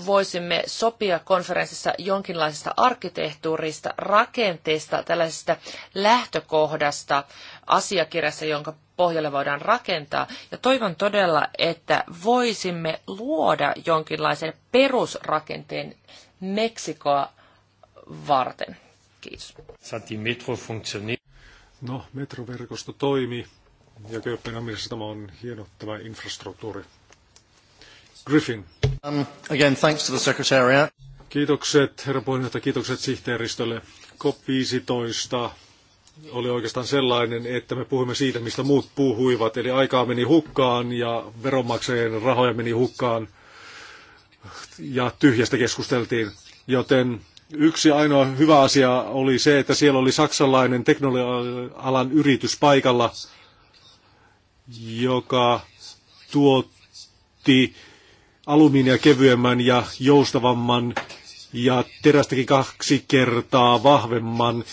voisimme sopia konferenssissa jonkinlaisesta arkkitehtuurista, rakenteesta, tällaisesta lähtökohdasta asiakirjassa, jonka pohjalle voidaan rakentaa. Ja toivon todella, että voisimme luoda jonkinlaisen perusrakenteen Meksikoa varten. Kiitos. Niin no, metroverkosto toimii ja Kööpenhaminassa tämä on hieno tämä infrastruktuuri. Griffin. Um, again, thanks to the secretariat. Kiitokset, herra puheenjohtaja, kiitokset sihteeristölle. COP15 oli oikeastaan sellainen, että me puhumme siitä, mistä muut puhuivat, eli aikaa meni hukkaan ja veronmaksajien rahoja meni hukkaan ja tyhjästä keskusteltiin. Joten yksi ainoa hyvä asia oli se, että siellä oli saksalainen teknologialan yritys paikalla, joka tuotti alumiinia kevyemmän ja joustavamman ja terästäkin kaksi kertaa vahvemman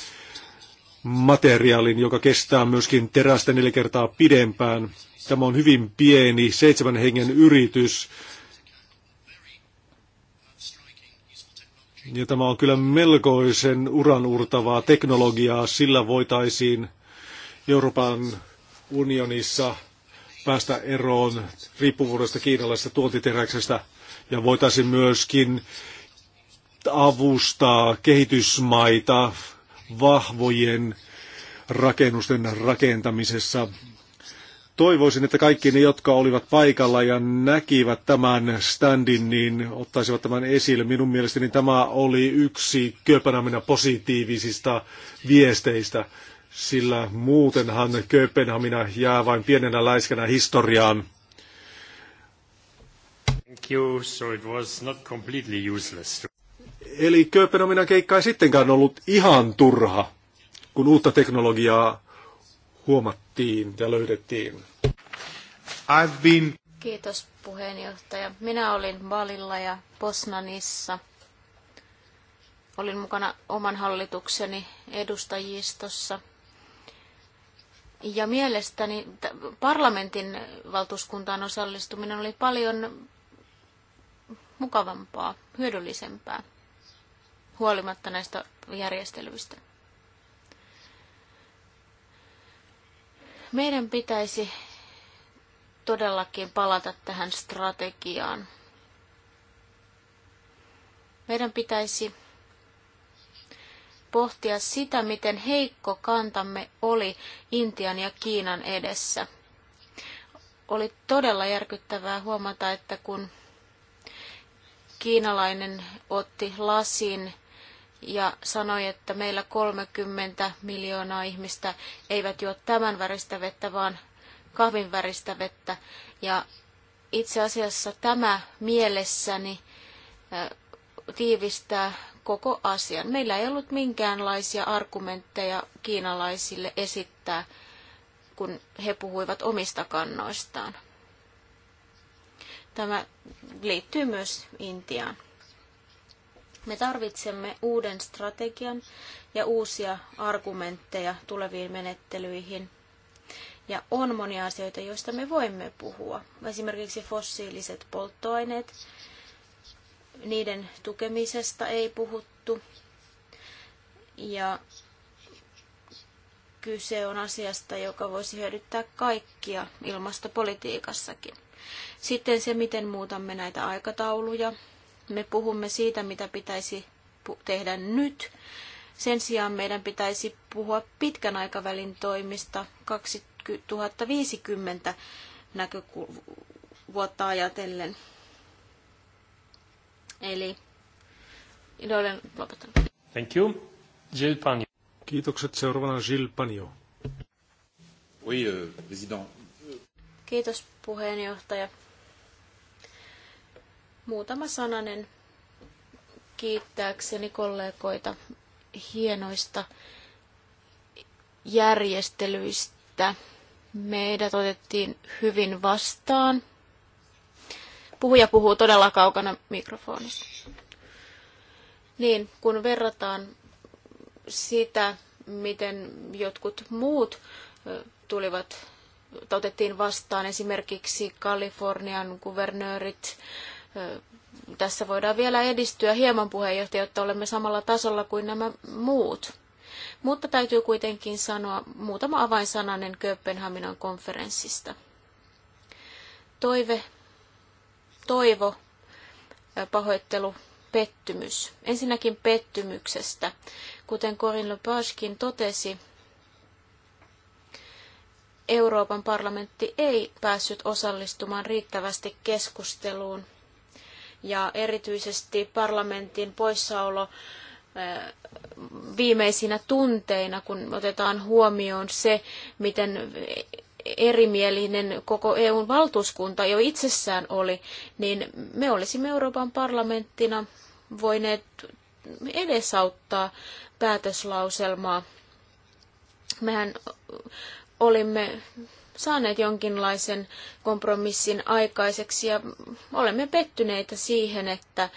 materiaalin, joka kestää myöskin terästä neljä kertaa pidempään. Tämä on hyvin pieni seitsemän hengen yritys. Ja tämä on kyllä melkoisen uranurtavaa teknologiaa. Sillä voitaisiin Euroopan unionissa päästä eroon riippuvuudesta kiinalaisesta tuontiteräksestä ja voitaisiin myöskin avustaa kehitysmaita vahvojen rakennusten rakentamisessa. Toivoisin, että kaikki ne, jotka olivat paikalla ja näkivät tämän standin, niin ottaisivat tämän esille. Minun mielestäni tämä oli yksi Kööpenhaminan positiivisista viesteistä sillä muutenhan Kööpenhamina jää vain pienenä läiskänä historiaan. Thank you, so it was not completely useless. Eli Kööpenhamina keikka ei sittenkään ollut ihan turha, kun uutta teknologiaa huomattiin ja löydettiin. I've been... Kiitos puheenjohtaja. Minä olin Valilla ja Bosnanissa. Olin mukana oman hallitukseni edustajistossa ja mielestäni parlamentin valtuuskuntaan osallistuminen oli paljon mukavampaa, hyödyllisempää, huolimatta näistä järjestelyistä. Meidän pitäisi todellakin palata tähän strategiaan. Meidän pitäisi pohtia sitä, miten heikko kantamme oli Intian ja Kiinan edessä. Oli todella järkyttävää huomata, että kun kiinalainen otti lasin ja sanoi, että meillä 30 miljoonaa ihmistä eivät juo tämän väristä vettä, vaan kahvin väristä vettä. Ja itse asiassa tämä mielessäni tiivistää koko asian. Meillä ei ollut minkäänlaisia argumentteja kiinalaisille esittää, kun he puhuivat omista kannoistaan. Tämä liittyy myös Intiaan. Me tarvitsemme uuden strategian ja uusia argumentteja tuleviin menettelyihin. Ja on monia asioita, joista me voimme puhua. Esimerkiksi fossiiliset polttoaineet, niiden tukemisesta ei puhuttu. Ja kyse on asiasta, joka voisi hyödyttää kaikkia ilmastopolitiikassakin. Sitten se, miten muutamme näitä aikatauluja. Me puhumme siitä, mitä pitäisi tehdä nyt. Sen sijaan meidän pitäisi puhua pitkän aikavälin toimista 2050 näkövuotta ajatellen. Eli idoiden lopettanut. Thank you. Gilles Panio. Kiitokset. Seuraavana Gilles Panio. Oui, euh, président. Kiitos puheenjohtaja. Muutama sananen kiittääkseni kollegoita hienoista järjestelyistä. Meidät otettiin hyvin vastaan Puhuja puhuu todella kaukana mikrofonista. Niin, kun verrataan sitä, miten jotkut muut tulivat, otettiin vastaan esimerkiksi Kalifornian kuvernöörit, tässä voidaan vielä edistyä hieman puheenjohtaja, jotta olemme samalla tasolla kuin nämä muut. Mutta täytyy kuitenkin sanoa muutama avainsananen Kööpenhaminan konferenssista. Toive toivo, pahoittelu, pettymys. Ensinnäkin pettymyksestä. Kuten Corin Lepaskin totesi, Euroopan parlamentti ei päässyt osallistumaan riittävästi keskusteluun. Ja erityisesti parlamentin poissaolo viimeisinä tunteina, kun otetaan huomioon se, miten erimielinen koko EUn valtuuskunta jo itsessään oli, niin me olisimme Euroopan parlamenttina voineet edesauttaa päätöslauselmaa. Mehän olimme saaneet jonkinlaisen kompromissin aikaiseksi ja olemme pettyneitä siihen, että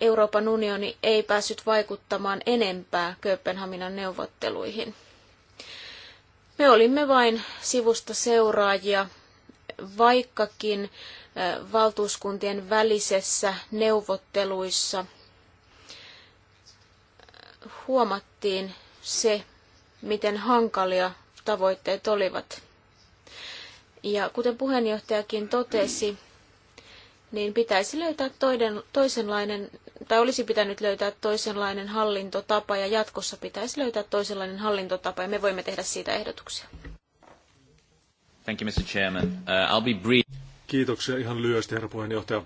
Euroopan unioni ei päässyt vaikuttamaan enempää Kööpenhaminan neuvotteluihin. Me olimme vain sivusta seuraajia, vaikkakin valtuuskuntien välisessä neuvotteluissa huomattiin se, miten hankalia tavoitteet olivat. Ja kuten puheenjohtajakin totesi, niin pitäisi löytää toiden, toisenlainen, tai olisi pitänyt löytää toisenlainen hallintotapa, ja jatkossa pitäisi löytää toisenlainen hallintotapa, ja me voimme tehdä siitä ehdotuksia. Thank you, Mr. Chairman. Uh, I'll be brief. Kiitoksia ihan lyhyesti, herra puheenjohtaja.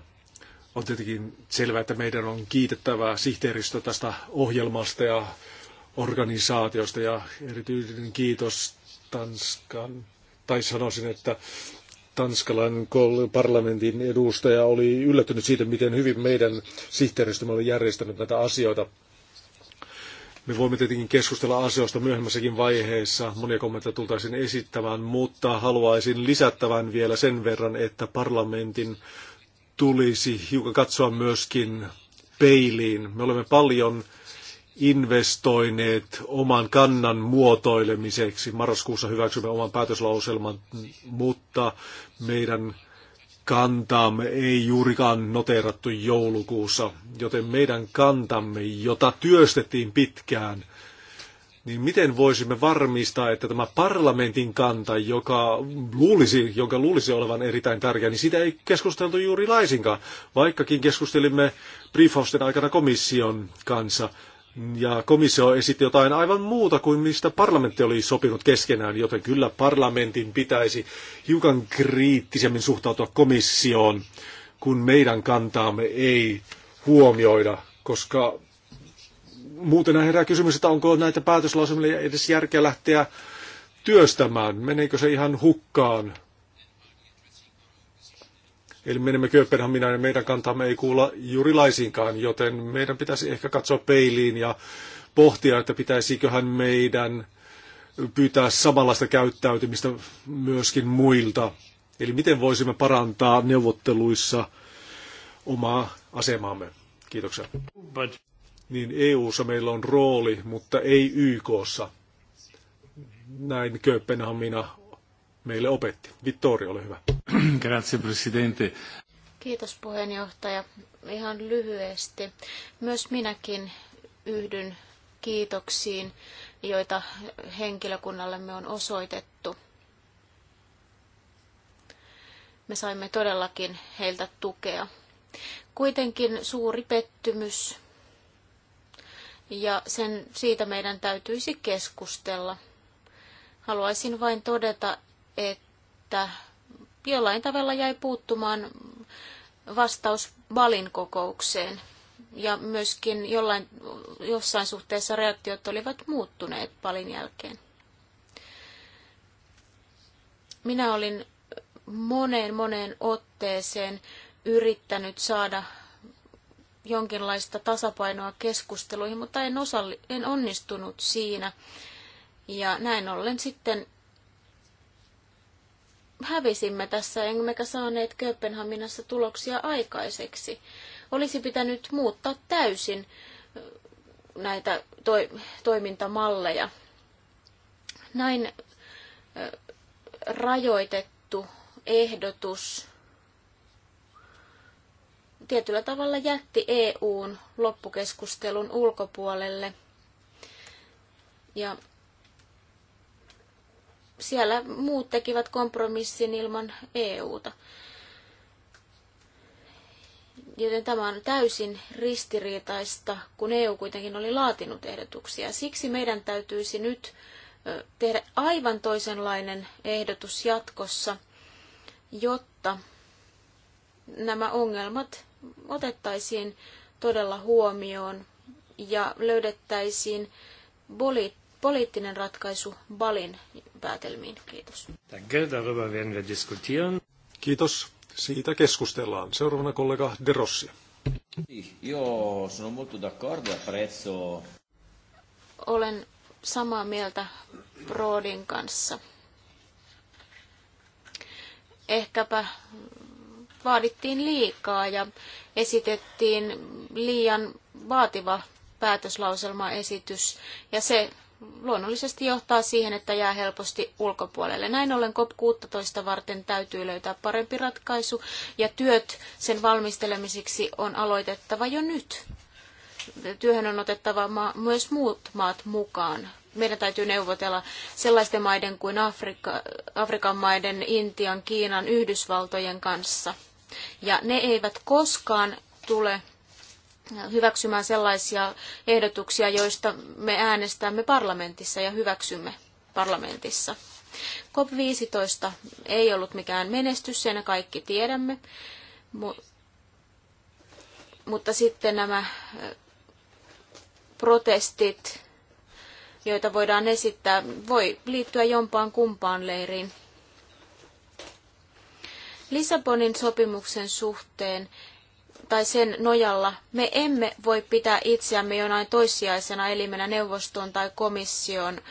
On tietenkin selvää, että meidän on kiitettävää sihteeristö tästä ohjelmasta ja organisaatiosta ja erityinen kiitos Tanskan, tai sanoisin, että tanskalainen parlamentin edustaja oli yllättynyt siitä, miten hyvin meidän sihteeristömme oli järjestänyt näitä asioita. Me voimme tietenkin keskustella asioista myöhemmässäkin vaiheessa, monia kommentteja tultaisiin esittämään, mutta haluaisin lisättävän vielä sen verran, että parlamentin tulisi hiukan katsoa myöskin peiliin. Me olemme paljon investoineet oman kannan muotoilemiseksi. Marraskuussa hyväksymme oman päätöslauselman, mutta meidän kantaamme ei juurikaan noteerattu joulukuussa, joten meidän kantamme, jota työstettiin pitkään, niin miten voisimme varmistaa, että tämä parlamentin kanta, joka luulisi, jonka luulisi olevan erittäin tärkeä, niin sitä ei keskusteltu juuri laisinkaan, vaikkakin keskustelimme briefausten aikana komission kanssa. Ja komissio esitti jotain aivan muuta kuin mistä parlamentti oli sopinut keskenään, joten kyllä parlamentin pitäisi hiukan kriittisemmin suhtautua komissioon, kun meidän kantaamme ei huomioida, koska muuten herää kysymys, että onko näitä päätöslauselmia edes järkeä lähteä työstämään, meneekö se ihan hukkaan. Eli menemme Kööpenhaminaan ja meidän kantamme ei kuulla juuri laisinkaan, joten meidän pitäisi ehkä katsoa peiliin ja pohtia, että pitäisiköhän meidän pyytää samanlaista käyttäytymistä myöskin muilta. Eli miten voisimme parantaa neuvotteluissa omaa asemaamme. Kiitoksia. But... Niin EU-ssa meillä on rooli, mutta ei YKssa. Näin Kööpenhamina meille opetti. Vittorio, ole hyvä. Grazie, presidente. Kiitos puheenjohtaja. Ihan lyhyesti. Myös minäkin yhdyn kiitoksiin, joita henkilökunnallemme on osoitettu. Me saimme todellakin heiltä tukea. Kuitenkin suuri pettymys ja sen, siitä meidän täytyisi keskustella. Haluaisin vain todeta, että jollain tavalla jäi puuttumaan vastaus Balin kokoukseen. Ja myöskin jollain, jossain suhteessa reaktiot olivat muuttuneet Balin jälkeen. Minä olin moneen moneen otteeseen yrittänyt saada jonkinlaista tasapainoa keskusteluihin, mutta en, osalli, en onnistunut siinä. Ja näin ollen sitten hävisimme tässä, emmekä saaneet Kööpenhaminassa tuloksia aikaiseksi. Olisi pitänyt muuttaa täysin näitä to- toimintamalleja. Näin rajoitettu ehdotus tietyllä tavalla jätti EUn loppukeskustelun ulkopuolelle. Ja siellä muut tekivät kompromissin ilman EUta. Joten tämä on täysin ristiriitaista, kun EU kuitenkin oli laatinut ehdotuksia. Siksi meidän täytyisi nyt tehdä aivan toisenlainen ehdotus jatkossa, jotta nämä ongelmat otettaisiin todella huomioon ja löydettäisiin poliittinen ratkaisu Balin päätelmiin. Kiitos. Kiitos. Siitä keskustellaan. Seuraavana kollega De Rossi. Olen samaa mieltä Broodin kanssa. Ehkäpä vaadittiin liikaa ja esitettiin liian vaativa päätöslauselmaesitys ja se luonnollisesti johtaa siihen, että jää helposti ulkopuolelle. Näin ollen COP16 varten täytyy löytää parempi ratkaisu ja työt sen valmistelemiseksi on aloitettava jo nyt. Työhön on otettava ma- myös muut maat mukaan. Meidän täytyy neuvotella sellaisten maiden kuin Afrika, Afrikan maiden, Intian, Kiinan, Yhdysvaltojen kanssa. Ja ne eivät koskaan tule hyväksymään sellaisia ehdotuksia, joista me äänestämme parlamentissa ja hyväksymme parlamentissa. COP15 ei ollut mikään menestys, sen kaikki tiedämme, mutta sitten nämä äh, protestit, joita voidaan esittää, voi liittyä jompaan kumpaan leiriin. Lissabonin sopimuksen suhteen tai sen nojalla me emme voi pitää itseämme jonain toissijaisena elimenä neuvoston tai komission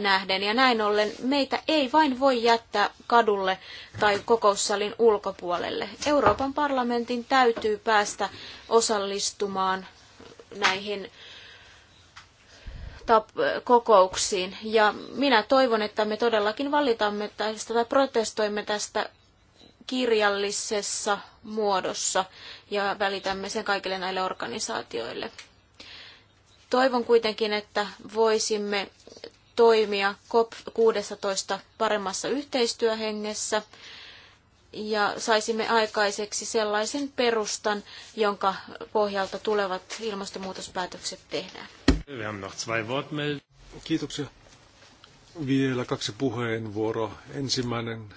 nähden. Ja näin ollen meitä ei vain voi jättää kadulle tai kokoussalin ulkopuolelle. Euroopan parlamentin täytyy päästä osallistumaan näihin kokouksiin. Ja minä toivon, että me todellakin valitamme tästä tai protestoimme tästä kirjallisessa muodossa ja välitämme sen kaikille näille organisaatioille. Toivon kuitenkin, että voisimme toimia COP16 paremmassa yhteistyöhengessä ja saisimme aikaiseksi sellaisen perustan, jonka pohjalta tulevat ilmastonmuutospäätökset tehdään. Kiitoksia. Vielä kaksi puheenvuoroa. Ensimmäinen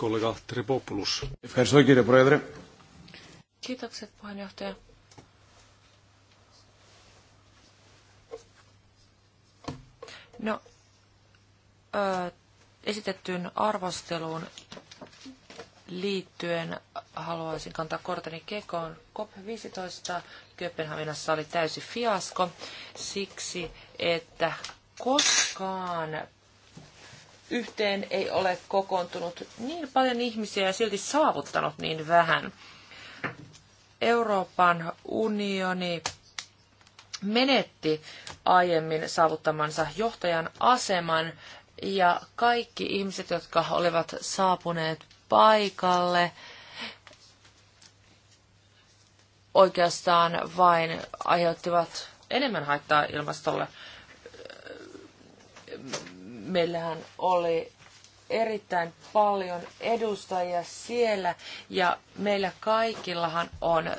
kollega Trepopoulos. Kiitokset puheenjohtaja. No, ö, esitettyyn arvosteluun liittyen haluaisin kantaa korteni kekoon. COP15 Kööpenhaminassa oli täysi fiasko siksi, että koskaan yhteen ei ole kokoontunut niin paljon ihmisiä ja silti saavuttanut niin vähän. Euroopan unioni menetti aiemmin saavuttamansa johtajan aseman ja kaikki ihmiset, jotka olivat saapuneet paikalle, oikeastaan vain aiheuttivat enemmän haittaa ilmastolle meillähän oli erittäin paljon edustajia siellä ja meillä kaikillahan on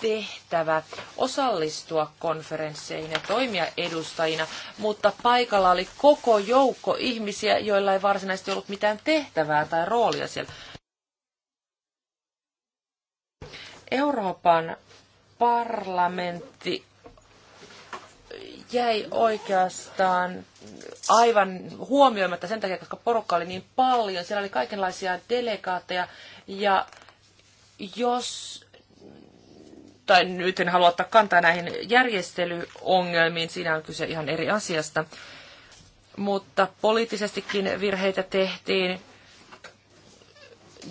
tehtävä osallistua konferensseihin ja toimia edustajina, mutta paikalla oli koko joukko ihmisiä, joilla ei varsinaisesti ollut mitään tehtävää tai roolia siellä. Euroopan parlamentti jäi oikeastaan aivan huomioimatta sen takia, koska porukka oli niin paljon. Siellä oli kaikenlaisia delegaatteja ja jos, tai nyt en halua ottaa kantaa näihin järjestelyongelmiin, siinä on kyse ihan eri asiasta, mutta poliittisestikin virheitä tehtiin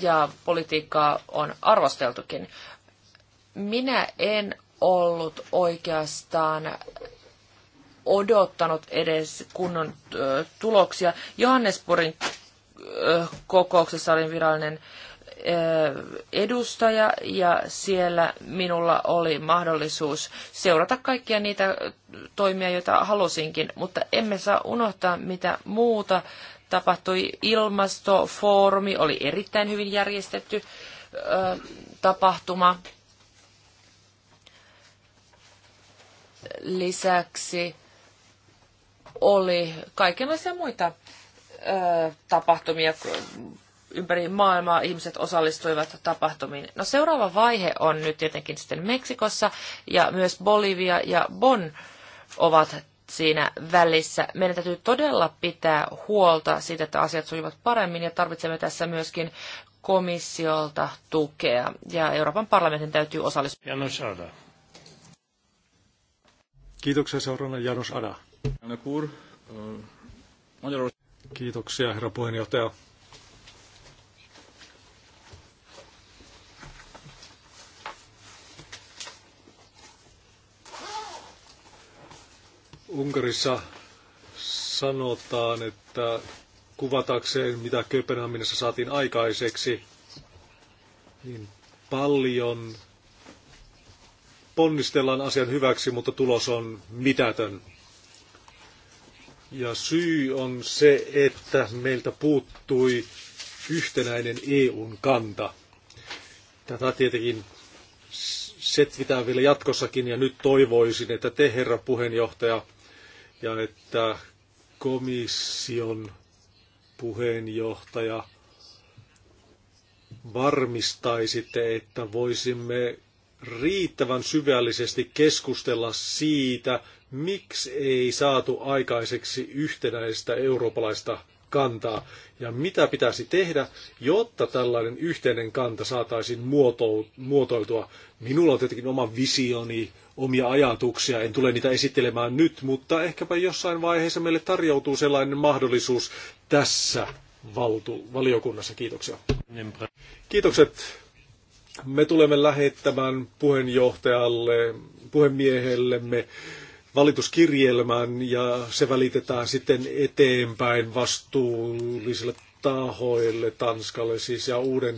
ja politiikkaa on arvosteltukin. Minä en ollut oikeastaan odottanut edes kunnon tuloksia. Johannespurin kokouksessa olin virallinen edustaja ja siellä minulla oli mahdollisuus seurata kaikkia niitä toimia, joita halusinkin, mutta emme saa unohtaa mitä muuta tapahtui. Ilmastofoorumi oli erittäin hyvin järjestetty tapahtuma. Lisäksi oli kaikenlaisia muita ö, tapahtumia ympäri maailmaa. Ihmiset osallistuivat tapahtumiin. No seuraava vaihe on nyt tietenkin sitten Meksikossa ja myös Bolivia ja Bonn ovat siinä välissä. Meidän täytyy todella pitää huolta siitä, että asiat sujuvat paremmin ja tarvitsemme tässä myöskin komissiolta tukea ja Euroopan parlamentin täytyy osallistua. Janos Ada. Kiitoksia seurana Janos Ada. Kiitoksia, herra puheenjohtaja. Unkarissa sanotaan, että kuvatakseen mitä Kööpenhaminassa saatiin aikaiseksi, niin paljon ponnistellaan asian hyväksi, mutta tulos on mitätön. Ja syy on se, että meiltä puuttui yhtenäinen EUn kanta. Tätä tietenkin setvitään vielä jatkossakin ja nyt toivoisin, että te herra puheenjohtaja ja että komission puheenjohtaja varmistaisitte, että voisimme riittävän syvällisesti keskustella siitä, miksi ei saatu aikaiseksi yhtenäistä eurooppalaista kantaa ja mitä pitäisi tehdä, jotta tällainen yhteinen kanta saataisiin muotoiltua. Minulla on tietenkin oma visioni, omia ajatuksia, en tule niitä esittelemään nyt, mutta ehkäpä jossain vaiheessa meille tarjoutuu sellainen mahdollisuus tässä valtu- valiokunnassa. Kiitoksia. Kiitokset. Me tulemme lähettämään puheenjohtajalle, puhemiehellemme valituskirjelmän ja se välitetään sitten eteenpäin vastuullisille tahoille, Tanskalle siis ja uuden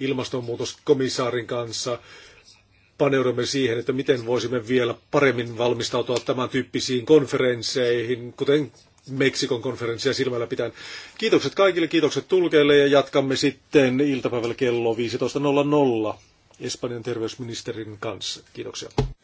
ilmastonmuutoskomissaarin kanssa paneudumme siihen, että miten voisimme vielä paremmin valmistautua tämän tyyppisiin konferensseihin, kuten Meksikon konferenssia silmällä pitäen. Kiitokset kaikille, kiitokset tulkeille ja jatkamme sitten iltapäivällä kello 15.00 Espanjan terveysministerin kanssa. Kiitoksia.